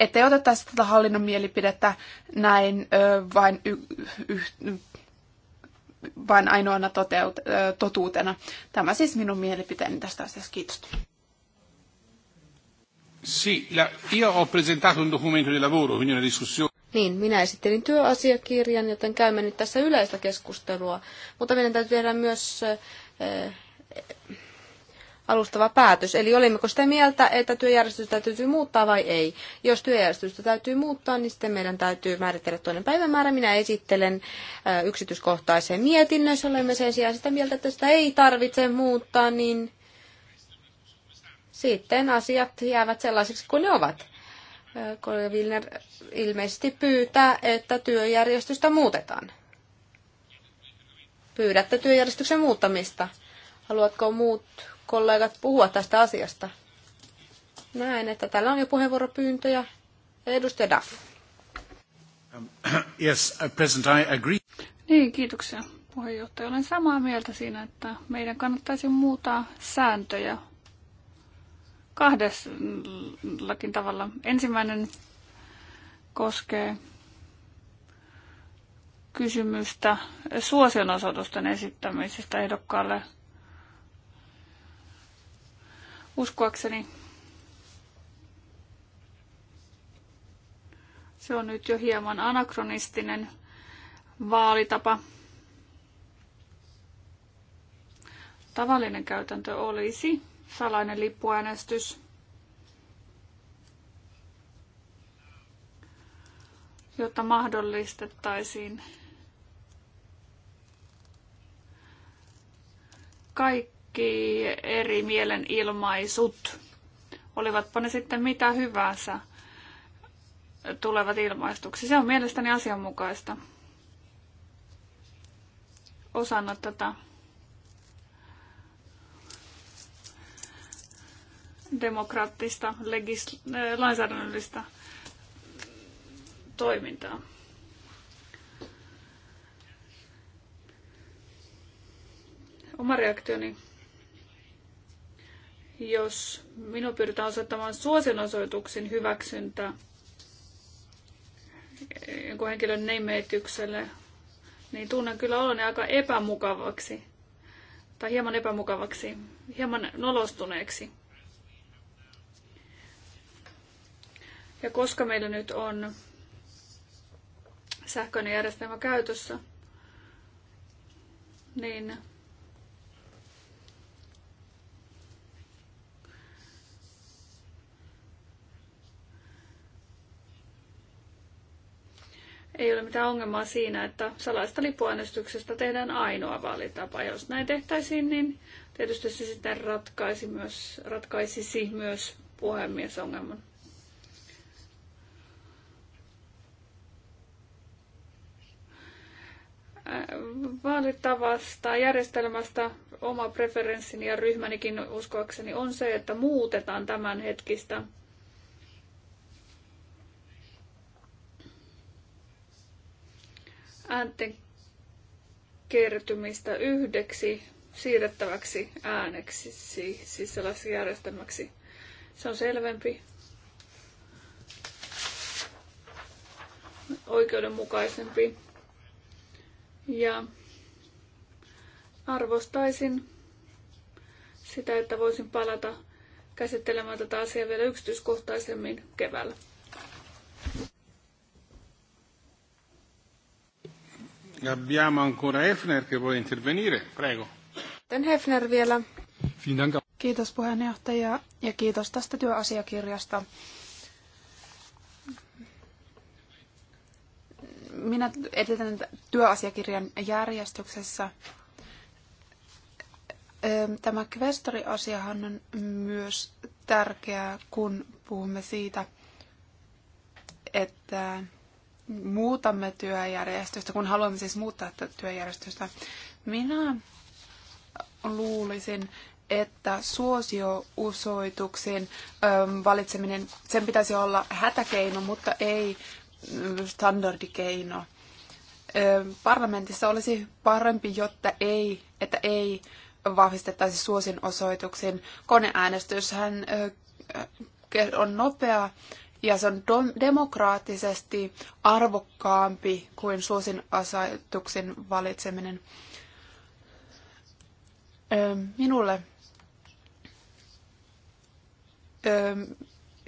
ettei otettaisi tätä tuota hallinnon mielipidettä näin vain, y, y, vain ainoana toteut, totuutena. Tämä siis minun mielipiteeni tästä asiasta. Kiitos. Sì, la, io ho presentato un documento di lavoro, quindi una discussione. Niin, minä esittelin työasiakirjan, joten käymme nyt tässä yleistä keskustelua, mutta meidän täytyy tehdä myös eh, alustava päätös. Eli olimmeko sitä mieltä, että työjärjestystä täytyy muuttaa vai ei? Jos työjärjestystä täytyy muuttaa, niin sitten meidän täytyy määritellä toinen päivämäärä. Minä esittelen eh, yksityiskohtaisen mietinnön, jos olemme sen sijaan sitä mieltä, että sitä ei tarvitse muuttaa, niin sitten asiat jäävät sellaisiksi kuin ne ovat. Äh, Kolja Vilner ilmeisesti pyytää, että työjärjestystä muutetaan. Pyydätte työjärjestyksen muuttamista. Haluatko muut kollegat puhua tästä asiasta? Näen, että täällä on jo puheenvuoropyyntöjä. Edustaja Duff. Um, yes, uh, President, I agree. Niin, kiitoksia puheenjohtaja. Olen samaa mieltä siinä, että meidän kannattaisi muuttaa sääntöjä kahdessakin tavalla. Ensimmäinen koskee kysymystä suosionosoitusten esittämisestä ehdokkaalle. Uskoakseni se on nyt jo hieman anakronistinen vaalitapa. Tavallinen käytäntö olisi, salainen lippuäänestys. jotta mahdollistettaisiin kaikki eri mielenilmaisut, olivatpa ne sitten mitä hyvänsä, tulevat ilmaistuksi. Se on mielestäni asianmukaista osana tätä demokraattista legis- eh, lainsäädännöllistä toimintaa. Oma reaktioni, jos minun pyritään osoittamaan suosionosoituksen hyväksyntä jonkun henkilön nimetykselle, niin tunnen kyllä oloni aika epämukavaksi tai hieman epämukavaksi, hieman nolostuneeksi. Ja koska meillä nyt on sähköinen järjestelmä käytössä, niin ei ole mitään ongelmaa siinä, että salaista lipuäänestyksestä tehdään ainoa vaalitapa. Jos näin tehtäisiin, niin tietysti se sitten ratkaisi myös, ratkaisisi myös puhemiesongelman. Äh, vaalitavasta, järjestelmästä oma preferenssini ja ryhmänikin uskoakseni on se, että muutetaan tämän hetkistä äänten kertymistä yhdeksi siirrettäväksi ääneksi, siis sellaisi järjestelmäksi. Se on selvempi, oikeudenmukaisempi ja arvostaisin sitä, että voisin palata käsittelemään tätä asiaa vielä yksityiskohtaisemmin keväällä. Abbiamo ancora Hefner che vuole intervenire. Prego. Ten Hefner vielä. Kiitos puheenjohtaja ja kiitos tästä työasiakirjasta. minä edetän työasiakirjan järjestyksessä. Tämä kvestoriasiahan on myös tärkeää, kun puhumme siitä, että muutamme työjärjestystä, kun haluamme siis muuttaa tätä työjärjestystä. Minä luulisin, että suosioosoituksen valitseminen, sen pitäisi olla hätäkeino, mutta ei standardikeino. Parlamentissa olisi parempi, jotta ei, että ei vahvistettaisi suosin osoituksin. Koneäänestyshän on nopea ja se on demokraattisesti arvokkaampi kuin suosin osoituksen valitseminen. Minulle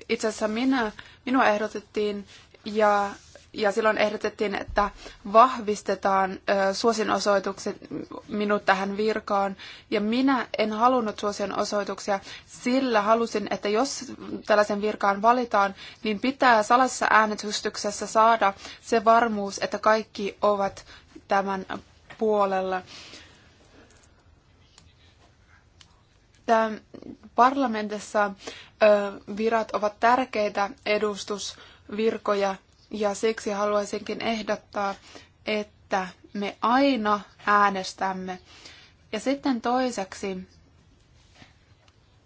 itse asiassa minä, minua ehdotettiin ja, ja silloin ehdotettiin, että vahvistetaan suosionosoitukset minut tähän virkaan. Ja minä en halunnut suosionosoituksia, sillä halusin, että jos tällaisen virkaan valitaan, niin pitää salaisessa äänestyksessä saada se varmuus, että kaikki ovat tämän puolella. Tämä parlamentissa virat ovat tärkeitä edustus virkoja ja siksi haluaisinkin ehdottaa, että me aina äänestämme. Ja sitten toiseksi,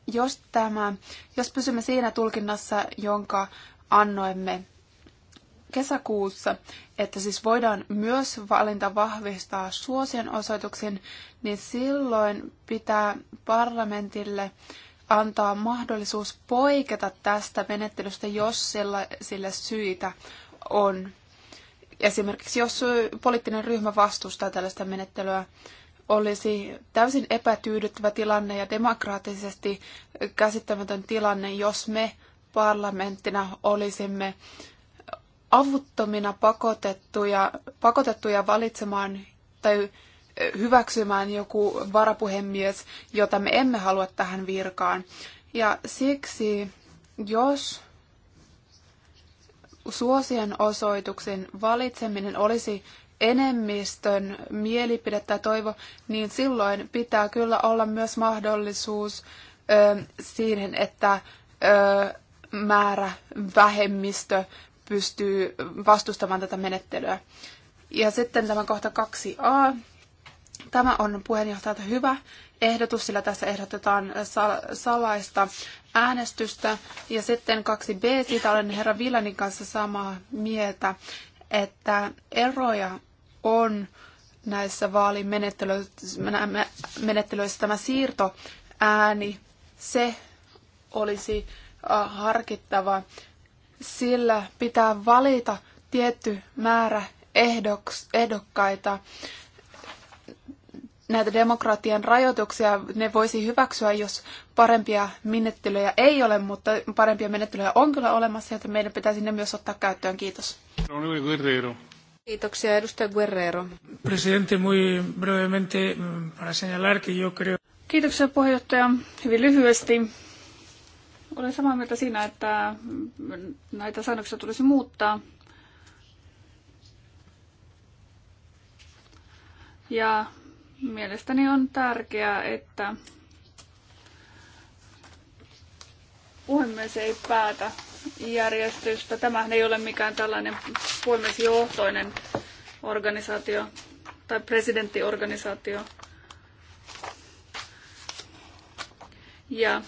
jos, tämä, jos pysymme siinä tulkinnassa, jonka annoimme kesäkuussa, että siis voidaan myös valinta vahvistaa suosion osoituksen, niin silloin pitää parlamentille äh, antaa mahdollisuus poiketa tästä menettelystä, jos sillä syitä on. Esimerkiksi jos poliittinen ryhmä vastustaa tällaista menettelyä, olisi täysin epätyydyttävä tilanne ja demokraattisesti käsittämätön tilanne, jos me parlamenttina olisimme avuttomina pakotettuja, pakotettuja valitsemaan tai hyväksymään joku varapuhemies, jota me emme halua tähän virkaan. Ja siksi, jos suosien osoituksen valitseminen olisi enemmistön mielipide tai toivo, niin silloin pitää kyllä olla myös mahdollisuus ö, siihen, että ö, määrä vähemmistö pystyy vastustamaan tätä menettelyä. Ja sitten tämä kohta 2a, Tämä on puheenjohtajalta hyvä ehdotus, sillä tässä ehdotetaan salaista äänestystä. Ja sitten 2b, siitä olen herra Villanin kanssa samaa mieltä, että eroja on näissä vaalimenettelyissä tämä siirto ääni, se olisi äh, harkittava. Sillä pitää valita tietty määrä ehdoks, ehdokkaita näitä demokratian rajoituksia ne voisi hyväksyä, jos parempia menettelyjä ei ole, mutta parempia menettelyjä on kyllä olemassa, joten meidän pitäisi ne myös ottaa käyttöön. Kiitos. Kiitoksia, edustaja Guerrero. Presidente, muy brevemente mm, para señalar que yo creo... Kiitoksia puheenjohtaja. Hyvin lyhyesti. Olen samaa mieltä siinä, että näitä säännöksiä tulisi muuttaa. Ja Mielestäni on tärkeää, että puhemies ei päätä järjestystä. Tämähän ei ole mikään tällainen puhemiesjohtoinen organisaatio tai presidenttiorganisaatio. Ja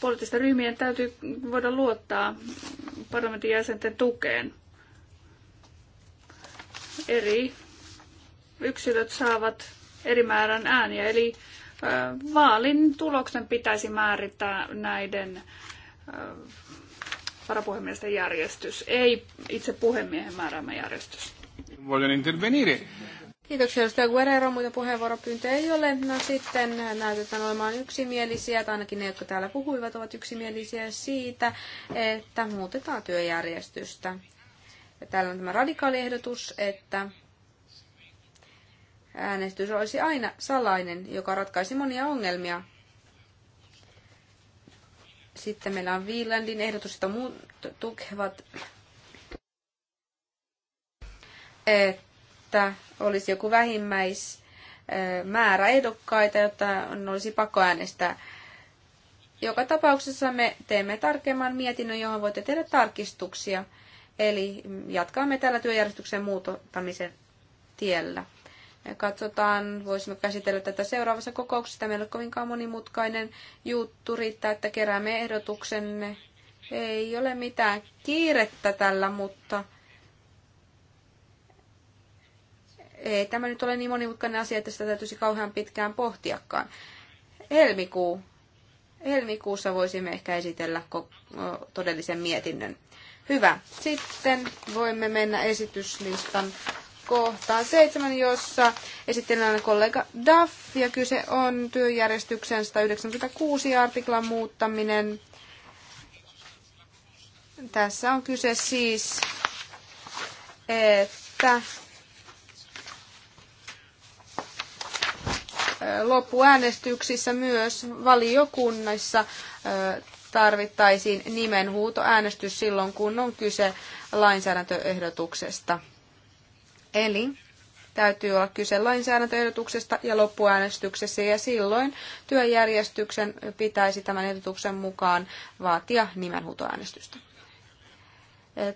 poliittisten ryhmien täytyy voida luottaa parlamentin jäsenten tukeen eri yksilöt saavat eri määrän ääniä. Eli vaalin tuloksen pitäisi määrittää näiden varapuhemiesten järjestys, ei itse puhemiehen määräämä järjestys. Voidaan intervenire. Kiitoksia, edustaja Guerrero. Muita puheenvuoropyyntöjä ei ole. No sitten näytetään olemaan yksimielisiä, tai ainakin ne, jotka täällä puhuivat, ovat yksimielisiä siitä, että muutetaan työjärjestystä. Ja täällä on tämä radikaaliehdotus, että äänestys olisi aina salainen, joka ratkaisi monia ongelmia. Sitten meillä on Viilandin ehdotus, jota muut tukevat, että olisi joku vähimmäismäärä ehdokkaita, jotta olisi pakko äänestää. Joka tapauksessa me teemme tarkemman mietinnön, johon voitte tehdä tarkistuksia. Eli jatkamme tällä työjärjestyksen muuttamisen tiellä. Katsotaan, voisimme käsitellä tätä seuraavassa kokouksessa. Tämä ei ole kovinkaan monimutkainen juttu. Riittää, että keräämme ehdotuksenne. Ei ole mitään kiirettä tällä, mutta ei tämä nyt ole niin monimutkainen asia, että sitä täytyisi kauhean pitkään pohtiakaan. Helmikuu. Helmikuussa voisimme ehkä esitellä todellisen mietinnön. Hyvä. Sitten voimme mennä esityslistan kohtaan seitsemän, jossa esittelen kollega Duff ja kyse on työjärjestyksen 196 artiklan muuttaminen. Tässä on kyse siis, että loppuäänestyksissä myös valiokunnissa tarvittaisiin nimenhuutoäänestys silloin, kun on kyse lainsäädäntöehdotuksesta. Eli täytyy olla kyse lainsäädäntöehdotuksesta ja loppuäänestyksessä, ja silloin työjärjestyksen pitäisi tämän ehdotuksen mukaan vaatia nimenhuutoäänestystä.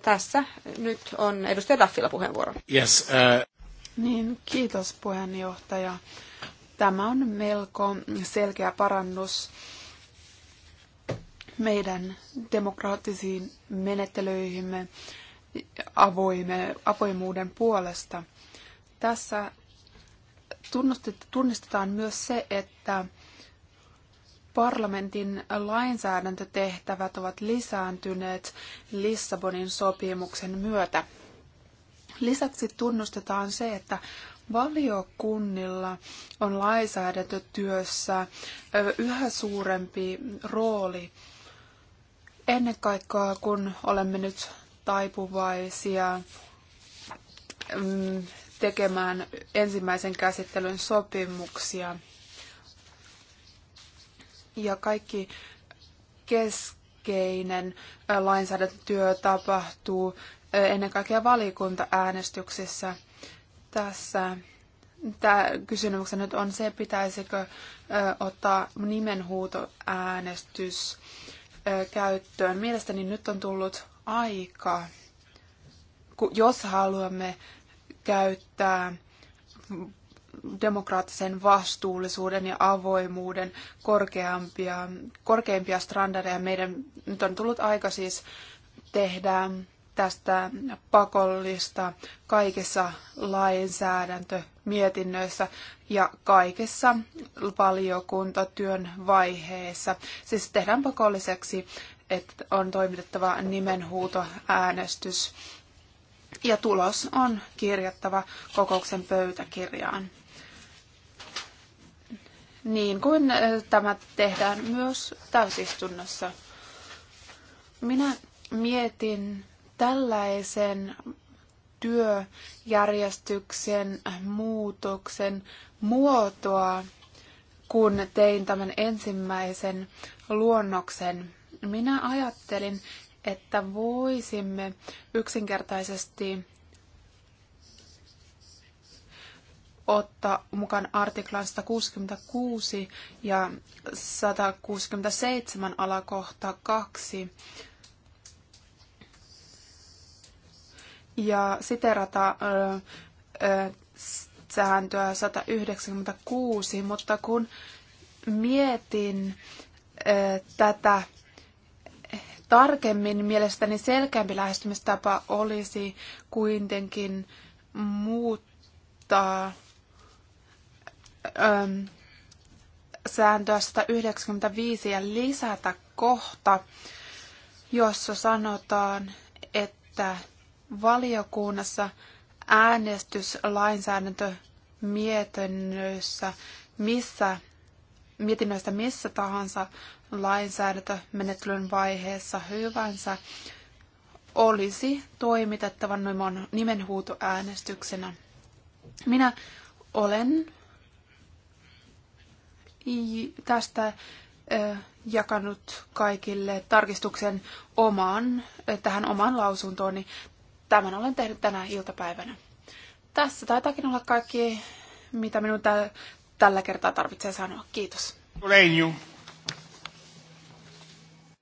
Tässä nyt on edustaja Taffilla puheenvuoro. Yes, uh... Niin, kiitos puheenjohtaja. Tämä on melko selkeä parannus meidän demokraattisiin menettelyihimme avoime, avoimuuden puolesta. Tässä tunnistetaan myös se, että parlamentin lainsäädäntötehtävät ovat lisääntyneet Lissabonin sopimuksen myötä. Lisäksi tunnustetaan se, että valiokunnilla on lainsäädäntötyössä yhä suurempi rooli ennen kaikkea, kun olemme nyt taipuvaisia mm, tekemään ensimmäisen käsittelyn sopimuksia. Ja kaikki keskeinen lainsäädäntötyö tapahtuu ennen kaikkea valikuntaäänestyksissä. Tässä tämä kysymys nyt on se, pitäisikö ottaa nimenhuutoäänestys käyttöön. Mielestäni nyt on tullut aika, jos haluamme käyttää demokraattisen vastuullisuuden ja avoimuuden korkeampia, korkeimpia standardeja. Meidän nyt on tullut aika siis tehdä tästä pakollista kaikessa lainsäädäntömietinnöissä ja kaikessa valiokuntatyön vaiheessa. Siis tehdään pakolliseksi että on toimitettava nimenhuuto äänestys ja tulos on kirjattava kokouksen pöytäkirjaan. Niin kuin äh, tämä tehdään myös täysistunnossa. Minä mietin tällaisen työjärjestyksen muutoksen muotoa, kun tein tämän ensimmäisen luonnoksen minä ajattelin, että voisimme yksinkertaisesti ottaa mukaan artiklan 166 ja 167 alakohta 2 ja siterata ö, ö, sääntöä 196, mutta kun mietin ö, tätä tarkemmin. Niin mielestäni selkeämpi lähestymistapa olisi kuitenkin muuttaa ähm, sääntöä 195 ja lisätä kohta, jossa sanotaan, että valiokunnassa äänestyslainsäädäntö mietinnössä, missä mietinnöistä missä tahansa lainsäädäntömenettelyn vaiheessa hyvänsä olisi toimitettava nimenhuutoäänestyksenä. Minä olen tästä jakanut kaikille tarkistuksen omaan, tähän omaan lausuntooni. Niin tämän olen tehnyt tänä iltapäivänä. Tässä taitaakin olla kaikki, mitä minun tällä kertaa tarvitsee sanoa. Kiitos. Renew.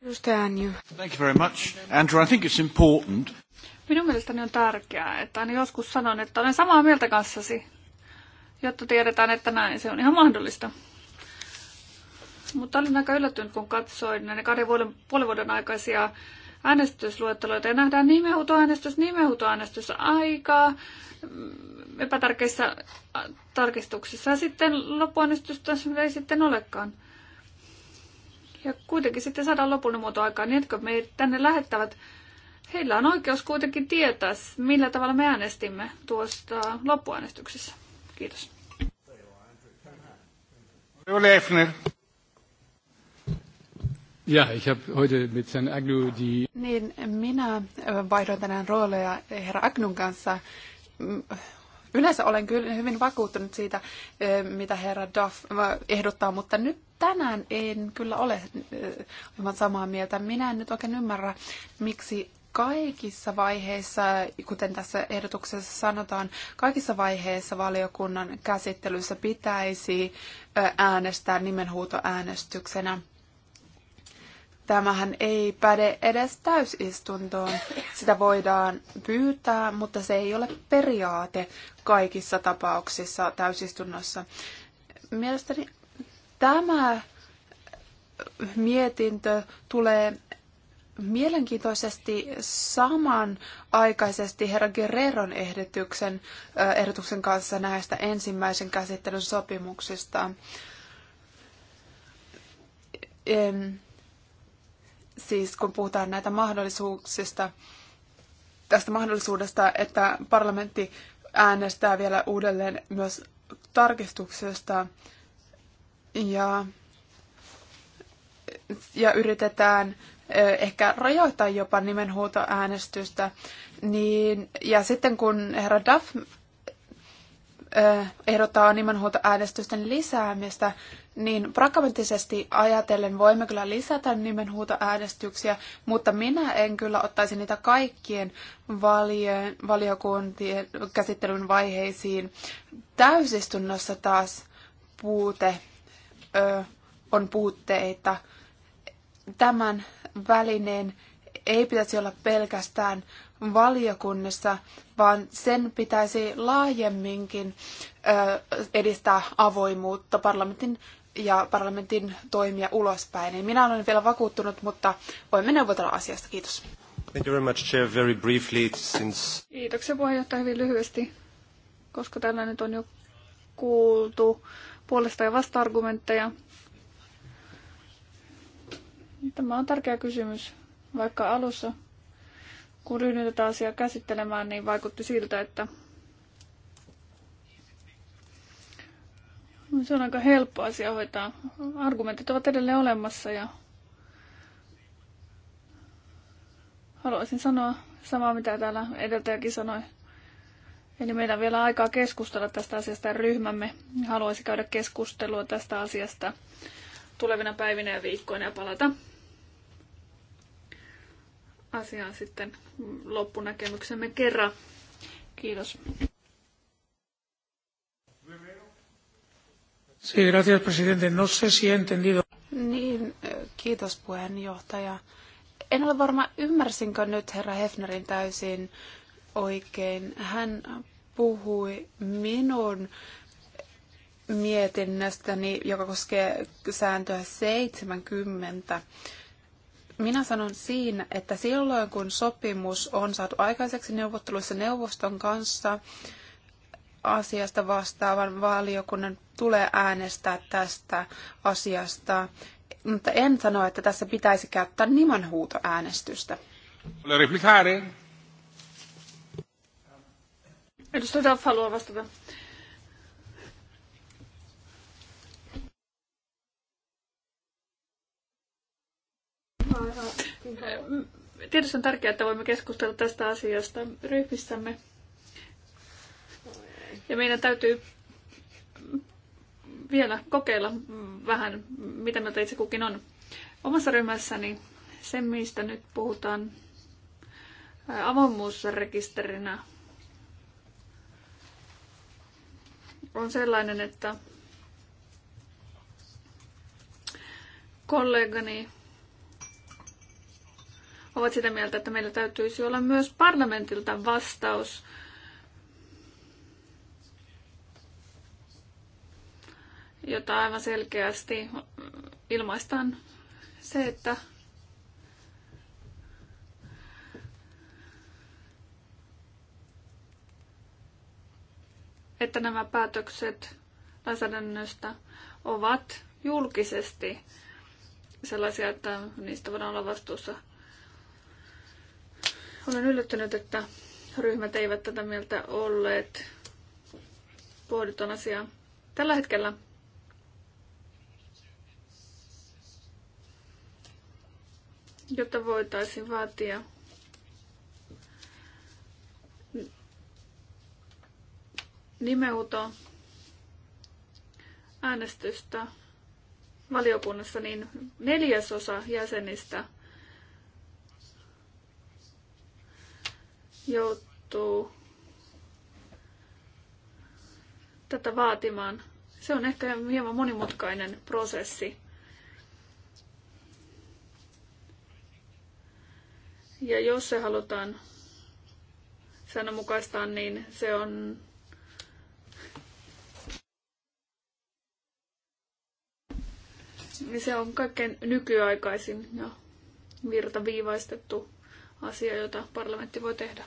Edustaja Anju. Thank you very much. Andrew, I think it's important. Minun mielestäni on tärkeää, että aina joskus sanon, että olen samaa mieltä kanssasi, jotta tiedetään, että näin se on ihan mahdollista. Mutta olin aika yllättynyt, kun katsoin näiden kahden vuoden, puolen vuoden aikaisia äänestysluetteloita ja nähdään nimenhuutoäänestys, nimenhuutoäänestys aikaa epätarkeissa tarkistuksissa ja sitten loppuäänestystä ei sitten olekaan. Ja kuitenkin sitten saadaan lopullinen muoto aikaa, niin jotka me tänne lähettävät, heillä on oikeus kuitenkin tietää, millä tavalla me äänestimme tuosta loppuäänestyksessä. Kiitos. Ole ja, ich habe heute mit Herrn Agnew die... Nein, minä äh, vaihdoin tänään rooleja herra Agnun kanssa. Mm, yleensä olen kyllä hyvin vakuuttunut siitä, äh, mitä herra Duff äh, ehdottaa, mutta nyt tänään en kyllä ole aivan samaa mieltä. Minä en nyt oikein ymmärrä, miksi kaikissa vaiheissa, kuten tässä ehdotuksessa sanotaan, kaikissa vaiheissa valiokunnan käsittelyssä pitäisi äänestää nimenhuutoäänestyksenä. Tämähän ei päde edes täysistuntoon. Sitä voidaan pyytää, mutta se ei ole periaate kaikissa tapauksissa täysistunnossa. Mielestäni tämä mietintö tulee mielenkiintoisesti samanaikaisesti herra Guerreron ehdotuksen, ehdotuksen kanssa näistä ensimmäisen käsittelyn sopimuksista siis kun puhutaan näitä mahdollisuuksista, tästä mahdollisuudesta, että parlamentti äänestää vielä uudelleen myös tarkistuksesta ja, ja yritetään ehkä rajoittaa jopa nimenhuutoäänestystä, niin, ja sitten kun herra Duff ehdottaa nimenhuoltoäänestysten lisäämistä, niin pragmaattisesti ajatellen voimme kyllä lisätä nimenhuutoäänestyksiä, mutta minä en kyllä ottaisi niitä kaikkien valien, valiokuntien käsittelyn vaiheisiin. Täysistunnossa taas puute ö, on puutteita. Tämän välineen ei pitäisi olla pelkästään valiokunnassa, vaan sen pitäisi laajemminkin ö, edistää avoimuutta parlamentin ja parlamentin toimia ulospäin. Niin minä olen vielä vakuuttunut, mutta voimme neuvotella asiasta. Kiitos. Thank you very much, Chair. Very briefly, since... Kiitoksia puheenjohtaja hyvin lyhyesti, koska täällä nyt on jo kuultu puolesta ja vasta-argumentteja. Tämä on tärkeä kysymys. Vaikka alussa, kun ryhdyin tätä asiaa käsittelemään, niin vaikutti siltä, että Se on aika helppo asia hoitaa. Argumentit ovat edelleen olemassa ja haluaisin sanoa samaa, mitä täällä edeltäjäkin sanoi. Eli meillä on vielä aikaa keskustella tästä asiasta ja ryhmämme haluaisi käydä keskustelua tästä asiasta tulevina päivinä ja viikkoina ja palata asiaan sitten loppunäkemyksemme kerran. Kiitos. gracias, presidente. No sé si he entendido. Niin, kiitos puheenjohtaja. En ole varma, ymmärsinkö nyt herra Hefnerin täysin oikein. Hän puhui minun mietinnöstäni, joka koskee sääntöä 70. Minä sanon siinä, että silloin kun sopimus on saatu aikaiseksi neuvotteluissa neuvoston kanssa, asiasta vastaavan valiokunnan tulee äänestää tästä asiasta, mutta en sano, että tässä pitäisi käyttää nimenhuutoäänestystä. Edustaja Daff haluaa vastata. Tietysti on tärkeää, että voimme keskustella tästä asiasta ryhmissämme. Ja meidän täytyy vielä kokeilla vähän, mitä mieltä itse kukin on. Omassa ryhmässäni se, mistä nyt puhutaan avoimuusrekisterinä, on sellainen, että kollegani ovat sitä mieltä, että meillä täytyisi olla myös parlamentilta vastaus jota aivan selkeästi ilmaistaan se, että että nämä päätökset lainsäädännöstä ovat julkisesti sellaisia, että niistä voidaan olla vastuussa. Olen yllättynyt, että ryhmät eivät tätä mieltä olleet. Pohditon asiaa. Tällä hetkellä jota voitaisiin vaatia nimeuto äänestystä valiokunnassa, niin neljäsosa jäsenistä joutuu tätä vaatimaan. Se on ehkä hieman monimutkainen prosessi. Ja jos se halutaan säännönmukaistaa, niin se on niin se on kaikkein nykyaikaisin ja virtaviivaistettu asia, jota parlamentti voi tehdä.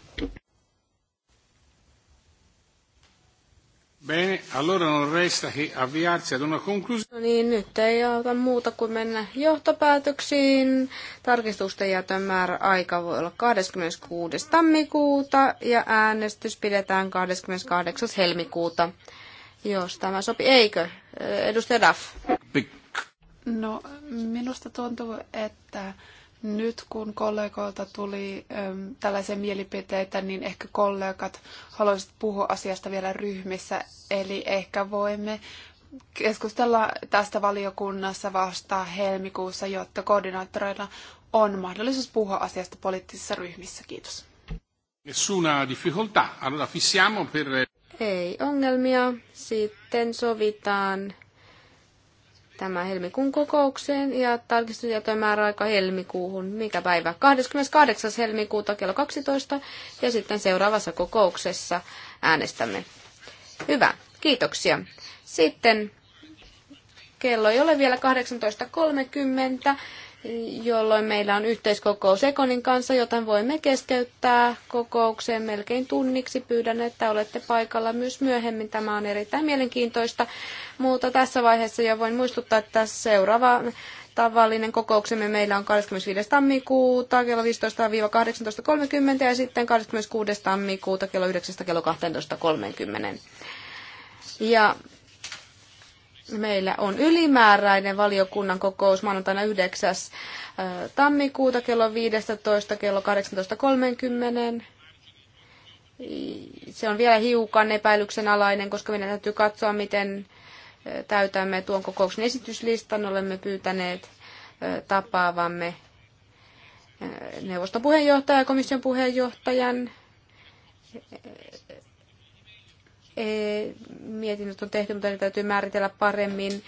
Bene, allora non resta che avviarsi ad una conclusione. No niin, nyt ei auta muuta kuin mennä johtopäätöksiin. Tarkistusten määrä aika voi olla 26. tammikuuta ja äänestys pidetään 28. helmikuuta. Jos tämä sopii, eikö? Edustaja Duff. No, minusta tuntuu, että nyt kun kollegoilta tuli äm, tällaisia mielipiteitä, niin ehkä kollegat haluaisivat puhua asiasta vielä ryhmissä. Eli ehkä voimme keskustella tästä valiokunnassa vasta helmikuussa, jotta koordinaattoreilla on mahdollisuus puhua asiasta poliittisissa ryhmissä. Kiitos. Nessuna difficoltà. Allora fissiamo per... Ei ongelmia. Sitten sovitaan tämä helmikuun kokoukseen ja tarkistustietojen määräaika helmikuuhun, mikä päivä? 28. helmikuuta kello 12 ja sitten seuraavassa kokouksessa äänestämme. Hyvä, kiitoksia. Sitten kello ei ole vielä 18.30 jolloin meillä on yhteiskokous Ekonin kanssa, joten voimme keskeyttää kokoukseen melkein tunniksi. Pyydän, että olette paikalla myös myöhemmin. Tämä on erittäin mielenkiintoista, mutta tässä vaiheessa jo voin muistuttaa, että seuraava tavallinen kokouksemme meillä on 25. tammikuuta kello 15-18.30 ja sitten 26. tammikuuta kello 9 kello 12.30. Ja meillä on ylimääräinen valiokunnan kokous maanantaina 9. tammikuuta kello 15 kello 18.30. Se on vielä hiukan epäilyksen alainen, koska meidän täytyy katsoa, miten täytämme tuon kokouksen esityslistan. Olemme pyytäneet tapaavamme neuvoston puheenjohtajan ja komission puheenjohtajan mietinnöt on tehty, mutta ne täytyy määritellä paremmin.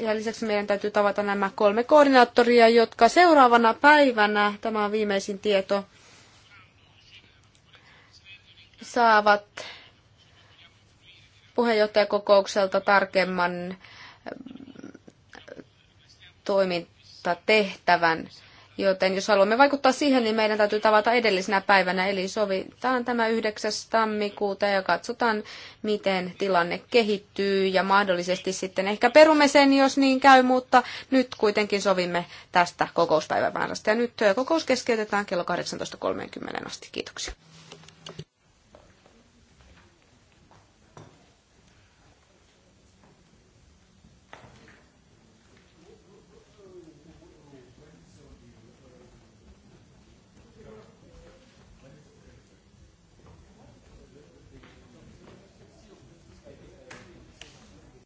Ja lisäksi meidän täytyy tavata nämä kolme koordinaattoria, jotka seuraavana päivänä, tämä on viimeisin tieto, saavat puheenjohtajakokoukselta tarkemman toimintatehtävän. tehtävän Joten jos haluamme vaikuttaa siihen, niin meidän täytyy tavata edellisenä päivänä, eli sovitaan tämä 9. tammikuuta ja katsotaan, miten tilanne kehittyy ja mahdollisesti sitten ehkä perumme sen, jos niin käy, mutta nyt kuitenkin sovimme tästä kokouspäivämäärästä. Ja nyt kokous keskeytetään kello 18.30 asti. Kiitoksia.